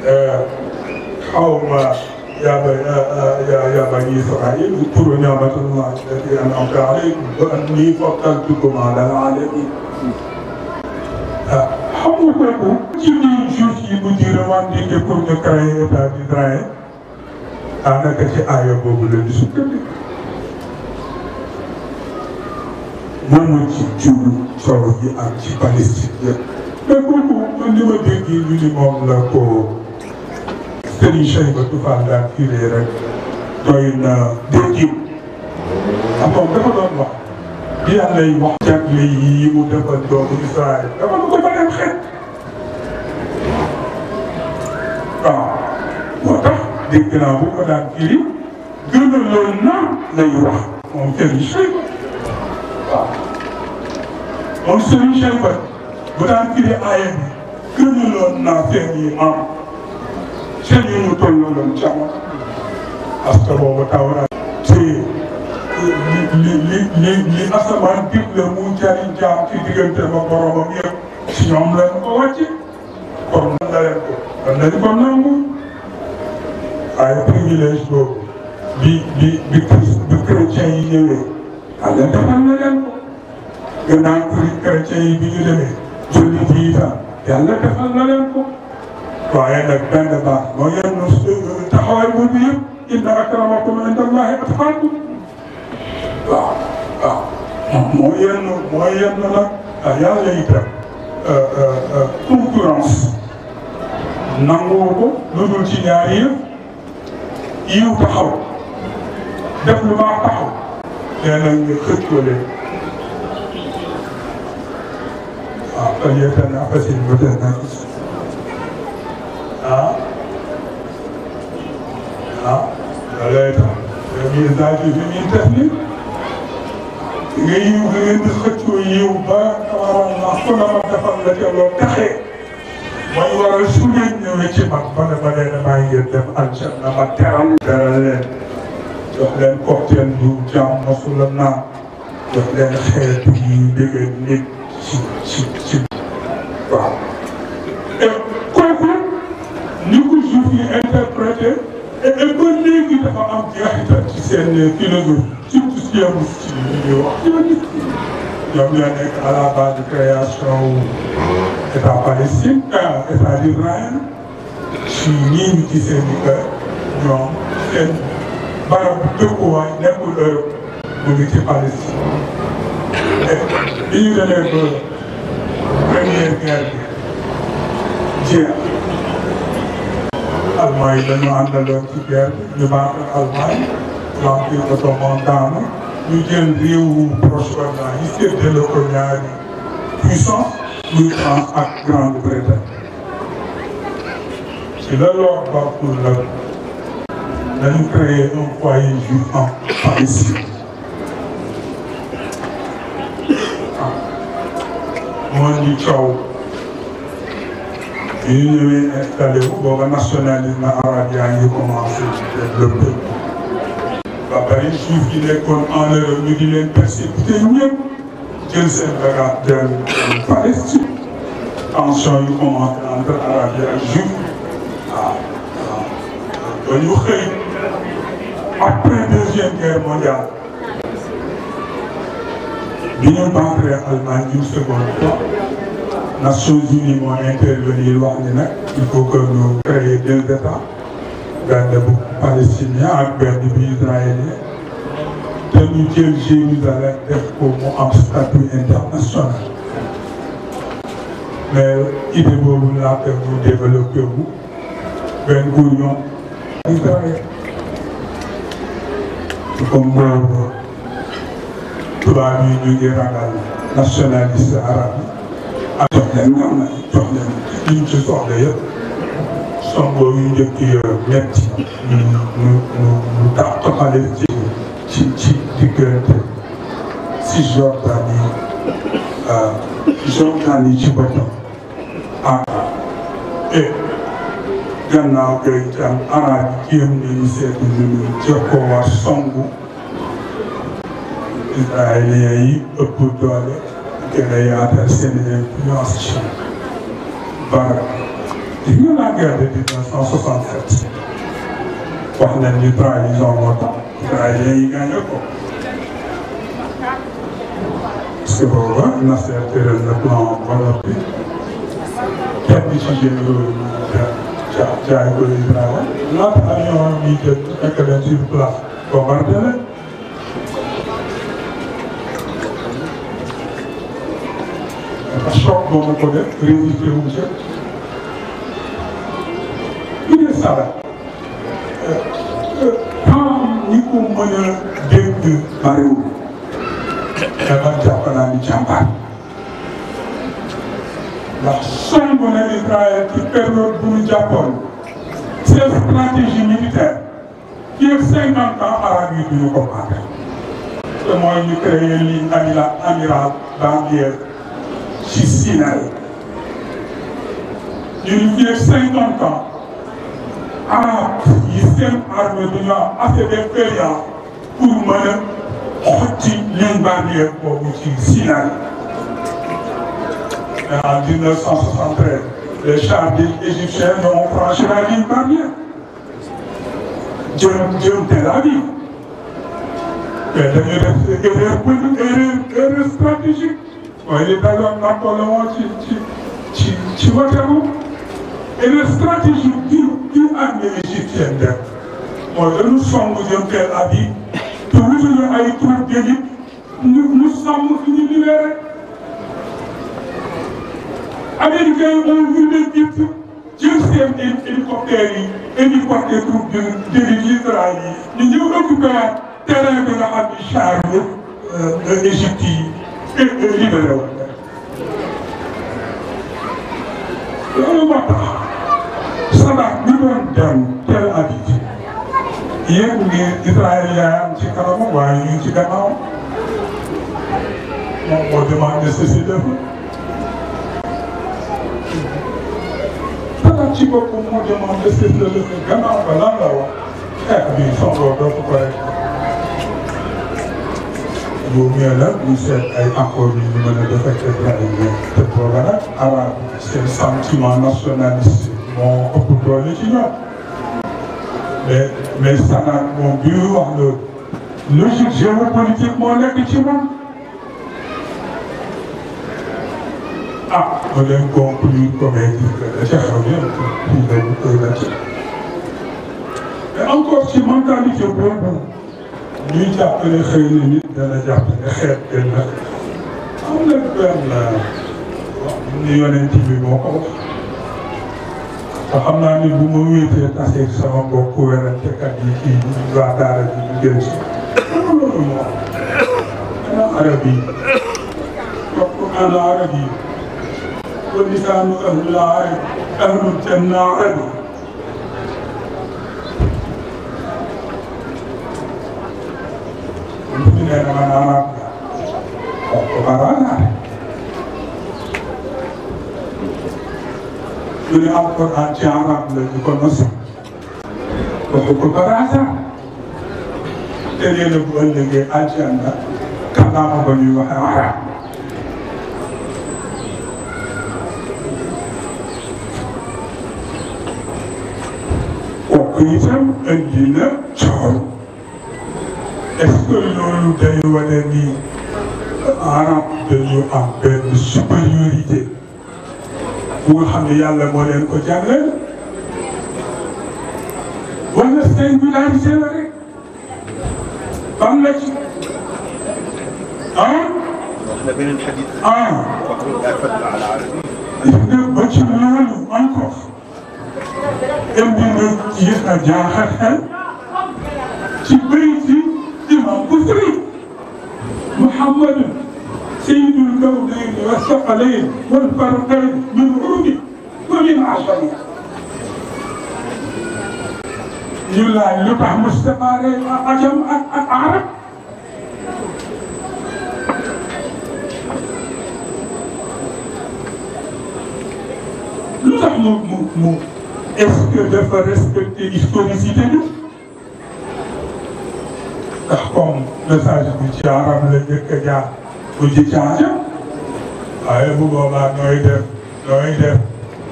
euh, xaw ma yaaba yaaba ñuy Israël pour ñaamatullah allati an'amta alaykum wa anni faddaltukum ala alamin ah xam nga kooku ci biir juif yi bu ñu revendiqué pour ñu créer état d'Israël daanaka ci aaya boobu la di sukkandiku moomu ci jur coow yi am ci Palestine yëpp mais kooku man li ma dégg ñu ni moom la ko Serigne Cheikh Badou Fall daal firee rek doy na dégg ah moom dafa doon wax bi yàlla yi wax yi mu defal doomu Israël xeet ah, waaw moo tax dégg naa bu ko daan kii gënaloon na wax moom Serigne Cheikh waaw ah, moom Serigne Cheikh bu daan kii aaya bi gënaloon naa seen yi maam seen yi mu tollaloon jamono parce que boobu tawra te li li li li asamaan dig la mu jariñ jaam ci diggante ma boromam yëpp si ñoom la ko wàcce kon nan la leen ko nan la ñu ko nangu waaye privilège boobu bi bi bi bi chrétien yi ñëwee ak la defal na leen ko gannaaw chrétien yi bi ñu demee jullit yi itam yàlla defal na leen ko waaye nag benn baax moo yenn taxawaay boobu yëpp inna akramakum inda allahi atqakum waaw waaw moo yenn moo yenn nag yàlla itam Euh, euh, euh, concurrence nangoo ko lu dul ci ñaari yëpp yiw taxaw def lu baax taxaw nee na nga xëccoo leen waaw xëy na tamit affaire yi ba tey naa ko ah ah da ngay tax. nga yiw nga ngeen di xëccoo yiw ba xamal maa ku ne ma defal la ca loo taxee man waral su ngeen ñëwee ci man ba ne ma nee na maa ngi dem aljanna ma teral dara leen jox leen cocktail bu jàmm masula naa jox leen xeetu yi dégg nit ci ci ci waaw. kooku ni ko juif yi interprété et ba léegi dafa am jeexital ci seen philosophie ci système ñi ñuy wax ñoom ñoo nekk à la base de création état Palestine euh, état d'Israël su ñii ñu gisee ni que ñoom seen barab dëkkuwaay nekkul Europe mu ngi ci Palestine. bi ñu demee ba première ñu jël réewu Proche-Orient yi séddale ko ñaari puissance muy France ak Grande-Bretagne ci la Lord Balfour Lal dañu créé un foyer juif en Palestine ah. moo di coow bi ñu ñëwee installé wu booba nationalisme arabe yaa ngi commencé développé ba pare suuf gi nekkoon en di leen persécuté ñëpp jël seen bagage dem yu commencé entre arabe yi juif waaw ah, ah, waaw ba après deuxième guerre mondiale bi ñu battre Allemagne une seconde fois Nations Unies moo intervenir wax il faut que ñu créer deux états benn bu palestinien ak benn bu israélien te ñu jël Jérusalem def ko mu am statut international mais idée boobu laa def mu développé wu benn Gurion Israël comme boobu tubaab yi ñu ngi ragal nationaliste arabe yi ak jox leen ñoom la jox leen ñu ci soxla yëpp songo yu njëkk yi metti ñu ñu ñu ñu tàqale ci ci ci diggante Cisjordanie euh, Jordanie ci boppam ah eh, et gannaaw kay itam arabe yëm nañu seet ñu ñu jokkoo war songu israélien yi ëpp doole gën a yaatal seen influence ci barab gis nga la guerre de 1967 wax nañ ni trahison moo tax trahison yi gaañoo ko parce que booba Nasser tëral na plan Bonheur bi benn ci généraux yi ja jaay ko Israël laata yi jël fekk leen sur place bombardé leen ndax choc boobu ko def résister Saba comme ñi ko mën a dégg bariwul dama jàpp naa ni jàmbaar ndax song na Israël ci période bu ñu jàppoon seen stratégie militaire fii ak cinquante ans arabe yi duñu combattre te mooy ñu créé ligne amila amiral bandière ci Sinaï ñu ni fii ak cinquante ans arab yi seen armée dañoo affaiblir période pour mën a xotti ligne barrière boobu ci Sinaï. en 1973 les chars égyptiens ont franchi la ligne barrière jëm jëm Tel Aviv te dañuy def erreur erreur erreur stratégique waaye li daloon Napoléon ci ci ci ci et le stratégie du du armée égyptienne dem mooy dañu song jëm Tel Aviv te wutañu ay troupes d'élite ñu ñu sàmm fi ñu libéré américains yi ont vu l'Égypte jël seen hélicoptères yi hélicoptère troupes d'élite Israël yi ñu ñëw occupé terrain bi nga xam de euh, euh, Égypte yi libéré woon loolu moo amoon dellu teel a aviser yéen ngeen Israël yaayam ci kanam waaye ñu ci gannaaw moom moo demandé ceci def te ci boppam moo demandé ceci def gannaaw ba lan la wax xeex bi soxla doo ko pare. yow mii la ñu seet ay accords yu ñu mën a def ak Israël te booba nag arabe seen sentiment nationaliste moo ëpp doole ci ñoom mais mais Sanar moom bi muy wax loolu logique géopolitique moo nekk ci moom ah ma leen conclure comédie que da ca xaw yëpp ñu koy laajte mais encore ci mentalité boobu ñuy jàpp ne xëy na nit dana jàpp ne xeet benn am na benn wax ñu yonent bi moo ko te xam naa ni bu ma wéetee tase sama mbokk werantekat yi kii bi waa daara ji ñu jël si. loolu moo am arab yi topp ala arab yi wa lisaanu ahlul arab ahlul janna arab yi. bu ñu nee dama naa wax ko ñu ne alquran ci arab la ñu ko nosu waxu ko par hasard te nee na bu ëllëgee aljanna kàllaama ba ñuy waxee arab kooku itam indi na coow est-ce que loolu day wane ni arab dañu am benn supériorité bu nga xam ne yàlla moo leen ko jagleel wala seen village la rek am na ci ah. ah. gis nga ba ci loolu encore. indi nga yéex a jaaxal xel ci béy ci imam Busiri Muhammad سيد الكونين والثقلين والفرقين من عود ومن عصر ñu laaj lu tax Moustapha rey ajam ak ak arab lu mu mu mu est-ce que dafa respecter historicité bi ndax comme message bu ci arab la njëkk jaar ku ci charge waaye bu boobaa nooy def nooy def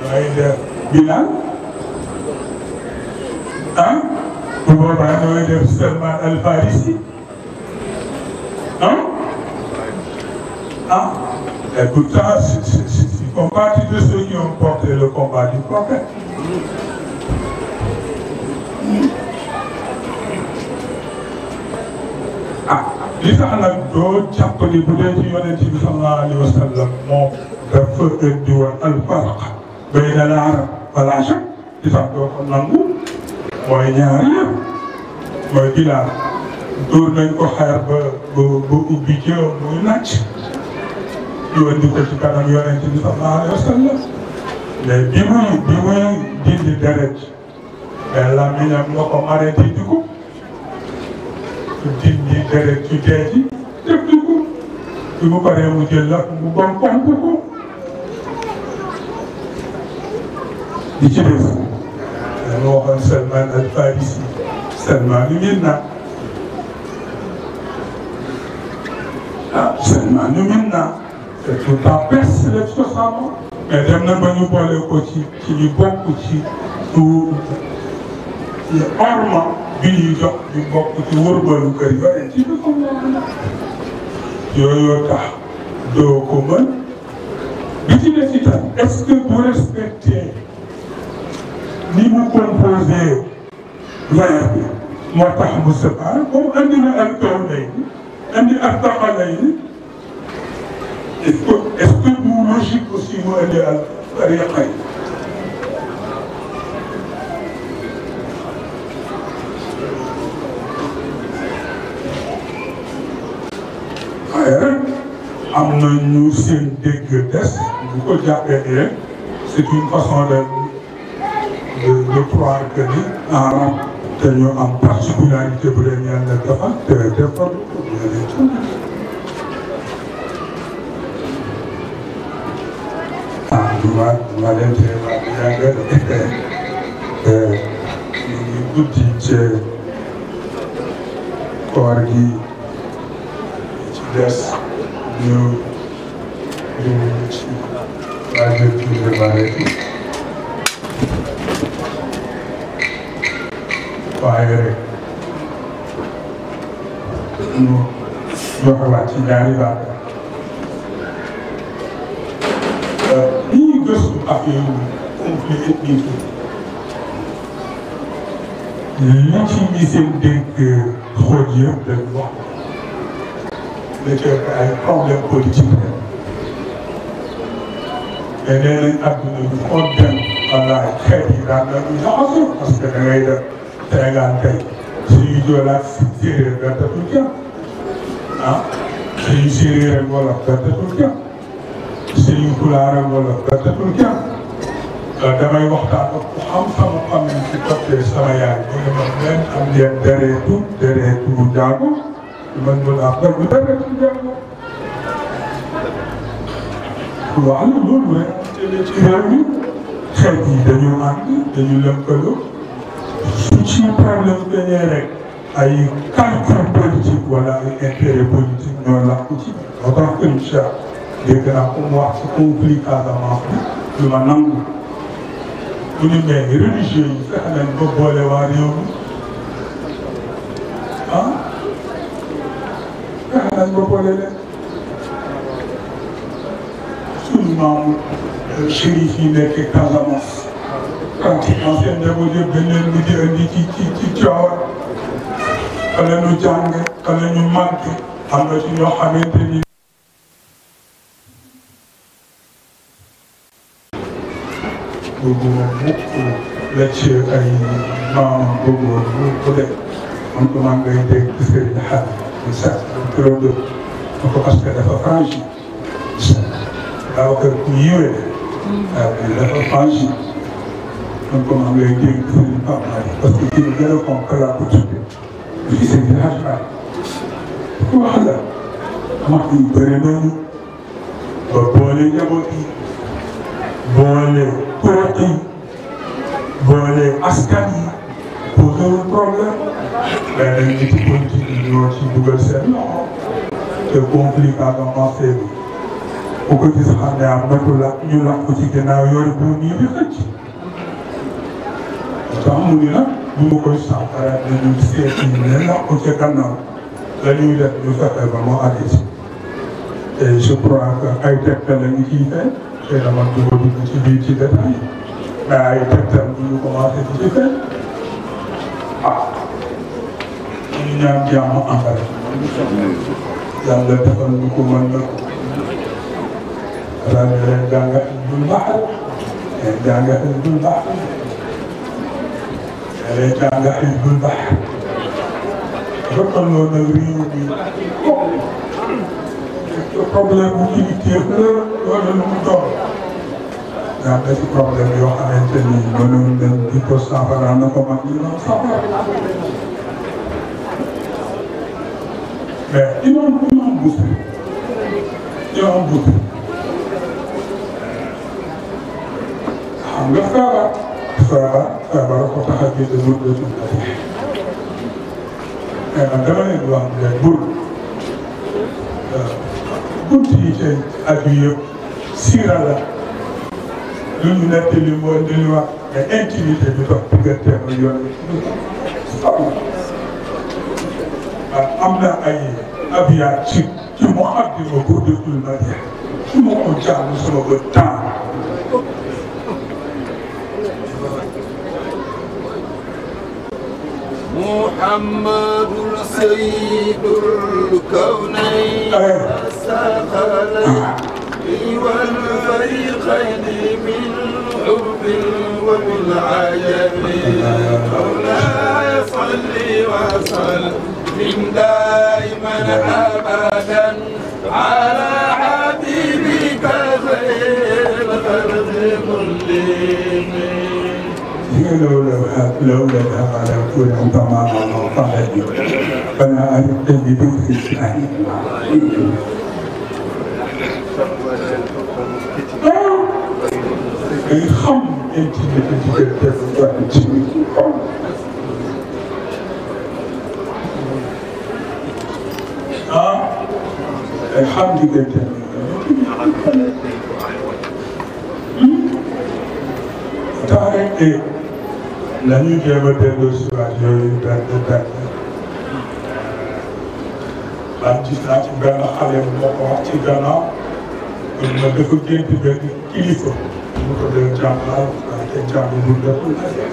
nooy def bilan ah bu boobaa nooy def Salman Al Farisi ah ah et pourtant si si si si combat de ceux qui ont porté le combat du li tax doo jàpp ni bu dee ci yonent bi sallallahu alayhi moom dafa indi woon alfarq bayna al arab wal ajam li tax doo ko nangu mooy ñaar yëpp mooy bilaal dóor nañ ko xeer ba ba ubbi jëw muy naaj ñu indi ci kanam yonent bi sallallahu alayhi mais bi muy bi muy dindi deret mais làmmiñam la ko arrêté di ko ji déret ci tee ji def dugub su mu paree mu jël la mu bon pomp ko di ci des dama waxoon Salman al Farisi Salman nu min na ah Salman nu min na te pourtant perse la cosaanoo mais dem na ba ñu boole ko ci ci ñu bokk ci su orma bi ñu jox ñu bokk ci wërbalu kër yonent bi bi ci des itam est-ce que bu respecté mu composé weer bi tax mu sépar comme andi na ak taw lay andi ak taxa lay est-ce que est-ce que bu logique aussi mu waaye am na ñu seen dégg des bu ko jàppee ne c'est une façon de de croire que ni arab ah, dañoo am particularité bu leen yàlla defal te defal ah, ma ma leen di ma jàngal ñu ngi guddi ci koor gi Yes, you, you, I did give you my waaye ñu joxewaat ci ñaari baat yi ñuy gëstu affaire yu conflit ethnique yi li ci ñi seen dégg xool yëpp dañu wax nekkee ko ay problème politique te nee nañ àdduna bi foo dem walaay xeet yi daan nañu jaxasoo parce que da ngay def Sénégal tey suñu joolaat séeréer gàttatul jàmm ah suñu séeréer ak wolof gàttatul jàmm suñu pulaar ak wolof gàttatul jàmm ah, damay waxtaan ak ku am sama famille ci côté sama yaay mu ne ma leen am ngeen dereetu dereetu jaago mën nga baax donc da nga ciy jàng waaw loolu mooy ci réew mi xeet yi dañu màgg dañu lëkkaloo su ci problème dañee rek ay calcul politique wala ay ci moo tax que incha dégg naa ko mu wax ci lu ma nangu mu ni mais religieux yi fexe nañ ba boole waa réew daanañ boppale leen suñu maam chérif yi nekk Casamance pratiquement seen njaboot yëpp dañ leen mujj andi ci ci ci coowal xale ñu jàng xale ñu màgg am na ci ñoo xamante ni bëgg mukk la ci ay maam bëggoon bu ko def man ko maa ngay dégg Serigne Hadj Moussa turandoo ma ko parce que franchi Babacar ku yiwee la waaw dafa franchi man comme am ngay dégg sëñ Pape Malick parce que kii gën a fonk laa ko tuddee fii sëñ ku wax ba boole njaboot boole kuréel yi boole askan yi pour problème mais dañu ci politique ñoo ci dugal seen loxo te conflit ba nga commencé bi ku ko gis xam ne am na ñu lànk ci ginnaaw yore bu nii di xëcc tax mu ni nag bu ma koy saafara dañuy seet yi ne lànk ca gannaaw la ñuy def ñu fexe ba moo àgg ci et je crois ay tegtal la ñu ciy fay ci ci détail ñaan jàmm affaire yàlla defal ñu ko mën na rajo leen jàng dul baax leen jàng dul baax leen jàng dul baax rëkkaloo na réew mi problème bu ñu teew la wala lu mu doon daa am ci problème yoo xamante ni mënoon nañ di ko saafara na ko mag ñu doon saafara mais ñoo am ñoo am bouse bi ñoo am bouse nga feebar feebar feebar ko tax a ji de mën de mën mais nag dama leen di wax ne bul bunt yi tey at yii yëpp siira la lu ñu nekk li mu li ñu wax mais intimité bi dox diggante ak yoon bi ndax am na ay abiyaat ci ci mu àddina boo déglu ma ne su ma ko jàng sama ba temps محمد سيد الكونين الثقلين والفريقين من حب ومن عجب مولاي صل وسلم من دائما أبدا على حبيبك خير الخلق كلهم لولا لولا على كل طمع وطهد فلا أرد بدون إسلام الخم انت اللي بتقدر تقول day xam diggante taarix bi la ñuy jéem a delloo si waat yooyu benn benn man gis naa ci benn xale bu ma ko wax ci gannaaw man ma dafa gént benn mu ko doon jàmbaar waaye te jàmb bu deful affaire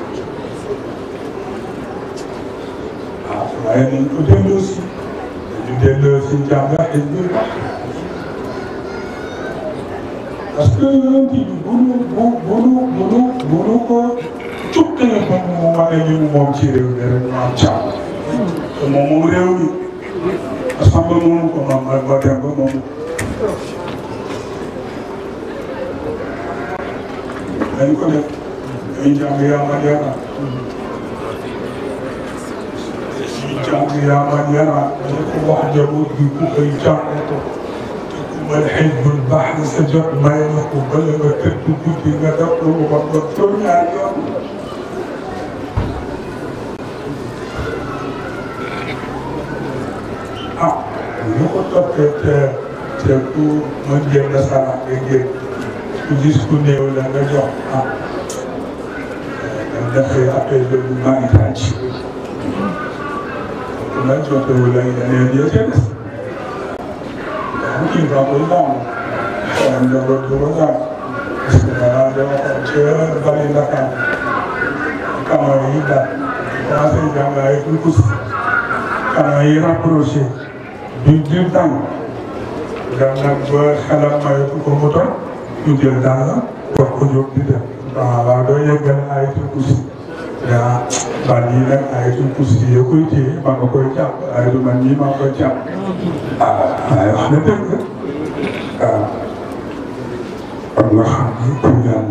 waaw waaye nañ ko dinañ la suñu jàngat dañ koy parce que yonent bi bu nu bu bu nu bu nu bu nu ko cukkalee ba mu wane ñu moom ci réew mi rek ma am caaw te moom moom réew mi assemblée moomu ko moom mooy ba dem ba moomu. dañ ko def dañ jàng yàlla yàlla. jàng yaa man yara te ku wax njaboot bi ku koy jàng te ku mën xizbul baax na sa jot may na ko bala nga tëdd guddi nga def lu mu wax nga tur ñaar yoon ah lu ko toppee te te ku mën génn sala nga génn ku gis ku néew la nga jox ah dafay appel de mariage 们就对我愿意的那个 details。Looking from the long, and the road to Rosar, the chair Valley Dakar, Kamaïda, Rasé Jamaï Koukus, Kamaï rapproché, du dur temps, Jamna Gwa Khalam Maï Koukomoto, du dur temps, pour que je puisse, Vado Yegan Aï Koukus. daa ban yii nag ay suñ pousse yi ma koy ay du man nii maa koy ah, ay wax na dëgg waaw ah, kon nga xam ni ku naan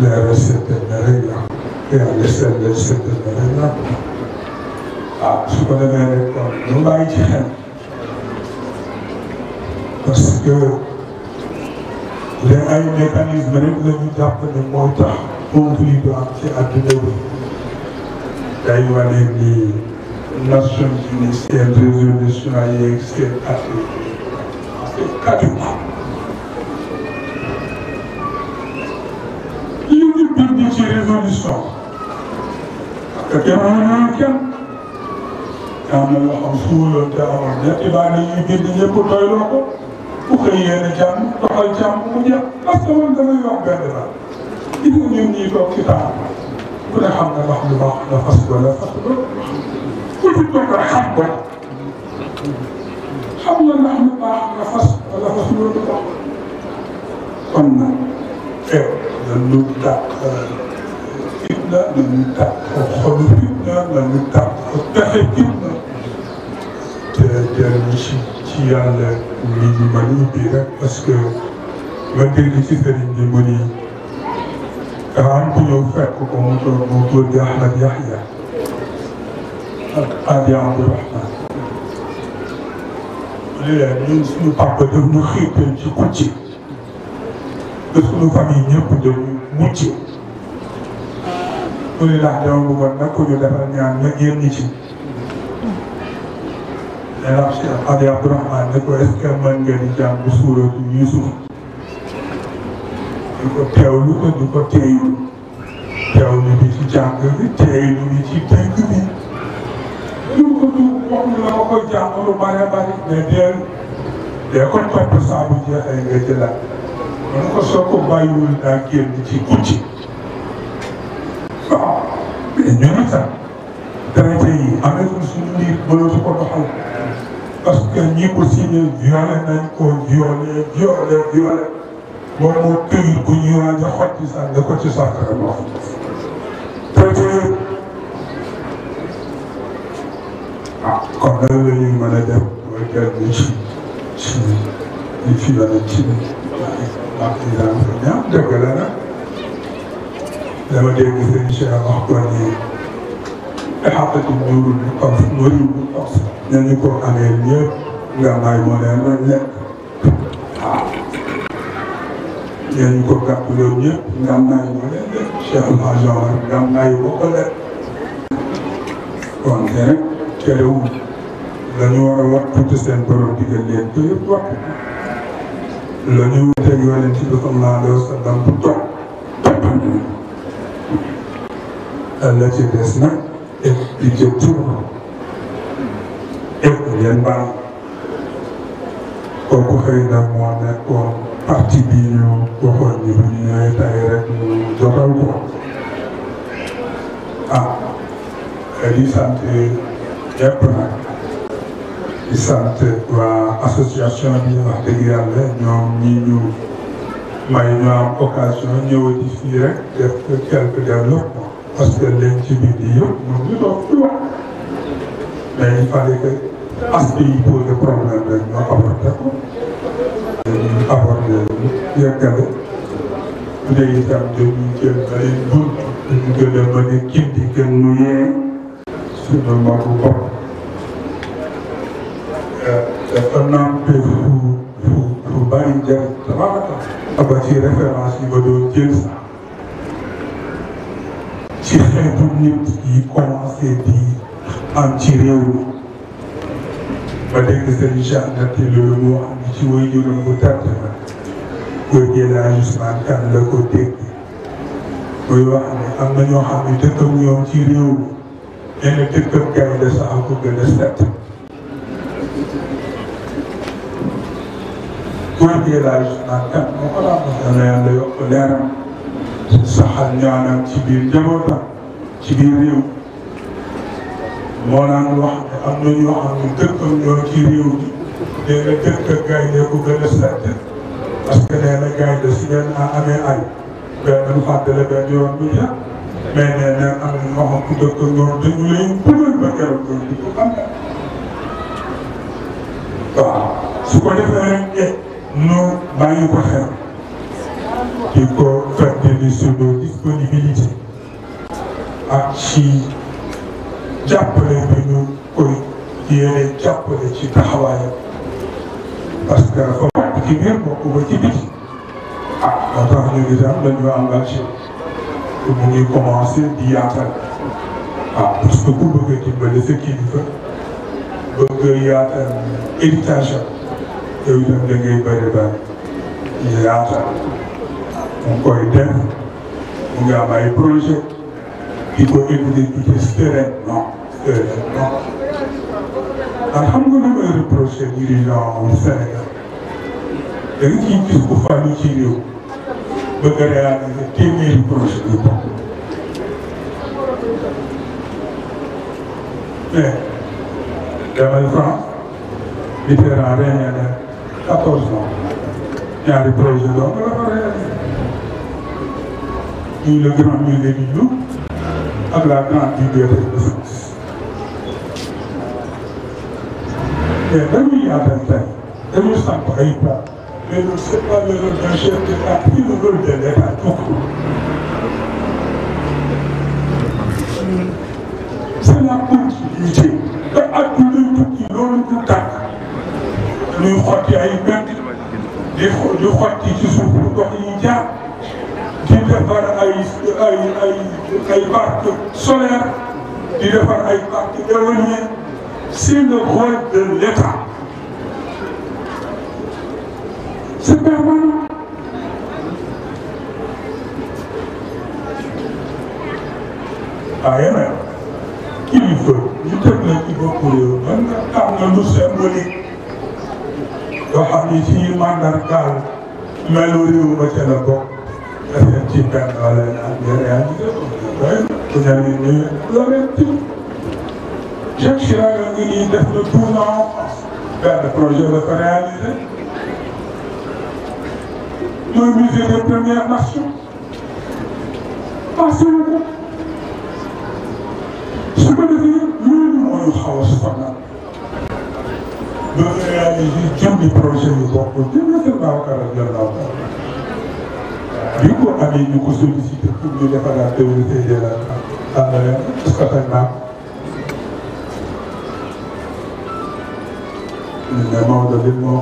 leeral seetal na rek la yàlla seetal seetal na ah, su ko defee parce que mais ay mécanisme rek la ñu jàpp ne moo tax conflit du am ci day wane ni Nations Unies seen résolution yeeg seen at yi li ñu bind ci résolution parce que teewul kenn daa mel ne xam suuloo te amoon ñetti baa ne ku xëy yéene jàmm doxal jàmm mu jeex parce que man damay wax benn la il faut ñun ñuy toog ci taal ku ne xam ne wax lu baax la fas wala fas ba ku ci toog rek xam ko xam nga ndax lu baax la fas wala fas loolu baax kon nag xew dañu dàq fitna dañu dàq xolu fitna dañu dàq pexe fitna te jëriñ ci ci yàlla lii di mani bi nag parce que ma dégg ci sëriñ bi mu ni daa am ku ñëw fekk ko mu toog mu góor di Ahmad Yahya ak Adi Abdourahman li leen ñun suñu papa daf ñu xiital ci kucci te suñu famille ñëpp dañu mucc mu ni ndax dama bëggoon nag ku ñu defal ñaan nga ñeen ñi ci nelaw Cheikh Xaadi Abdourahmane ne ko est-ce que mën nga di jàng suuratu Yuusuf di ko teewlu te di ko teeylu teewlu bi ci jàng bi teeylu lu ko du moom la ma koy jàng lu bare bare mais deel dee kon pepp saa bu jeexee nga jëlaat mën ko soo ko bàyyiwul daa génn ci guddi waaw mais ñun itam traité yi amee suñu liir mënatu ko doxal parce que ñi ko signé violé nañ ko violé violé violé moom moo këyit bu ñuy waaj a xotti sànni ko ci sàkkara wax peut être ah kon nag la ñuy mën a dem mooy dellu ci ci li fi la nañ ci ah dinaa ko ñaax dëgg la nag dama dégg seen Cheikh wax ko ni xaqatu nuurul muqas nuurul muqas ñooñu ko amee ñëpp nga moo leen doon lekk waaw ko gàpp ñoom ñëpp nga moo leen lekk Cheikh Alhaji Omar nga may moo ko lekk kon rek terewul dañu war a wattu seen borom digal leen ko yëpp wattu la teg yonent bi sallallahu alayhi wa sallam bu topp la ci des nag et di jël et ngeen baal kooku xëy na moo nekkoon parti bi ñu waxoon ñu bu ñu ñëwee tey rek ñu jotal ko ah di sant ñëpp nag di sant waa association bi wax dëgg yàlla ñoom ñi ñu may ñu am occasion ñëwati fii rek def quelques développement leen ci biir yi yëpp ñoom ñu doon fi wax mais il fallait que aspect yi posé problème rek ñu aborder dañuy aborder yeggale léegi itam dañuy jël ay bunt ñu gën a mën a kindi gën ñu yee suñu mbaru bopp dafa nampé fu fu fu bàyyi njëriñ tabaraka aba ci référence yi ba doon jël ci xeetu nit yi commencé di am ci réew ma dégg sëriñ Cheikh Ndate loolu moo am ci woy juróom bu tàtt ma góor gi laa Ousmane Kane la ko dégg muy wax ne am na ñoo xam ne dëkkam ñoom ci réew mi nee na dëkkam gaynde la sax ko gën a set. góor gi laa Ousmane Kane moo ko daan wax dana yàlla yokk leeram saxal ñaanam ci biir njabootam ci biir réew moo naan wax. am na ñoo xam ne dëkkam ñoo ci réew mi nee na dëkk ak gaynde ko gën a sedd ay benn fàttali benn yoon bu jeex mais nee na am na ñoo xam ku dëkk ak ñoom dañu lay puudar ba keroog ñoom di ko xam ko defee rek eh di ko fàttali suñu disponibilité ci jàppale bi ñu. pour yéene jàppale ci taxawaayam parce que comme ci biir bokk ba ci biti ah moo tax ñu ngi daal dañoo engagé mu commencé di yaatal ah parce que ku bëgg a dimbale sa kilifa bëgg yaatal héritage am yow itam da ngay bëri bëri yaatal mu koy def mu ngi am ay projet di ko éviter du ci sereinement man xam nga lu may reproché dirigeant wu Sénégal da nga ciy gis ku fàllu ci réew bëgg a réaliser téeméeri projet yu bopp mais demal France Mitterrand régné na quatorze ans ñaari projet donc la fa réaliser muy le grand musée du Louvre ak la grande bibliothèque de France mais dañuy yaatante dañuy samp ay pas mais non seulement le rôle d'un chef d'État puis le rôle de l'État tout court. c'est la continuité te adduna tukki loolu du tàkk dañuy xotti ay mbedd di di xotti ci suuf ndox yi jaar di defar ay ay ay ay parcs solaires di defar ay parcs éoliens. c'est le rôle de l'État. C'est permanent. Ailleurs, ah, eh, il veut, ñu teg la ci bopp réew man nga am na lu symbolique yoo xam ni fii mandargaal melu réew ba ca la bokk dafay ci benn wala ñaar ñaar ñaar ñaar ñaar ñaar ñaar ñaar ñaar Jacques Chirac a ngi nii def na tournant benn projet la ko réalisé mooy musée des premières nations passé na ko su ko defee loolu mooy xaw a sonal loolu réalisé jëmmi projet yu bokkul jëmmi seen Babacar radiyallahu taala bi ko amee ñu ko sollicité pour ñu defaraat théorie de la mais Maodo li mu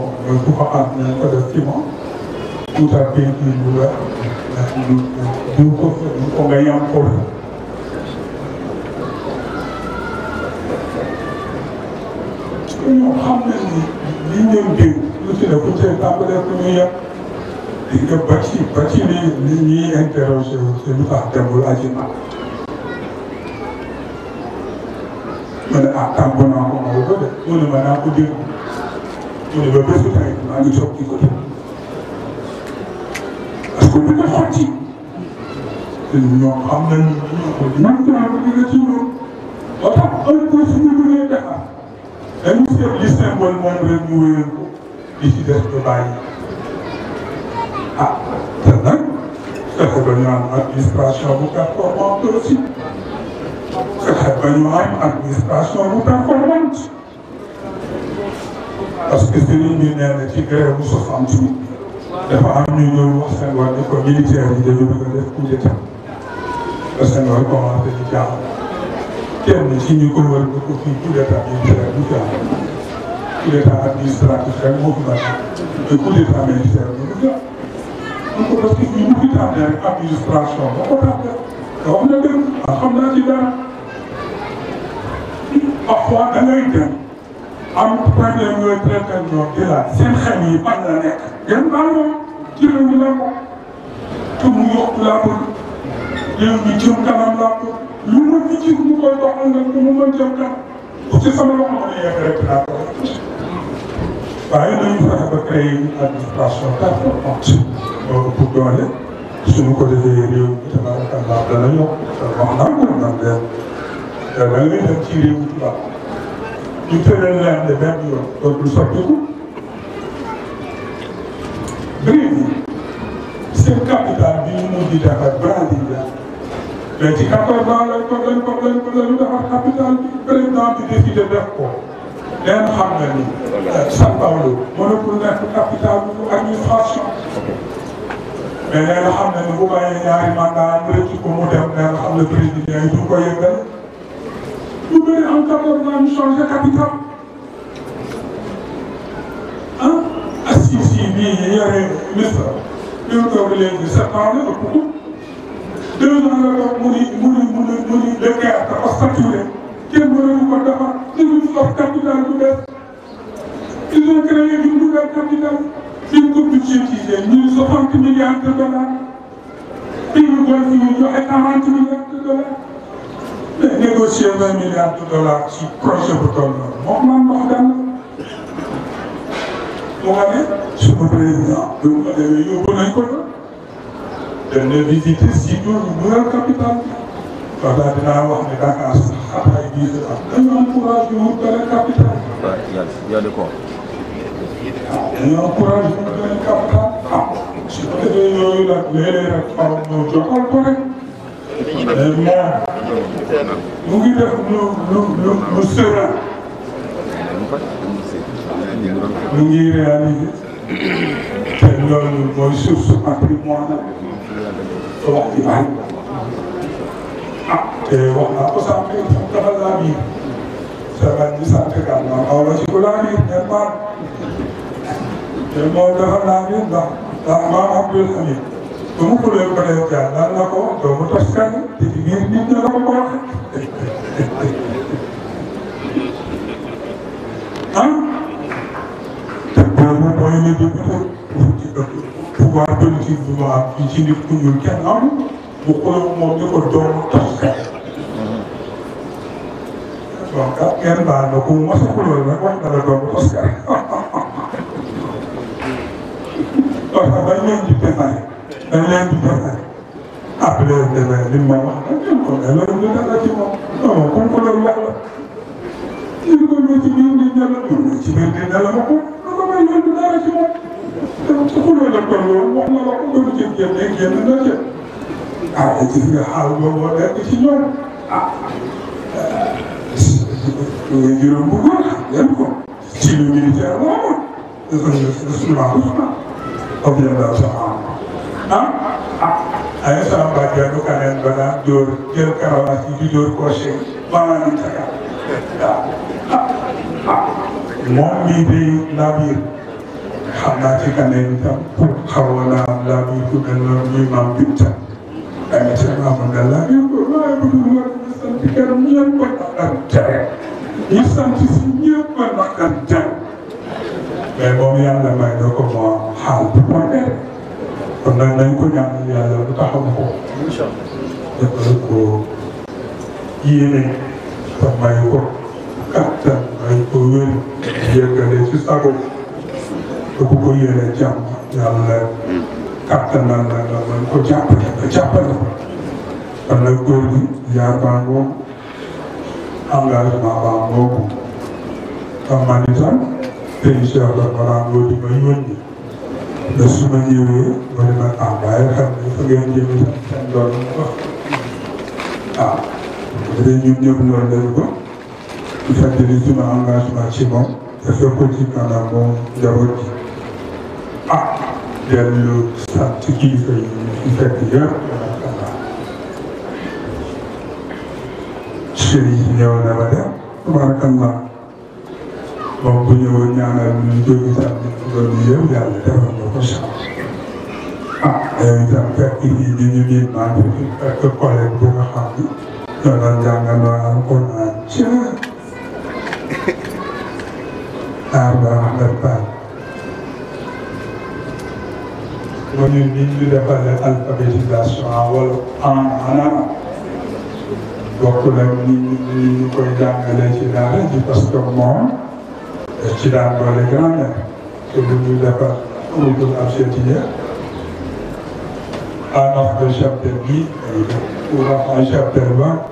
ku ko am nañ ko def ci moom tuuta béykat yi ñu nga ñu ko ko nga yam ko ñoo xam ne ni li ñëw dégg lu ci def bu see tàmbalee ku ñuy yem di nga bàcci bàcci ni li ñuy interroger c'est lu tax demul aji ma ma ne ah tàmbu naa ko ma ko def mu ne ma naa ko dégg mu ne ba bés bu tawee maa ngi toog di ko déglu parce que bu ñu xotti ñoom xam nañ man daal di nga ci ñoom ba tax heure boo suñu bëggee defar dañu seet li symbole moom rek ñu wéyal ko li ci des ñu bàyyi ah te nag fexe ba ñu am administration bu performante aussi fexe ba ñu am administration bu performante. parce que sëriñ bi nee na ci grève bu sos am ci ko militaire a def coup d'état parce que loolu commencé di jaaxal kenn ci ñu ko wër nga ko fii coup d'état militaire du jaaxal coup d'état administratif rek moo fi mën te coup d'état militaire du jaaxal ko parce que fii mu fi tànnee rek administration ba ko tànnee te wax na dëgg xam naa ci dara am problème yooyu traité ñoom di laal seen xel yi ban la nekk. yan baal moom jëloon ñu la ko te mu yokk laa bëgg réew mi jëm kanam laa ko lu mën di jiw mu koy doxal nga mu mën jëm kanam bu ci sama loxo mën a yegg rek laa ko waaye dañu fexe ba créé une administration performante loolu pour doole suñu ko defee réew mi tabaaraka Allah dana yokk wax naa ko nan leen da ngay dem ci réew tubaab ñu tëral leen ne benn yoon donc lu soppiku Brésil seen capital bi ñu mujj defar Brasilia mais ci quatorze ans lañ ko lañ ko lañ ko lañu defar capital bi président bi décidé def ko. leen xam na ni euh, São Paulo mënatul nekk capital bu administration mais leen xam na ni bu bàyyee ñaari mandat am rëcc ko mu dem leen xam ne président yi du ko yëngal. Vous venez encore pour nous changer de capital Hein Ah si, si, bien, il y a rien, mais ça. Mais encore, il y a ça parle beaucoup. Deux ans, là, mourir, mourir, mourir, mourir, de guerre, ça va saturer. Quel bonheur vous va d'avant C'est une force capitale de l'Est. Ils ont créé une nouvelle capitale. Ils ont budgétisé 1060 milliards de dollars. Ils nous donnent 40 milliards de dollars. négocier vingt milliards de dollars ci projet bu toll noonu moom man wax dëgg mu nga ne suñu président bi mu ko demee yóbbu nañ ko la dañ ne visiter si ñoom nouvelle capitale bi wax daal dinaa wax ne Dakar sax après dix ans dañu am courage yu wut beneen capitale. waaw dañu am courage yu wut beneen capitale. ah su ko defee yooyu nag léeg-léeg rek xaw ma joxal ko rek. moom mu ngi def lu lu lu lu serein mu ngi réalisé te loolu mooy source patrimoine wax ci bari ah te wax naa ko sànq dafa laa biir saban bi sant kan ma xaw la ci ko laa biir ñen maan te moom dafa laa biir ndax ndax maam Abdoul Hamid mu kuréel ba tey daal daal na ko doomu tos kan te ci biir nit ña la ko ko waxee. ah. te boobu mooy li ñu pouvoir politique bi mu am fii ci nit ku ñuul kenn amul bu xooloo moom ñu ko doomu tos kan. donc ah kenn baal na ku mos a kuréel rek wax dara doomu tos kan. parce que bañ nañ di da leen di joxe après dana li ma wax kon da loolu du dara ci moom non kon ko loolu wax la ci ko ñëw ci biir di jël la ci biir di dala ma ko da ko may loolu du dara ci moom te ku loolu la kon loolu wax na la ko gënu ci génne génn na ci ah gis nga xaal boobu nekk ci ñoom ah juróom bu góor xam ko ci lu militaire moomoon. ah ah ay ah, sama bàjjan du kaneen balaa jóor jël karawaas yi di jóor koosee maanaam saka waaw ah, ah moom mii de laabir xam naa ci kaneen tam pour xaw a naa ku mel noonu ñuy maam bi tam ay sama amoon na laabir ko waaye bu dul woon ñu sant kanam ñëpp mën na am tere ñu sant si ñëpp mën na am tere mais moom yàlla may na ko moo xaal bu ma tere kon nag dañ ko ñaan yàlla bu taxaw ko. incha allah defal ko yéene sax may ko kattan may ko wér jéggale ci sago te bu ko yéene jàmm yàlla kattan naa la nga mën ko jàppale nga jàppale ko. kon nag góor gi yaar baa ngoo engagement baa ngoo ko xam naa ni sax prévision bi balaa ngoo di ma yónni ba su ma ñëwee ba ne ma ah waaye xam ne fa ngeen jëm itam seen loolu mu wax waaw ah, te ñun ñëpp loolu dañu ko di fàttali suma engagement ci moom dafa ko ci maanaam moom njaboot ji ah dellu sant kilifa yi fi fekk yëpp macha allah sëriñ ñëw na ma dem tabaarakallah kon bu ñëwoon ñaanal ñu jóge ci àll bi loolu yëpp yàlla defal na ko sax ah yooyu itam fekk fii ñu ñu miin maa ngi fi fekk collègue bu nga xam ni ñoo doon jàngal maanaam kon naan caa aar ba wax nga baal. ba ñun ñu ñu defalee alphabétisation wala en anam bokk nañ ni ñu koy jàngalee ci daara ji parce que moom. ci daan doole gën a nekk te bu defar amatul ab cettière de chapter bi dañuy def pour wax en chapter ba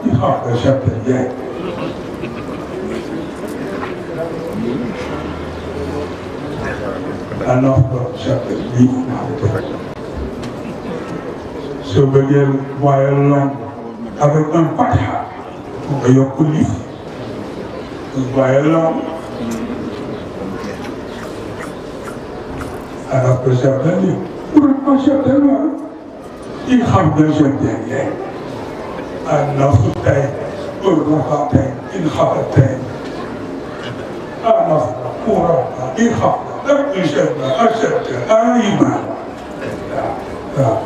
ñu xam bi soo bëggee moyen long avec un fatha nga yokk lii moyen alors que certains disent pourquoi certainement ils xam ne certains lañ annafsu tey urraqa tey inxafa tey annafsu urraqa inxafa lépp lu seet la accepté ay iman waaw waaw.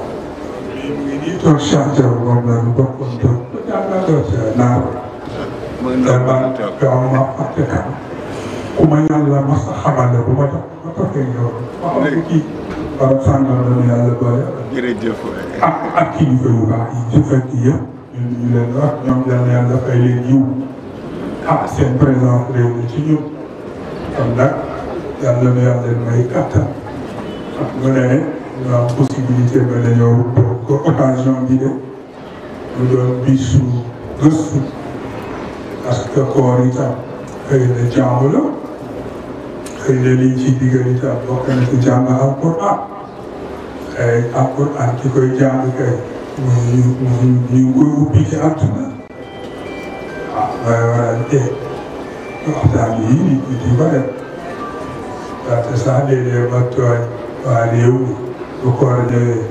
ñu ngi toog chanter moom la ñu bokkoon toog. daanaka toog naa ko. damaa gaaw ma fàtte naa ko. ku ma yàlla mas a xamal la bu ma tax ma toppee ñëw waaw léegi kii barab sàngam la ma yàlla boole. jërëjëf waay. ak ak kilifa yu baax yi ci fekk yëpp ñu ñu leen wax ñoom yàlla yàlla fay leen yiw ah seen présence réew mi ci ñun kon nag yàlla na yàlla may kattan xam nga ne ñu am possibilité ba dañoo ko occasion bi de ñu doon bisu gëstu parce que koor itam xëy na jaamu la. xëy na liñ ci diggante am bokk na ci jàng alquran ay alquran ki koy jàng kay ñu ñu ñu koy ubbi ci àdduna ah, waaw mooy waral tey waxtaan nit ñi ko def ndaxte sax léeg-léeg ma tooy waa réew mi koor ñëwee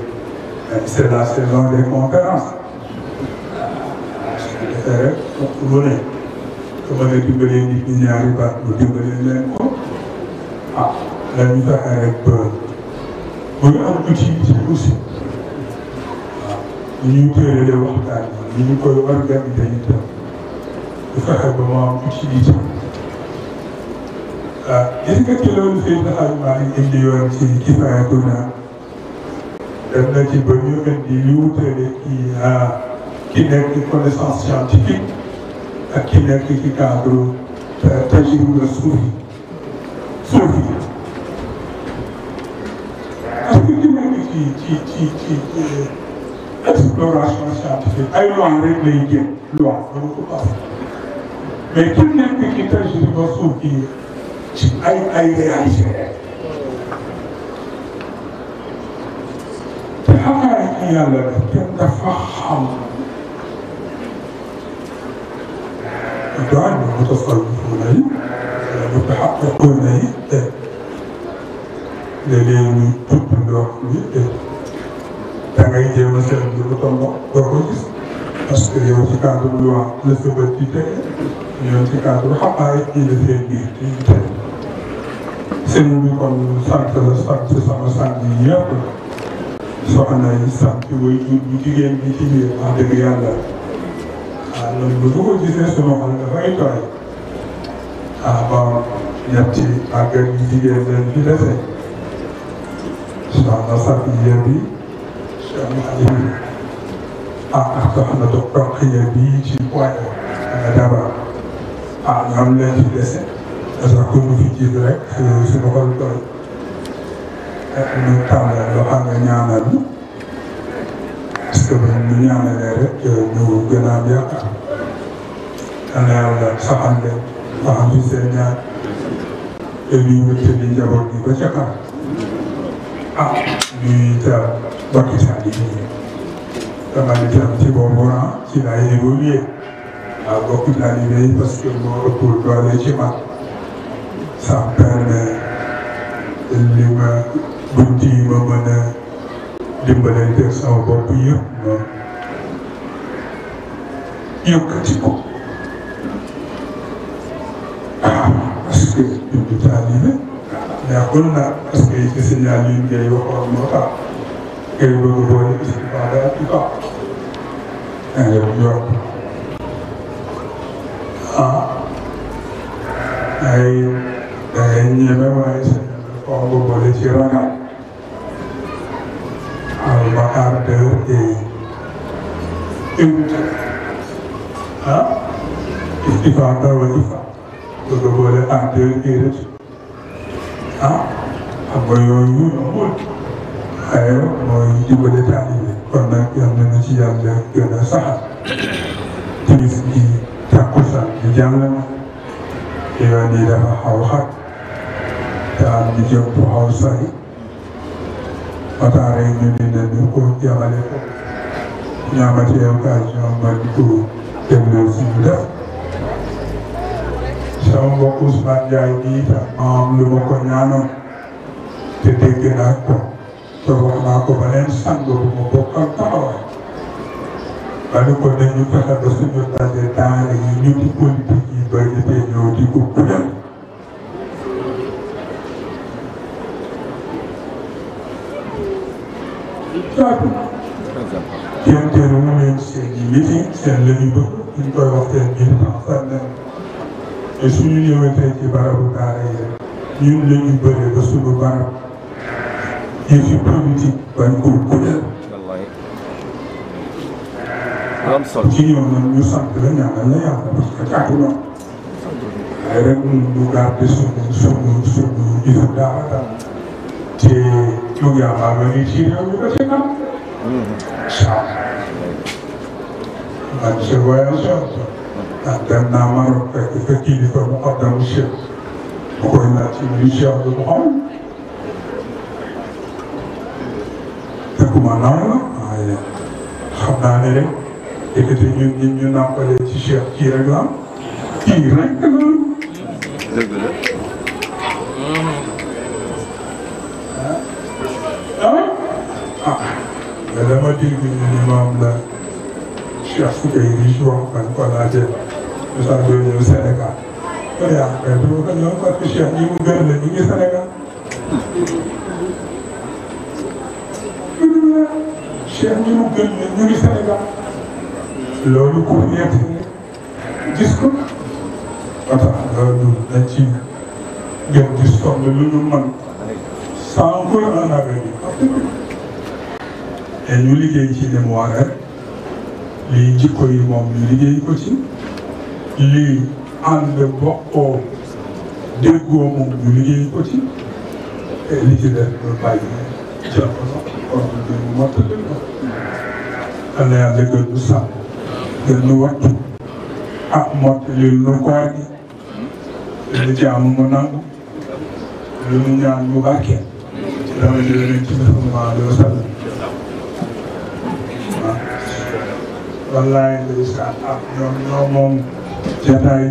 c'est la saison des conférences rek lu ne su ma la dimbalee nit ñi ñaari baat mu dimbalee leen ko ah dañuy fexe rek ba ba ñu am outil bi aussi waaw ah, ñu tëralee waxtaan bi ñu koy organiser itam bu fexe ba mu am outil bi itam ah est yi indi yoon ci ci ba ñu indi li wutale ci ah, ki ki nekk ci cadre euh, tajriba suuf parce que ñu nekk ci ci ay loi rek lay jëm ki nekk ci ba suuf ci ay ay réalité te xam naa ci yàlla la kenn dafa xam doy na mu dafa xàqatoo na it da leen tudd ndox it da ngay jéem a seetlu lu toll doo ko gis parce que yow ci cadre bu loi la sa bët di teg yow ci cadre bu xabaar yi la seen biir di teg sëñ bi kon sant la sant sama sant yi yëpp soxna yi sant way jur bu jigéen bi ci biir wax dëgg yàlla waaw ah, loolu bu ko gisee sunu xol dafay tooy abaam ñetti ak jigéen leen fi dese soxna Safiya bi soxna Aliou ah soxna docteur Xëya bi ci poids ak daba ah ñoom leen fi dese parce que mu fi jiit rek suñu xol doy ñu tàmbale loo xam ne ñaanal ñu parce que ñu ñaanalee rek ñu gën a am yaakaar dana yàlla saxal leen ba am ci seen ñaar te ñu wëttali njaboot bi ba ca kanam ah ñuy itam bakkitaan yi ñu dama itam ci boobu ah ci laa évolué ah bokk taalibe yi parce que moo ëpp doole ci man ça me li ma bunti ma mën a dimbalante sama bopp yëpp ma yëkkati que du taalibe yàggul na parce que ci signal yi ngay waxoon moo tax ngay bëgg boole istifaada du baax da ngay yor ah ay da ngay ñeme waaye sa xaw nga boole ci ragal am ba ardeur et humilité ah istifaada wala bëgg a boole en deux heures ah xam nga yooyu amul waaye mooy dimbali taalibe kon nag yal na ci yàlla gën a saxal timis gi takkusaan gi jàll na yoon yi dafa xaw xat te am ñu jëm fu xaw sori waxtaan rek ñu ne ne ñu ko yamale ko ñaamatee occasion man ko dem na si ñu sama mbokk Ousmane Ndiaye nii ma ko ñaanoon te dégg naa ko te wax naa ko ba leen sang bu ma ba ni ko dañu fexe ba suñu daje daara yi ñu ba ñu dee ñëw di ko kuréel caatu kenn teeru leen seen yi seen la ñu bëgg ñu te suñu ñëwee tey ci barabu daara yi ñun dañuy bëre ba suñu barab yi fi politique bañ ko guddal. am solo ci ñëw nag ñu sant la ñaanal la yàlla parce que càkku na waaye rek ñun ñu garder suñu suñu suñu gisu daara daal te ñu ngi am am nañu ci réew mi ba ci kanam. incha allah. man c' est voyage ah dem naa Maroc la waaye xam naa ne rek yëkkati ñun ñun ñu nàmpalee ci Cheikh kii rek la kii rek la. dëgg la. ah ah. ah. la. suka yi rishuwa kwankwana ce bisa dole sadaka ya ka to kan nan ka shi an yi mugar da ni sadaka shi an yi mugar da ni sadaka lolu ko ne ta disko ata lolu da ci gam disko da lolu man san ko an na gani e ñu liggéey ci dem waa rek lii jikko yi moom ñu liggéey ko ci lii ànd bokkoo déggoo moom ñu liggéey ko ci li ci def lu bàyyi jël ko sax kon ñu mottali ko yàlla yàlla gën ñu sàmm gën ñu wattu ah mottali nu koor gi li jaamu mu nangu lu ñu ñaan mu barke dama jëlee ci sallallahu alayhi wa sallam wallaay nga gis ko ah ñoom ñoo moom jataay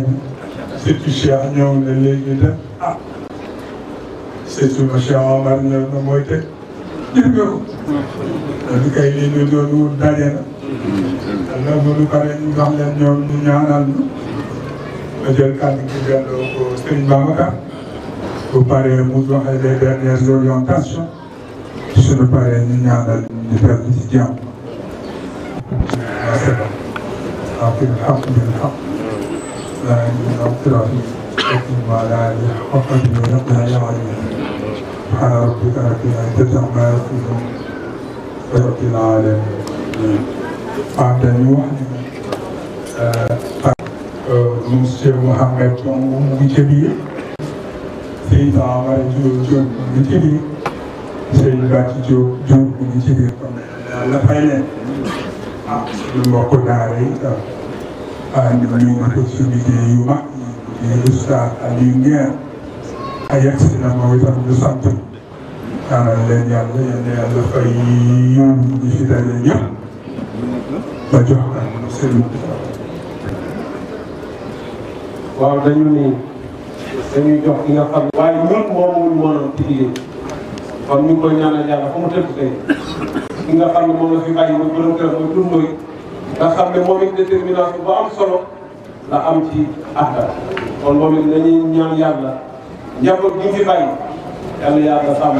bi surtout Cheikh ñëw na léegi nag ah surtout ma Cheikh Omar ñëw na mooy teg jël nga ko. loolu kay li ñu doon wut daje na. bu ñu paree ñu wax leen ñoom ñu ñaanal ñu. ma jël kàddu gi delloo ko Serigne Babacar. bu paree mu joxe les dernières orientations. حسنة أعطي الحق بالحق لا يغفر في حكم ولا يحق بلا يعلم سبحان ربك رب العزة عما يصفون رب العالمين am dañu wax ne monsieur Mouhamed Ndongo mu ngi ci biir Seydina Amara Diop Diop mu ngi ci biir Seydou Backe Diop Diop mu ngi ci biir kon dafay leen suñu mbokku daara yi ànd nañu ko ci liggéey yu mag yi Oustaz Aliou Nguer ay accident moom itam ñu sant ñaanal leen yàlla yal na yàlla fay yoon ñi fi daje ñëpp ba jox ak seen waaw dañu ni dañuy jox ki nga xam waaye ñun moom moo ki nga xam moom la fi bàyyi muy borom kër muy dundooy nga xam ne moom it détermination bu am solo la am ci àddam kon moom it dañuy ñaan yàlla njaboot gi fi bàyyi yàlla yàlla sàmm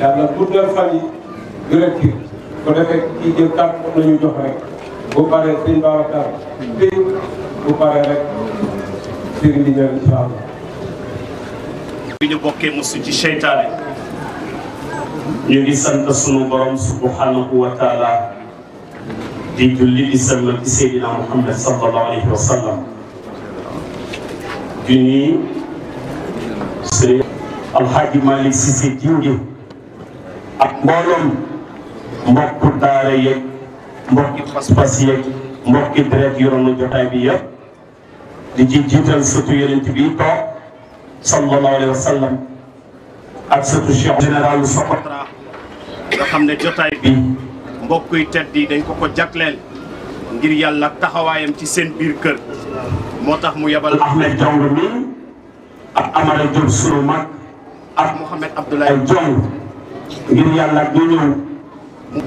yàlla guddal fan yi gërëm ci ko defee kii jël kàddu ko nañu jox rek bu paree sëñ Babacar tey bu paree rek sëriñ bi ñëw incha allah ñu ngi sant sunu borom subhanahu wa taala di julli di sëlmal ci Seydina Muhammad sallallahu alayhi wa sallam di nuyu sëriñ Alxaaji Malick Cissé Diouf ak mbooloom mbokku daara yeeg mbokki pas-pas yeeg mbokki deret yoroonu jotaay bi yëpp di ci jiital sëtu yonent bi toog sallallahu alayhi wa sallam ak surtout Cheikh général Sokotra nga xam ne jotaay bi mbokk tedd yi dañ ko ko jagleel ngir yàlla taxawaayam ci seen biir kër moo tax mu yebal Ahmed Diong mi ak Amara Diop sunu mag ak Mouhamed Abdoulaye Diong ngir yàlla ñu ñëw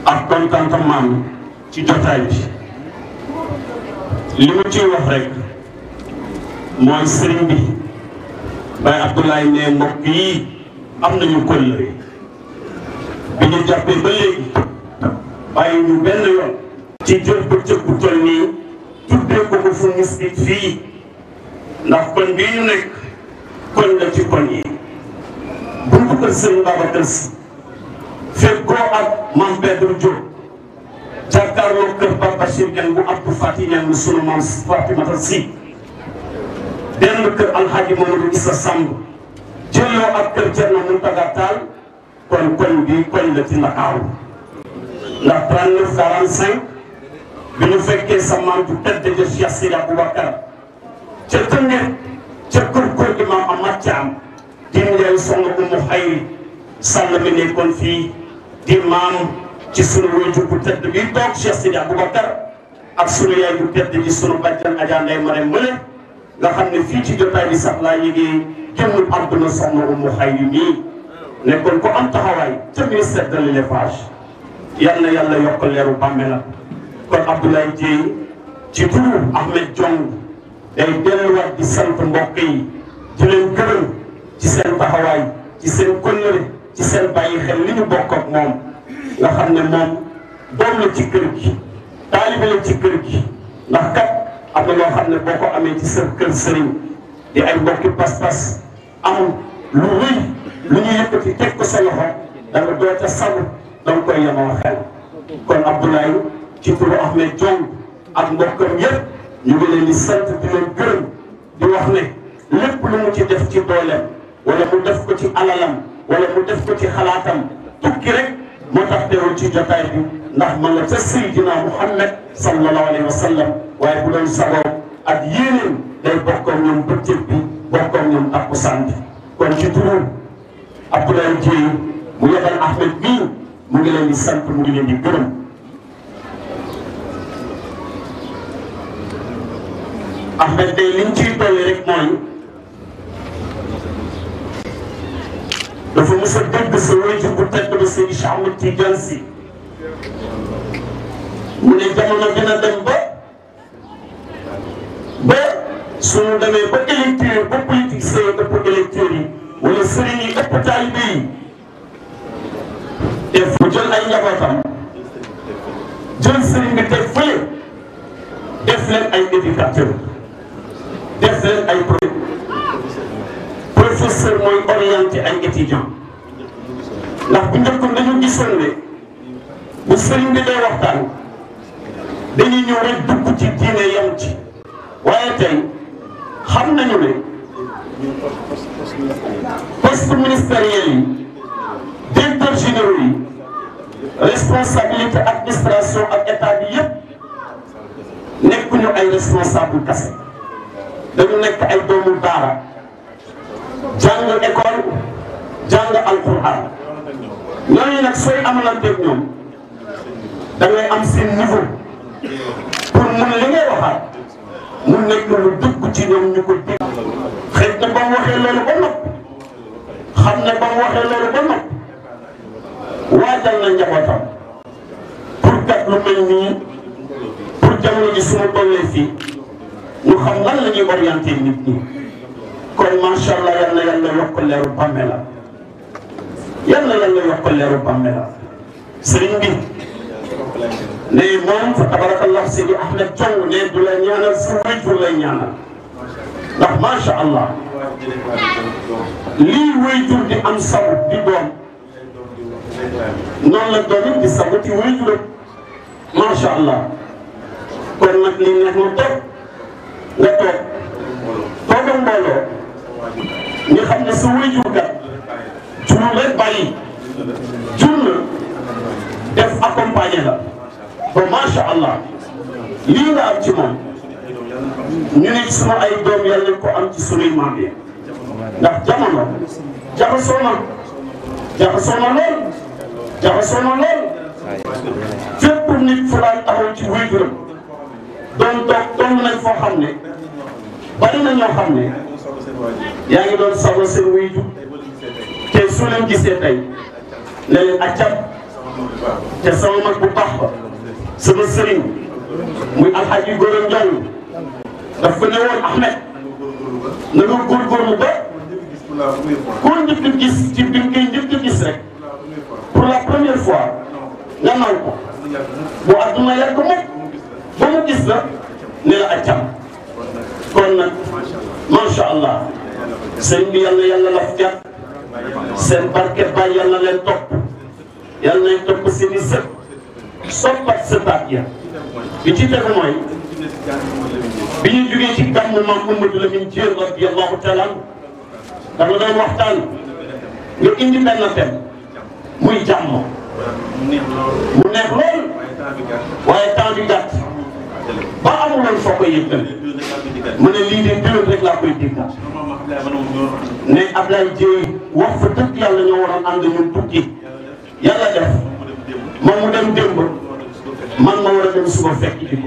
ak contentement ci jotaay bi li mu ciy wax rek mooy sëriñ bi bay Abdoulaye ne mbokk yi am nañu kóllëre bi ñu jàppee ba léegi bàyyi ñu benn yoon ci jëf bu jëf toll nii tuddee ko ko fu mus fii ndax kon bi ñu nekk kon la ci kon yi buntu kër sëñ Babacar Si fekkoo ak Mame Pedro Diop jàkkaarloo kër Pape Bachir Diagne bu Abdou Fati Ñaŋ sunu maam Fatimata Si benn kër Alxaaji Mamadou Issa Samb jëlloo ak kër Thierno Mountaga Tall kon koñ bi koñ la ci Ndakaaru ndax 39 45 bi ñu fekkee sa maam ju tedd ja Cheikh Sidi Aboubacar ca Tëngéej ca kër kër Imaam Amath Thiam di ndey Soxna Umu Xayri Sall mi nekkoon fii di maam ci sunu wéju bu tedd bi toog Cheikh Sidi Aboubacar ak sunu yaay bu tedd ji sunu bàjjan Adja Ndeye Marème Mële nga xam ne fii ci jotaay bi sax laa yëgee jëmm àdduna soxna Umu Xayri nii nekkoon ko am taxawaay ca ministère de l'élevage yal na yàlla yokk leeru bàmmeelam kon Abdoulaye Dieye ci turu Ahmed Diong day delluwaat di sant mbokk yi di leen gërëm ci seen taxawaay ci seen kóllëre ci seen bàyyi xel li ñu bokk ak moom nga xam ne moom doom la ci kër gi taalibe la ci kër gi ndax am na loo xam ne boo ko amee ci sa kër sëriñ di ay mbokki pas-pas amul lu rëy lu ñu ko sa loxo da nga kon Abdoulaye ci turu Ahmed Diong ak mbokkam yëpp ñu ngi leen sant di leen gërëm di wax ne lépp mu ci def ci wala mu def ko ci alalam wala mu def xalaatam tukki rek tax teewul ci jotaay bi ndax ma nga ca Seydina Muhammad sallallahu alayhi waaye bu doon sagoom ak yéeneen day bokkoon ñoom bëccëg bi bokkoon ñoom takkusaan bi kon ci turu Abdoulaye Dieye mu yebal Ahmed mii mu ngi leen di sant mu ngi leen di gërëm Ahmed day liñ ciy dolli rek mooy dafa mos a dégg sa wéyjur bu tedd ba Seydi Cheikh Ahmed Tidiane Sy mu ne jamono dina dem ba suñu demee ba électeur ba politicien yi ëpp yi wala sëriñ yi ëpp taalibe yi te fu jël ay njabootam jël sëriñ bi teg fële def leen ay éducateur def leen ay pro professeur mooy orienté ay étudiants ndax bu njëkkoon dañu gisoon ne bu sëriñ bi la waxtaan dañuy ñëw rek dugg ci diine waaye tey xam nañu ne poste ministériel yi directeur généraux yi responsabilité administration ak état bi yëpp nekkuñu ay responsable kase dañu nekk ay doomu daara jàng école jàng alquran ñooñu nag sooy amalanteeg ñoom da ngay am seen niveau pour mun li ngay waxaat mu nekk lu dugg ci ñoom ñu ko dégg. xëy na ba waxee loolu ba noppi xam na ba mu waxee loolu ba noppi waajal na njabootam pour kat lu mel nii pour jamono ji su ma tollee fii ñu xam lan la ñuy nit ñi kon macha allah yàlla yokk leeru bàmmeelam yal na yàlla yokk leeru ne moom fa tabarakallah Sidi Ahmed Thiaw ne du la ñaanal fu wéy du la ñaanal ndax macha allah lii wéyjur di am saw di doom noonu la doom di saw ci wéyjur macha kon nag li neex na toog nga toog toogal mbooloo ñu xam ne sa wéyjur kat jur rek bàyyi accompagné la ba macha allah lii nga am ci moom ñu ne suma ay doom yàlla ko am ci sunuy maam na jaxasoo na lool jaxasoo na lool fépp nit fu daan taxaw ci wuy gërëm doon toog doon bari na ñoo xam ne yaa ngi doon sago ju te su leen gisee tey ne te sama mag bu baax ba sama sëriñ muy alxaaj yu góoram Njaay daf ko ne woon Ahmed na nga góorgóorlu ba koo njëkk a gis ci bi nga koy njëkk a gis rek pour la première fois nga naw ko boo adduna yàgg mukk ba mu gis la ne la accam kon nag macha allah sëriñ bi yàlla yàlla la fi jàpp seen barke ba yàlla leen topp yàlla nañ topp seen i sët soppat sa baat ya bi ci tegu mooy bi ñu jógee ci gàmmu maam Ummatu Lamin Jéer radiyallahu taala dafa doon waxtaan nga indi benn thème muy jàmm mu neex lool waaye temps bi gàtt ba amuloon foo koy yëkkal mu ne lii de déwén rek laa koy déggal ne Ablaye Jéer wax fa dëgg yàlla ñoo waroon ànd ñun tukki yàlla def moom mu dem démb man ma war a dem suba fekk ji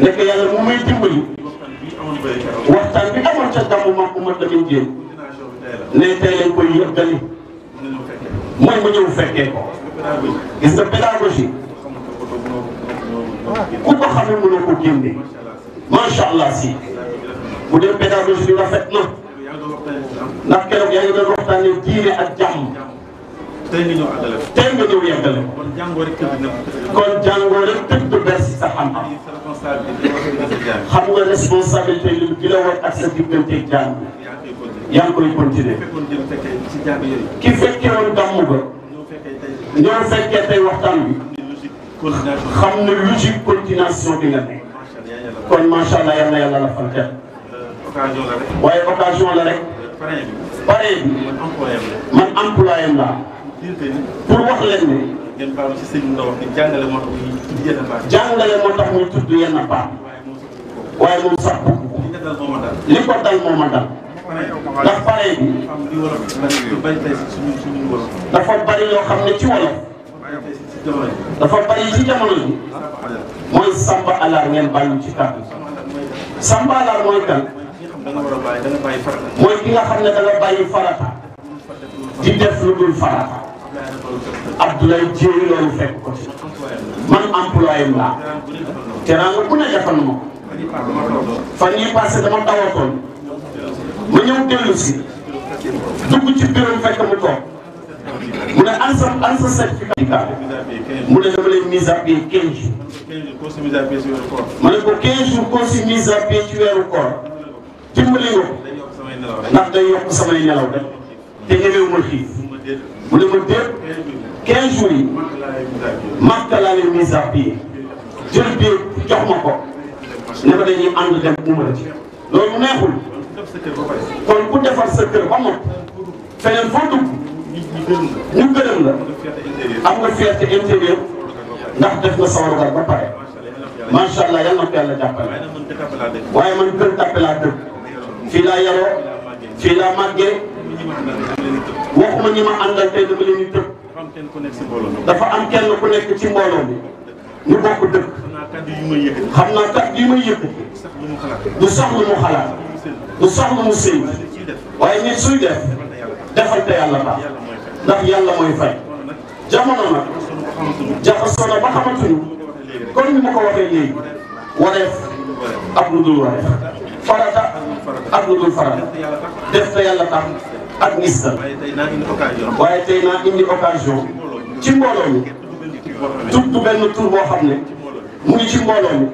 nekk yàlla mu may dimbali waxtaan bi amoon ca gàmmu ma ko ma demee jéem ne tey lañ koy yëggali mooy ma ñëw fekkee ko gis nga pédagogie ku ko xamee mënoo ko génne macha allah si bu dee pédagogie bi rafet na ndax keroog yaa ngi doon waxtaanee tey nga ñëw àggale ko. tey nga ñëw yeggale ko. kon jàngoo rek kon jàngoo rek tëdd des sa xam-xam. xam nga responsabilité la war ak sa diggante jàng yaa ngi koy continuer. ki fekkee woon gàmm ba. ñoo fekkee tey waxtaan bi. xam ne logique continuation bi nga ne. kon macha allah yal na yàlla la fal teel. Euh, waaye occasion la rek. Euh, pour wax leen ni. ngeen baal ci sëñ Ndao wax ni jàngale moo tax ñuy tudd yenn baat yi. jàngale moo tax ñuy tudd yenn baat yi. waaye moom sax ko. li ko dal moo ma dal. li ko dal moo ma dal. ndax pare bi. dafa bari yoo xam ne ci wolof. dafa bari ci jamono ji. mooy samba alaar ngeen bàyyi ci kàddu. samba alaar mooy kan. mooy ki nga xam ne da nga bàyyi farata. di def lu dul farata. Abdoulaye Dieng loolu fekk ko man employé am te naa bu ne defal ma ko fan yii passé dama dawatoon ma ñëw dellu si dugg ci bureau fekk mu toog mu ne an sa an sa certificat mu ne dama lay mise à pied ma ne ko 15 jours koo si ci weeru koor dimbali nga ko yokk samay nelaw rek te ñemewu ma xiif mu ne ko déet 15 jours yi makka laa jox ma ko ne ko dañuy ànd dem umra ci loolu neexul kon ku defar sa ba mot feneen foo dugg ñu la am nga fierté intérieure def nga sa ba pare macha allah yal na ko yàlla jàppale waaye man kër tàppe laa dëkk fii laa yaroo fii laa màggee. waxuma ñi ma àndal tey dama leen tëb. dafa am kenn ku nekk ci mbooloo mi. dafa am kenn ku nekk ci mbooloo mi. ñu bokk dëkk. xam naa kàddu yu yu may yëkkati. du sax mu xalaat. du sax mu sëy. waaye nit suy def. defal te yàlla baax. ndax yàlla mooy fay. jamono nag. jaxasoo na ba xamatuñu. kon ni ma ko waxee léegi. wareef ak dul wareef. farata ak dul farata. def te yàlla tax. ak nista waaye tey naa indi occasion ci mbooloo mi tudd benn tur boo xam ne mu ngi ci mbooloo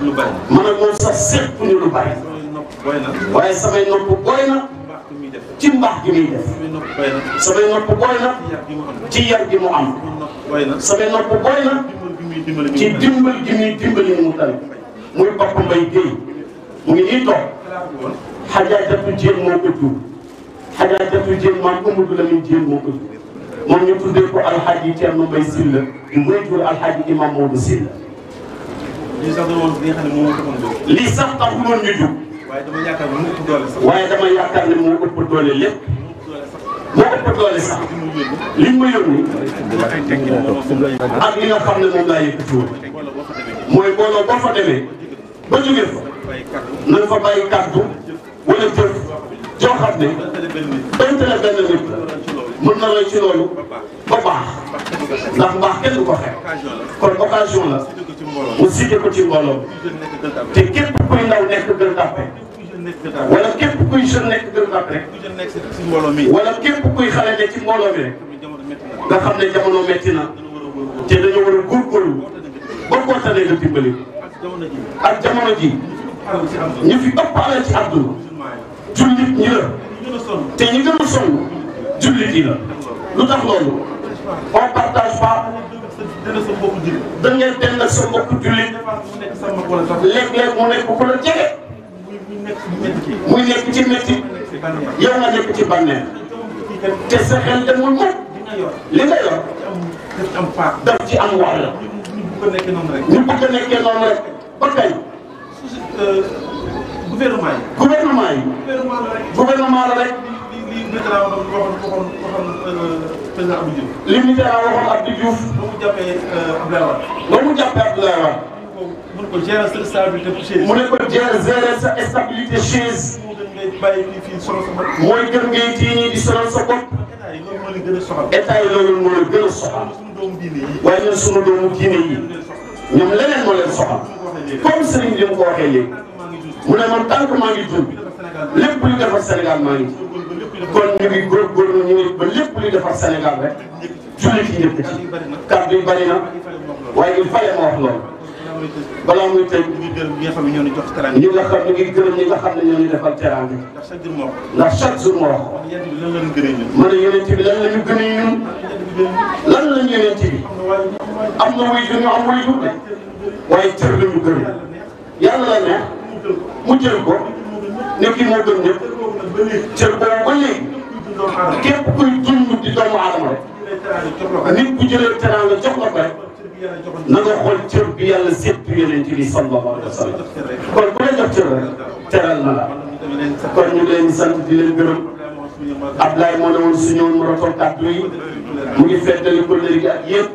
mi man ak moom sax sépp ñu lu bari waaye samay nopp booy na ci mbaax gi muy def samay nopp booy na ci yar gi mu am samay nopp booy na ci dimbal gi muy dimbali mu tal muy bopp mbay géey mu ngi nii toog xajaajatu jéem moo ko jur xajaa def lu jéem maam Amadou Lamine jéem moo ko moom ñu tuddee ko alxaaji Thierno Mbaye Sylla di mooy jur alxaaji imam Maodo Sylla lii sax woon li nga xam moom moo taxoon jóg. lii sax taxul woon ñu jóg. waaye dama yaakaar ne moo ëpp doole sax. waaye dama yaakaar ne moo ëpp doole lépp. moo ëpp doole sax. li ma yónni. ak li nga xam ne moom laa yëkkati woon. mooy mbooloo boo fa demee. ba jógee fa. na fa bàyyi kàddu wala jëf. yoo xam ne béykat benn nit mën na la ci loolu ba baax ndax mbaax kenn du ko xeeb kon occasion la mu siite ko ci mbooloo te képp kuy ndaw nekk Gueule Tapée wala képp kuy jeune nekk Gueule Tapée rek wala képp kuy xale ne ci mbooloo mi rek nga xam ne jamono metti na te dañoo war a góorgóorlu ba kootalee nga dimbali ak jamono ji ñu fi ëpp alal ci àdduna jullit ñi la a sonn jullit yi la lu tax loolu on partage pas da ngeen dem ak sa mbokk jullit léeg-léeg mu nekk ku la jege nga nekk ci bànneel te sa xel demul moom li nga yor daf am wàll ñu bëgg a nekkee noonu rek ba tey gouvernement yi. gouvernement yi. gouvernement la rek. li Mitterrand waxoon waxoon euh, président Abdou Diouf. li Mitterrand waxoon Abdou Diouf. ba mu jàppee euh, Abdoulaye Wade. ba mu jàppee Abdoulaye Wade. mun ko gérer sa stabilité chaise. mu ne ko gérer sa stabilité chaise. moo gën ngay bàyyi fii sonal sa bopp. mooy gën ngay tiiñi di sonal sa bopp. état yi loolu moo la gën a soxal. état yi loolu moo la gën a soxal. waaye ñun sunu doomu diine yi. ñoom leneen moo leen soxal. comme Serigne bi mu ko waxee léegi. mu ne man tant que maa ngi dund lépp lu defar Sénégal maa ngi ji kon ñu ngi góorgóorlu ñu ngi ba lépp lu defar Sénégal rek jullit yi yëpp ci kàddu yi bëri na waaye il fallait ma wax loolu balaa muy tëj ñu ngi gërëm ñi nga xam ne ñoo ñu jox teranga ñi nga xam ñu ngi gërëm ñi nga xam ne ñoo ñu defal teranga ndax chaque jour moo wax ndax chaque jour moo wax ma ne yonent bi lan la ñu gën a ñun lan lañ yonent bi am na wuy du ñu am wuy du waaye cër la ñu gërëm yàlla la neex mu jël ko ne kii moo gën ñëpp cër boobu ba léegi képp kuy dund di doomu aadama rek nit bu jëlee teraanga jox la ko rek na nga xool cër bi yàlla sépp yonent bi sallallahu alayhi wa sallam kon bu la jox cër rek teral na la kon ñu leen sant di leen gërëm Ablaye moo ne woon suñu woon mu rafetlu kàddu yi mu ngi feddali ko léegi ak yëpp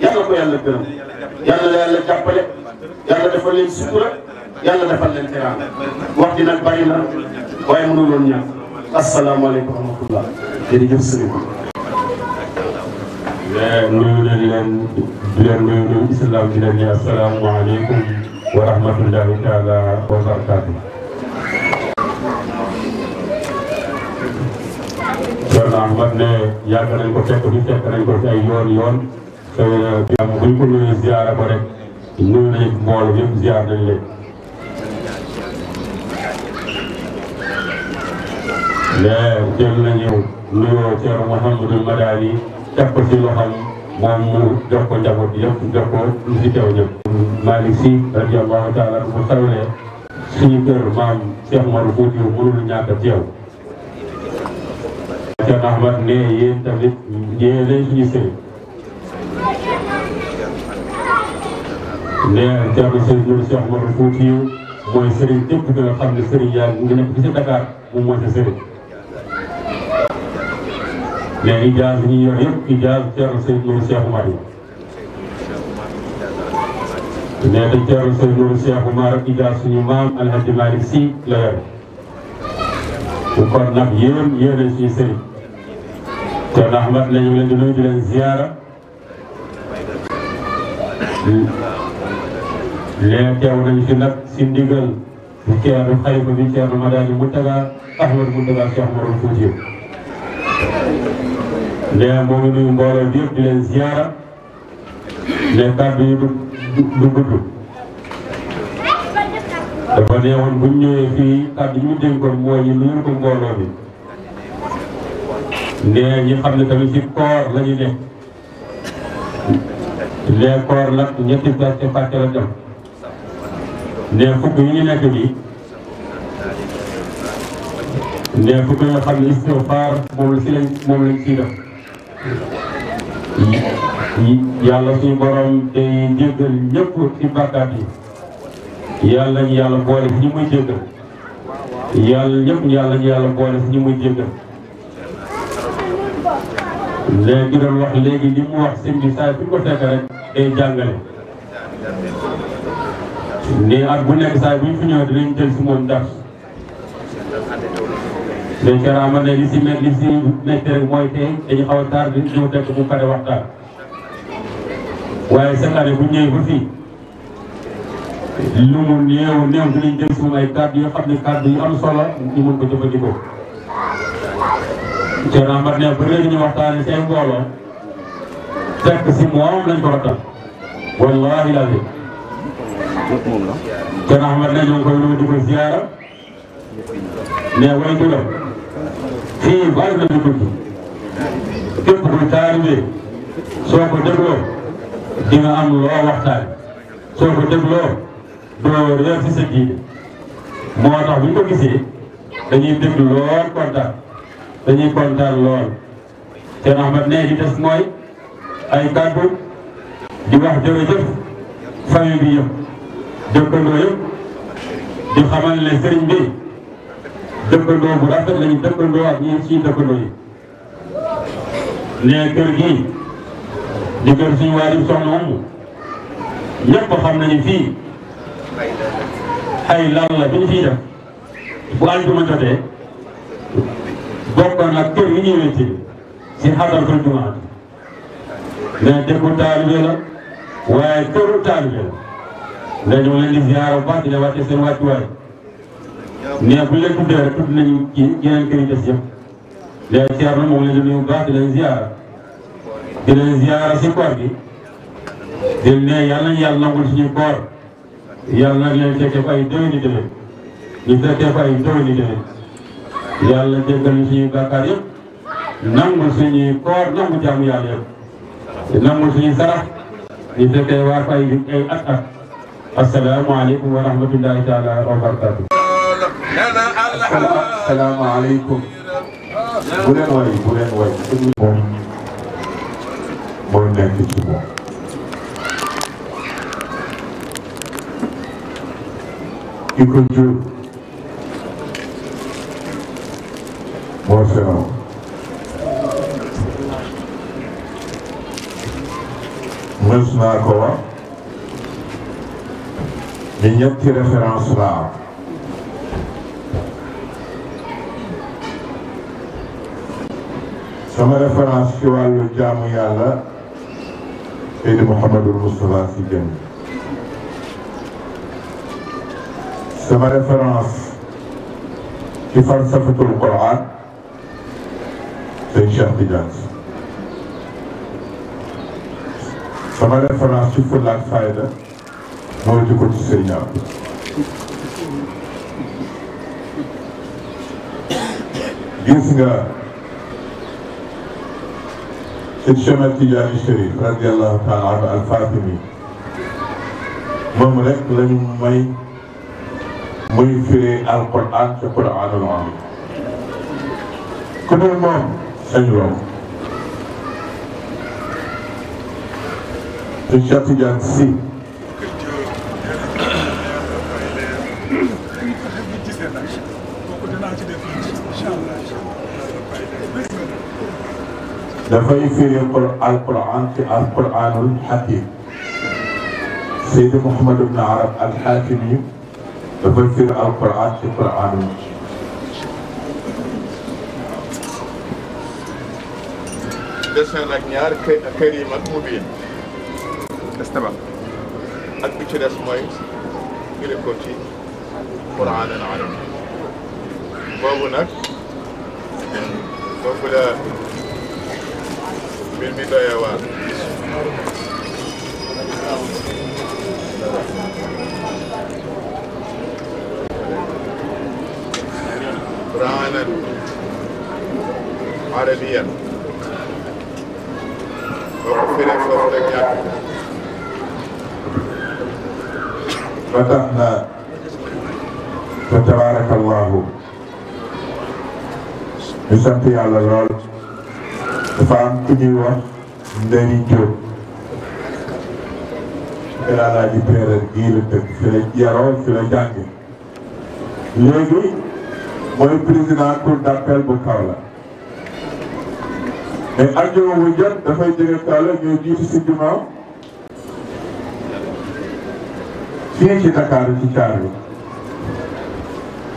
yàlla ko yàlla gërëm yàlla la yàlla jàppale yàlla defal leen sutura yàlla defal leen teraanga wax ji nag bari na waaye mënul woon ñàkk asalaamaaleykum wa rahmatulah jërëjëf sëriñ bi. nuyu na leen di leen nuyu nuyu islam di leen ne asalaamaaleykum wa rahmatulahi taala wa barakaatu. loolu naa xam ne yàgg nañ ko fekk ñu fekk nañ ko ci ay yoon yoon te buñ ko nuyu ziara ko rek nuyu nañ mbooloo yëpp ziar nañ leen. leer jël nañu nuyoo Thierno Mouhamadou Madani teg ko ci loxoom moom mu jox ko njaboot yëpp jox ko lu ci teew ñëpp. Malick Sy radiyallahu taala bu sawlee suñu kër maam Cheikh Oumar Foutiyou mënul ñàkk a teew. Thierno Ahmad ne yéen tamit yéenay suñu sëriñ. ne Thierno Seydou Cheikh Oumar Foutiyou mooy sëriñ képp nga xam ne sëriñ yaa ngi nekk ci Dakar moom mooy sa sëriñ. mais ijaas yi ñu yor yëpp ijaas Thierno Seydou Nourou Cheikh Oumar yi nee te Thierno Seydou Nourou Cheikh Oumar ak ijaas suñu maam El Hadj Malick Sy la yor kon nag yéen yéen suñu sëriñ Thierno Ahmad la ñu leen di nuyu di leen ziara lee teew nañu fi nag si ndigal bu Thierno xalifa bi Thierno Madani Mountaga Ahmad Mountaga Cheikh Oumar Foutiyou nee moo ngi nuyu mbooloo bi yëpp di leen ziyaara ne kàddu yi du du gudd. dafa neexoon bu ñu ñëwee fii kàddu yi ñu dénkoon mooy ñu nuyul ko mbooloo bi. nee ñi xam ne tamit ci koor la ñu nekk. nee koor nag ñetti bés te fàtte nee fukk yi ñu nekk nii. nee fukk yoo xam ne istixfaar moom la si lañ moom lañ ciy def. yàlla suñu borom day jéggal ñëpp ci bàkkaat yi yàlla ñu yàlla boole si muy jéggal yàlla ñëpp yàlla ñu yàlla boole si muy jéggal léegi doon wax léegi li mu wax sëñ bi saa fi ko fekk rek day jàngale nii at bu nekk saa bu ñu fi ñëwee dinañ jël si moom dara léegi carrément man léegi si mel si nekk mooy tey dañu xaw a tardé ñëw dëkk bu pare waxtaan. waaye chaque année bu ñëwee ba fii lu mu néew néew dinañ jël suñu ay kàddu yoo xam ne kàddu yu am solo ñu mën ko jëfandikoo. carrément man léegi ba léegi ñu waxtaanee seen mbooloo fekk si moom lañ ko rottal wallaahi laa fi. carrément man léegi ñu koy nuyu di ko ziara mais way du la. fii barke di dund képp kuy taalibe soo ko dégloo di am loo waxtaan soo ko dégloo doo réer ci sa diine moo tax bu ñu ko gisee dañuy déglu lool kontaan dañuy kontaan lool seen Ahmad ne di def mooy ay kàddu di wax jërëjëf famille bi yëpp dëkkandoo yëpp di xamal ne sëriñ bi dëkkandoo bu rafet lañu dëkkandoo ak ñi ci dëkkandoo yi ne kër gi di kër suñu waarim soxna umu ñëpp xam nañu fii ay lal la bi ñu fii def bu añ juma jotee bokkoon ak kër yi ñuy wécc si xasal ko jumaat mais dëkku taalibe la waaye këru taalibe la dañu leen di ziyaara bu baax di la wàcce seen wàccuwaay mais bu ñu leen tuddee rek tudd nañu yeneen kër yi des yëpp léegi Thierno moom la ñu nuyu bu baax di leen ziar di leen ziar si koor gi di ne yàlla nañu yàlla nangul suñu koor yàlla nag leen fekkee fa ay déwéni déwén ñu fekkee fa ay déwéni déwén yàlla jéggal ñu suñu bàkkaar yëpp nangul suñu koor nangu jaamu yàlla yëpp nangul suñu sarax ñu fekkee waar fa ay ay at at asalaamaaleykum wa rahmatullahi taala salaamaaleykum. bu leen woy bu leen woy. moom moo nekk ci moom. ki ko jur. moo seewoon. mës naa ko wax. ni ñetti référence laa sama référence ci wàllu jaamu yàlla Seydi Mouhamadul Moustapha Sy Djamil sama référence ci falsafatul Qur'an Seydi Cheikh Tidiane sama référence ci fulla ak fayda moo di ko ci Seydi Abdou gis nga external Tijaani Chérif radiyallahu taala anhu al-Fatimi moom rek lañu may muy firi alquran ca Qur'aanul Aziim ku dul moom sañu lool Cheikh Tidiane Sy dafay firi alquran ci alquranul xakim Seydi Mouhamad ibn Arab al xakim yi dafay firi alquran ci quranul deseen nag ñaar karim ak mubin istamal ak bi ci des mooy jële ko ci quranul arab boobu nag boobu la mbir mi doyee waar. قرآنا عربيا واغفر فضلك فتحنا فتبارك الله يسمى على الرجل dafa am ku ñuy wax Nderi Diop te laa laa ji peereel gii la fi la yaroo fi la jànge léegi mooy président cour d'appel bu Kaolack mais àjjuma bu jot dafay jóge Kaolack ñoo jiitu si jumaa fii ci Dakar ci caar bi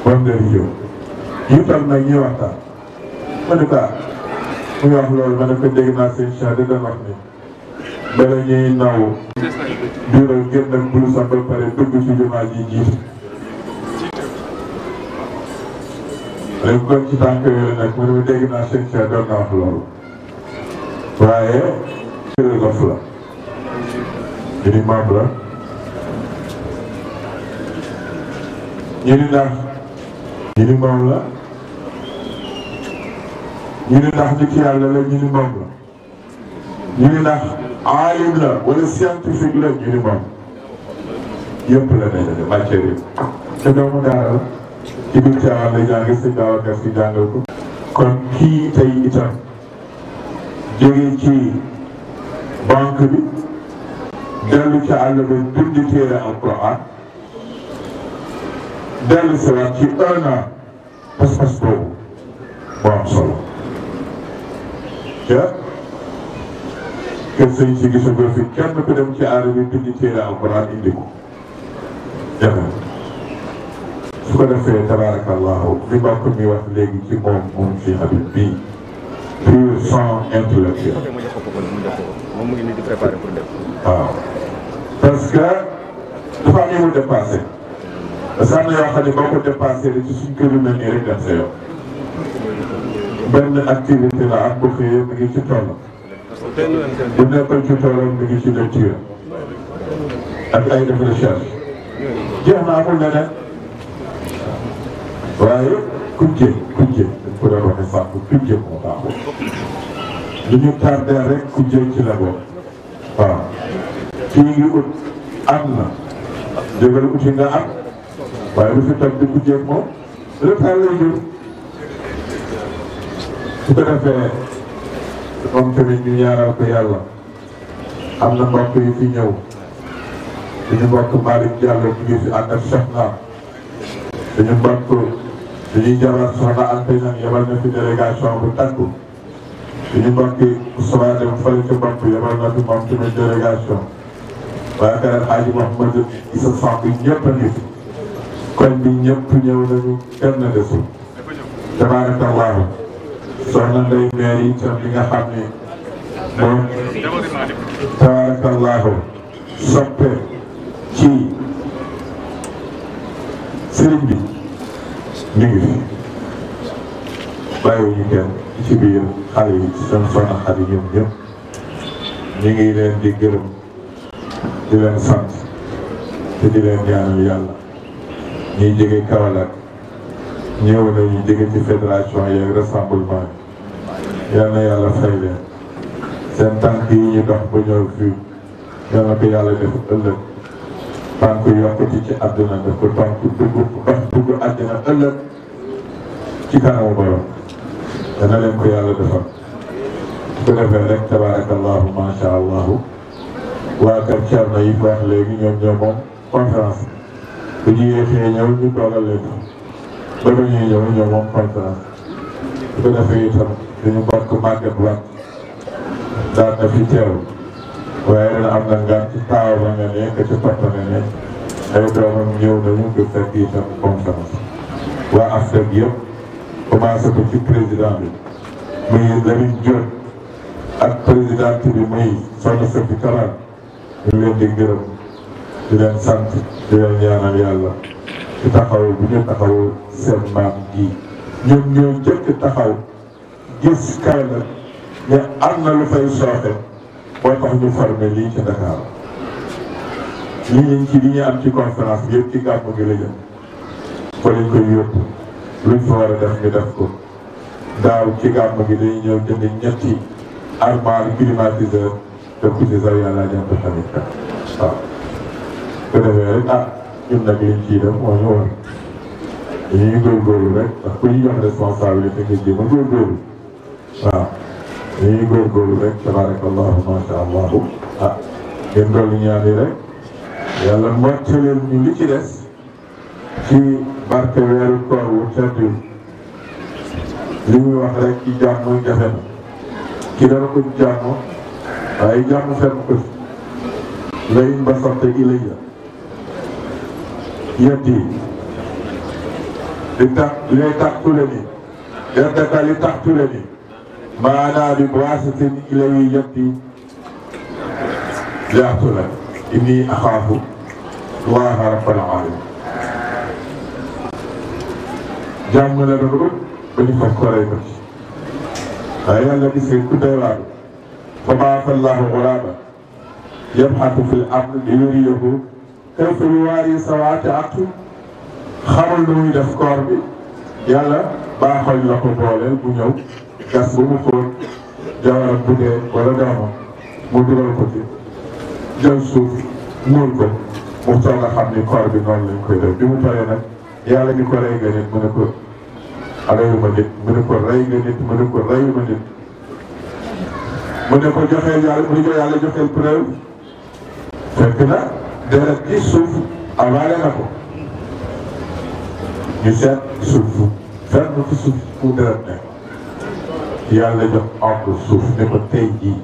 moom Nderi Diop ñu toog nag ñuy waxtaan en muy wax loolu ma ne dégg naa seen Cheikh di ni bala ñuy naaw bureau gën nag bulu sax ba pare dugg ci jumaa ji jiitu léegi kon ci dégg naa seen Cheikh loolu waaye philosophe la ñu ni maam la ñu ni ndax ñu ni maam la ñu ni ndax nit yàlla la ñu ni moom la ñu ni ndax aalim la wala scientifique la ñu ni moom yëpp la ne matière yi te doomu daara la ci biir caaxaan lay jàng si daaw ak si jàngal ko kon kii tey itam jógee ci banque bi dellu ca àll ba bind téere alquran dellu si waat ci un an pas-pas boobu solo ca kër sëñ si gis nga fi kenn ku dem ci aar bi bind téere alquran indi ko su ko defee tabarakallahu li mbokk mi wax léegi ci moom moom si Habib bii pur sang intellectuel waaw parce que dafa am ñu dépassé parce que yoo xam ne boo ko dépassé rek ci suñ kër mel nii rek dem benn activité la ak bu xëyee mi ngi ci bu nekkoon ci toolam mi ngi ci lecture ak ay def recherche jeex na amul leneen waaye kujje kujje dañ ko doon waxee kujje moo baaxul lu ñu tardé rek kujje ci la boobu waaw kii ngi ut am na jógal uti nga am waaye lu fi toog di kujje moom retard lay jur su ko defee moom tamit ñu ñaaral ko yàlla am na mbokk yu fi ñëw suñu mbokk Malick Diallo mu ngi fi ànd ak Soxna suñu mbokk suñuy jabar Soxna Anta Niang na fi délégation bu tàggu suñu mbokk Soxna dem fële ca mbokk yabal na fi moom tamit délégation waaye keneen Hadji Mouhamadou Issa Samb ñëpp a ngi fi bi ñëpp ñëw nañu kenn desul tabaarakallahu soxna Ndeye Mary itam bi nga xam ne moom tabaarakallaahu soppe ci sëriñ bi ñu ngi fi bàyyiwuñu kenn ci biir xale yi seen soxna xale ngi leen di gërëm di leen sant te di leen ñaanal yàlla ñuy jóge Kaolack ñëw nañu jóge ci fédération yeeg rassemblement bi yal na yàlla fay leen seen tànk yi ñu dox ba ñëw fii yal na ko yàlla def ëllëg tànk yokkati ci àddina def ko tànk dugg dox dugg àddina ëllëg ci kanamu borom dana leen ko yàlla defal bu defee rek tabarakallahu macha allahu waa kër Thierno yi wax léegi ñoom ñoo moom conférence bu ñu yéexee ñëw ñu toogal ba mu ñuy ñëw ñëw moom conférence su ko defee itam dañu bokk màgget waat fi teew waaye dana am na ngaan ci taaw ba nga ne que ci papa nga ne ay doomam ñëw nañu nga fekk itam conférence waa AFTEC yëpp commencé ko ci président bi muy Lamine Diop ak président bi muy soxna Sophie Kalane ñu leen di gërëm leen sant di leen ñaanal yàlla taxaw bu ñu taxaw seen maam gi ñoom ñoo jëkk taxaw gis Kaolack ne am lu fay sooxe boo tax ñu formé lii ci Dakar li ñu ci li ñu am ci conférence yëpp ci gàmmu gi la jëm fa lañ koy yóbbu luñ fa war a def ñu def ko daaw ci gàmmu gi dañu ñëw jënd ñetti armoire climatiseur te ku ci sax yàlla jëm ba tamit waaw bu rek ah ñun nag liñ ciy def moo ñu war dañuy góorgóorlu rek ndax ku ñu jox responsabilité nga jéem a góorgóorlu waaw dañuy góorgóorlu rek tabarakallahu masha allahu ah ngeen dolli ñaan rek yàlla moccaleen ñu li ci des ci barke weeru koor wu tedd li wax rek ci jàmm jafe na ki dana ko jàmm waaye jàmm fenn ko lay mbasante ilay la yëddi li tax li tax tule ni yëddaka li tax tule ni maanaa bi waasatin ilayi yëddi jaatu la inni axaafu waaha rabbal alamin jàmm la doon wut ba ñu fas koray ko ci waaye yàlla gisee ku doy waar fa baasa allahu gulaama yabxatu fi l ard li yuriyahu képpul waa yi sawaate at xamul lu muy def koor bi yàlla baaxal la ko booleel bu ñëw gas bu mu xóot jawaram bu dee wala doomam mu dugal ko ci jël suuf muur ko mu soog a xam ni koor bi noonu lañ ko rey nga nit ko reyuma nit mu ne ko rey nga mu ne ko reyuma nit mu ne ko joxee yàlla na garab gi suuf avalé na ko ñu seet suuf seet na fi suuf mu garab ne yàlla jox ordre suuf ne ko tey jii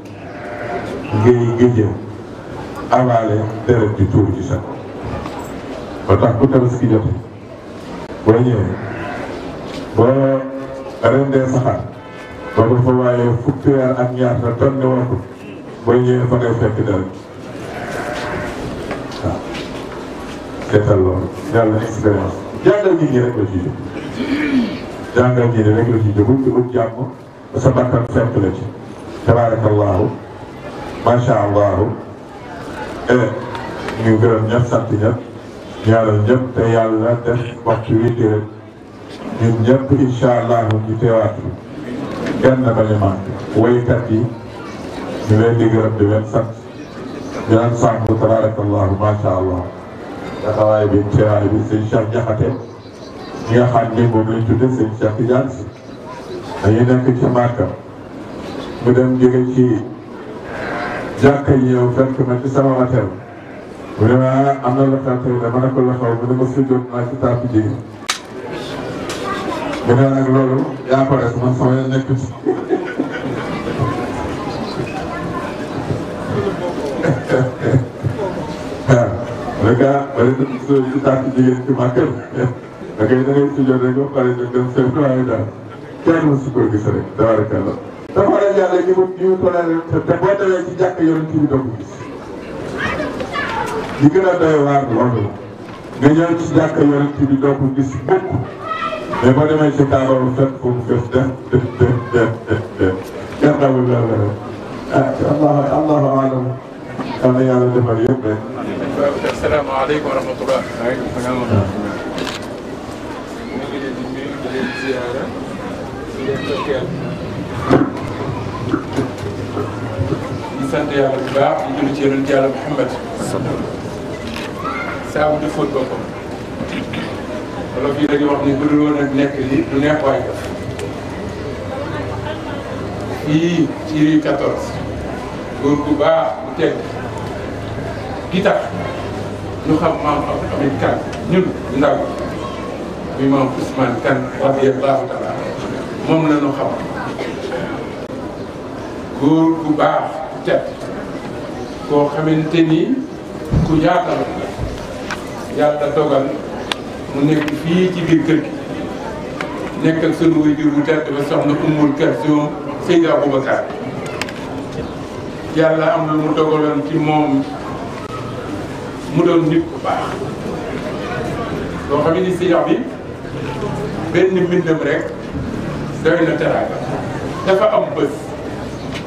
ngay gëjë avalé deret ji tuur ci sa ko ba tax bu tabaski jote boo ñëwee boo rendee saxaar ba ko fa waaye fukki weer ak na tonne ne war ko boo ñëwee fa ngay fekk deret defal loolu yàlla expérience jàngal nit ñi rek la ciy jóg jàngal nit ñi rek la ciy jóg buñ ko ut jàmm ba sa bakkan fekk la ci tabaarakallaahu eh, te yàlla def waxtu wi di rek ñun allahu ñu teewaat fi kenn bañ a manqué waykat yi ñu leen di gërëm di leen sant di leen sàmm tabaarakallaahu macha allah. taxawaay bi teewaay bi sëñ Cheikh Diakhaté ñi nga xam ne moom lañ tudde sëñ Cheikh Tidiane si dañuy nekk ci Màkka mu dem jóge ci jàkka yi fekk ma ci sama hôtel mu ne ma am na la xew tey dama ne ko la xew mu ne ma sujjoon nekk ci mais gaa bëri na si si tànk jigéen ci màggal da ngay da ngay si jot rek ba pare ñu dem seen waaye daal kenn mës ko gis rek tabarakallah. dafa war a jàll ñu mu ñu mu toléré te boo demee ci jàkk yonent bi doo ko gis. li gën a doy waar loolu la nga ñëw ci jàkk yonent bi doo ko gis mukk mais boo demee ci Kaaba bu fekk fu mu fees def def def def def def gànnaaw bi loolu la rek ah allahu allahu alam yàlla defal yëpp rek. asalaamaaleykum wa rahmatulah. waaleykum salaam wa rahmatulah. ñu ngi leen di nuyu di leen ziara di leen tokkeel di sant yàlla bu baax di julli ci yonent yàlla Muhammad. saabu di fóot boppam. wala fii dañuy wax ni bu dul woon ak nekk lii du neex waay def. fii ci rue 14. góor gu baax bu teg gi tax. ñu xam maam Abdou Hamid Kane ñun ndaw muy maam Ousmane Kane radiyallahu taala moom la ñu xam góor gu baax jat koo xamante ni ku yaatal yàlla dogal mu nekk fii ci biir kër gi nekk sunu waajur bu tedd ba soxna Ummul Kalsum Seyda Aboubacar yàlla am lu mu dogaloon ci moom mu doon nit ku baax loo xam ni si yox bi benn mbindam rek doy na teraanga dafa am bés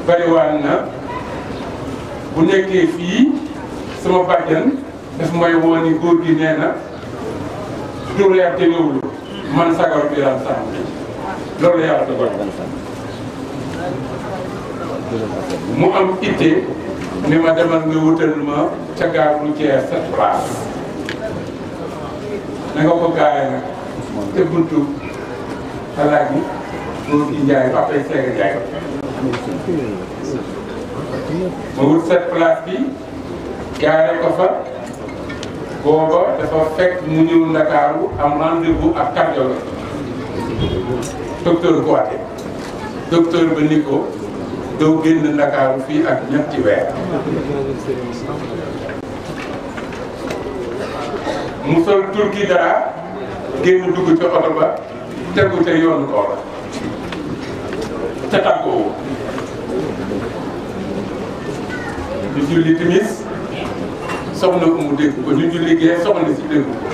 bariwaan na bu nekkee fii sama bàjjan daf may woo ni góor gi nee na du reer te ñëwul man sagar bi daan loolu yàlla mu am itte ni ma demal nga wutal ma ca gaar bu jeex sa place na nga ko gaayee nag te buntu xalaat yi góor wut cette place bi gaare ko fa booba dafa fekk mu ñëw Ndakaaru am rendez-vous ak cardiologue docteur Kouaté docteur ba ni doo génn Ndakaaru fii ak ñetti weer mu sol génn dugg ca oto ba tegu ca yoonu koor ca tàggoowu ñu julli timis soxna mu dégg ko ñu julli gee soxna si dégg ko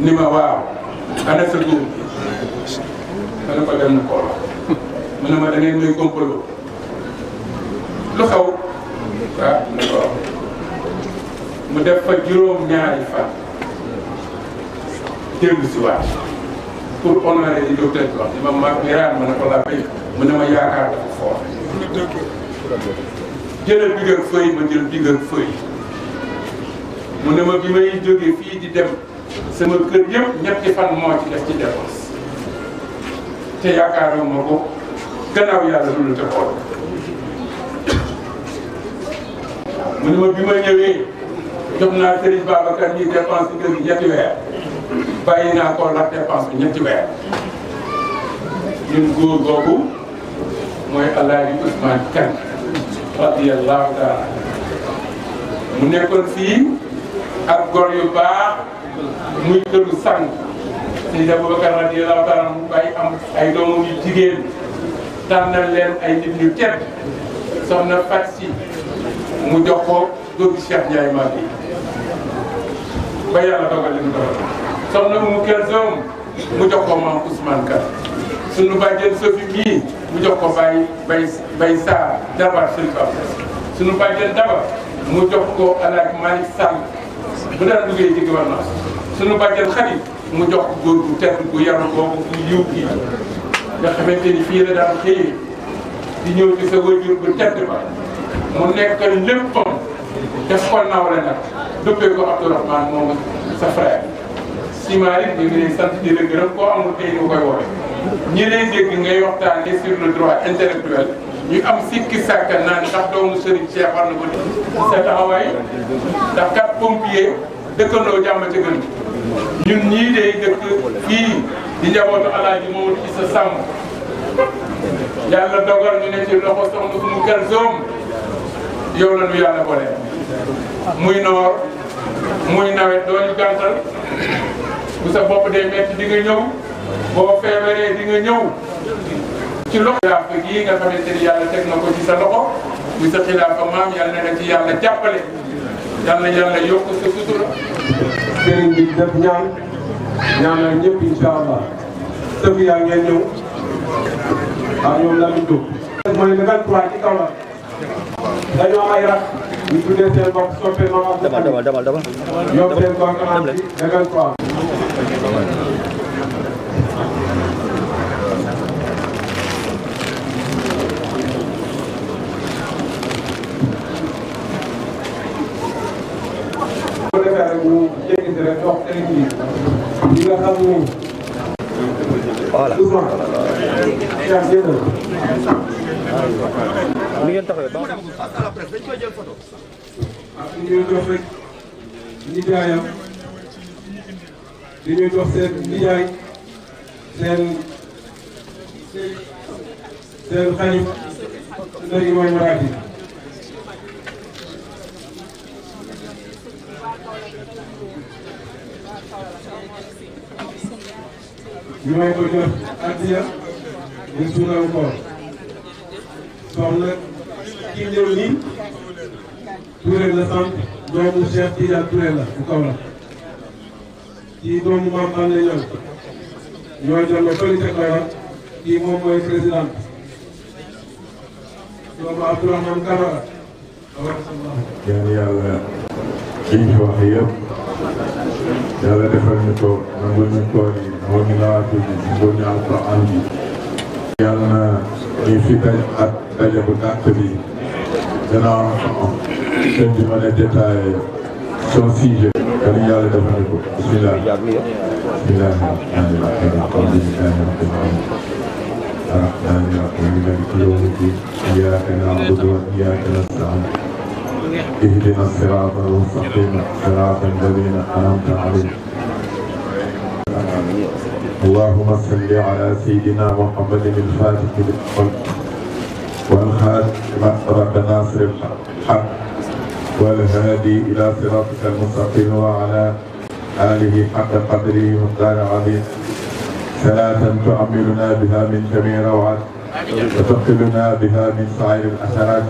ni ma waaw ana sa góor bi ko dem koor mu ne ma da ngeen may kompaloo lu xaw waaw ah, mu def fa juróom-ñaari fan dellu si waat pour honorer di docteur bi wax ni ma ma Birane ma ne ko laa béy mu ne ma yaakaar dafa fort jëlal bigak fëy ma jël bigak fëy mu ne ma bi may jógee fii di dem sama kër yëpp ñetti fan moo ci def ci dépense te yaakaaruma ko gannaaw yàlla du ñu te xool mu ne ma bi ma ñëwee jox naa Serigne Babacar ñuy dépense ci kër gi ñetti weer bàyyi naa ko la dépense bi ñetti weer ñun googu mooy Alaaji Ousmane Kane radiyallahu taala mu nekkoon fii ak gor yu baax muy këru sang Serigne Babacar radiyallahu taala mu bàyyi am ay doomam yu jigéen tànnal leen ay nit ñu tedd soxna Fatou Sy mu jox ko góor gi Cheikh Ndiaye Madi ba yàlla dogal li mu dogal soxna mu Kër Zoom mu jox ko maam Ousmane Ka sunu bàjjen Sophie mii mu jox ko Baye Baye Baye Sarr Dabar Sëriñ Ba sunu mu jox ko El Hadj Malick Sall bu daan duggee ci gouvernement sunu bàjjen Khady mu jox ko góor gu tedd gu yaru boobu gu yiw kii nga xamante ni fii la daan xëyee di ñëw ci sa wajur bu tedd ba mu nekk léppam def ko nawle nag dëppee ko Abdourahmane moom sa frère. Simaari ñu ngi leen sant di la gërëm koo amul tey ñu koy woowe ñi lay dégg ngay waxtaanee sur le droit intellectuel ñu am sikki sàkka naan ndax doomu Serigne Cheikh na ko def sa taxawaay ndax kat pompier dëkkandoo jàmm ci gën ñun ñii day dëkk fii. di njabootu alaaji Mamadou Issa Samb yàlla dogal ñu ne ci loxo soxna suñu kër zoom yow na lu yàlla boole muy noor muy nawet doo ñu gàntal bu sa bopp dee metti di nga ñëw boo feebaree di nga ñëw ci loxo xilaafa gii nga xamante sa loxo muy maam yàlla na nga ci yàlla jàppale yàlla yàlla yokk sa sutura sëriñ bi def ñaan ñaanal ñëpp incha allah sëb yaa ngeen ñëw ak ñoom la ñu jóg. mooy le 23 ci kaw la dañoo am ay rak ñu tuddee seen bopp soppe maam damal damal damal damal yóbbu seen bopp kanam ci le 23. bu defee rek mu jéggi si rek dox li nga xam ne souvent Cheikh génn na. li ngeen taxawee baax na. ah li ñuy jox rek nijaayam li ñuy jox seen nijaay seen seen xarit ndey mooy maraati. ñu may ko jox addiya ñu suunaru koor soxna ki ñëw nii Touré la sant doomu Cheikh Tidiane Touré la bu kaw la kii doomu maam am la ñëw ñoo jollo fële ca kaw la kii moom mooy président doomu Abdourahmane Camara ñaan yàlla liñ fi wax yëpp yàlla defal ñu ko nangul ñu koor yi moo ñu nawaatu bi nangul ñu alquran bi yàlla na ñu fi daj ak daje bu gàtt bi dana am seen di mën a détaillé son sujet yàlla ñu yàlla defal ñu ko bismillah bismillah rahmaani rahim alhamdulillahi rabbil alamin الرحمن الرحيم مالك يوم الدين إياك نعبد وإياك نستعين اهدنا الصراط المستقيم صراط الذين أنعمت عليهم اللهم صل على سيدنا محمد الفاتح للخلق والخاتم سبق ناصر الحق والهادي إلى صراطك المستقيم وعلى آله حق قدره مقدار عظيم صلاة تؤملنا بها من جميع روعاتك وتثقلنا بها من سائر الأثرات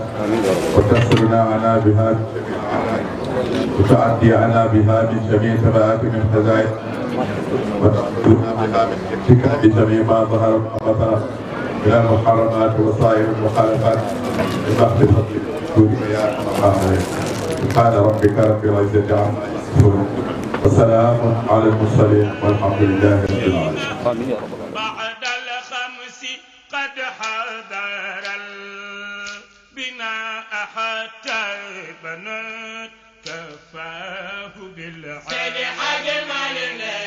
وتسرنا عنا بها وتعدي عنا بها من جميع ثمرات الخزائن وتعدينا بها من حفظك بجميع ما ظهر وبطن من المحرمات وسائر المخالفات ببحث فضلك دون بيان سبحان ربك رب العزة عما يصفون وسلام على المرسلين والحمد لله رب العالمين. حتى بنات كفاه بالعالم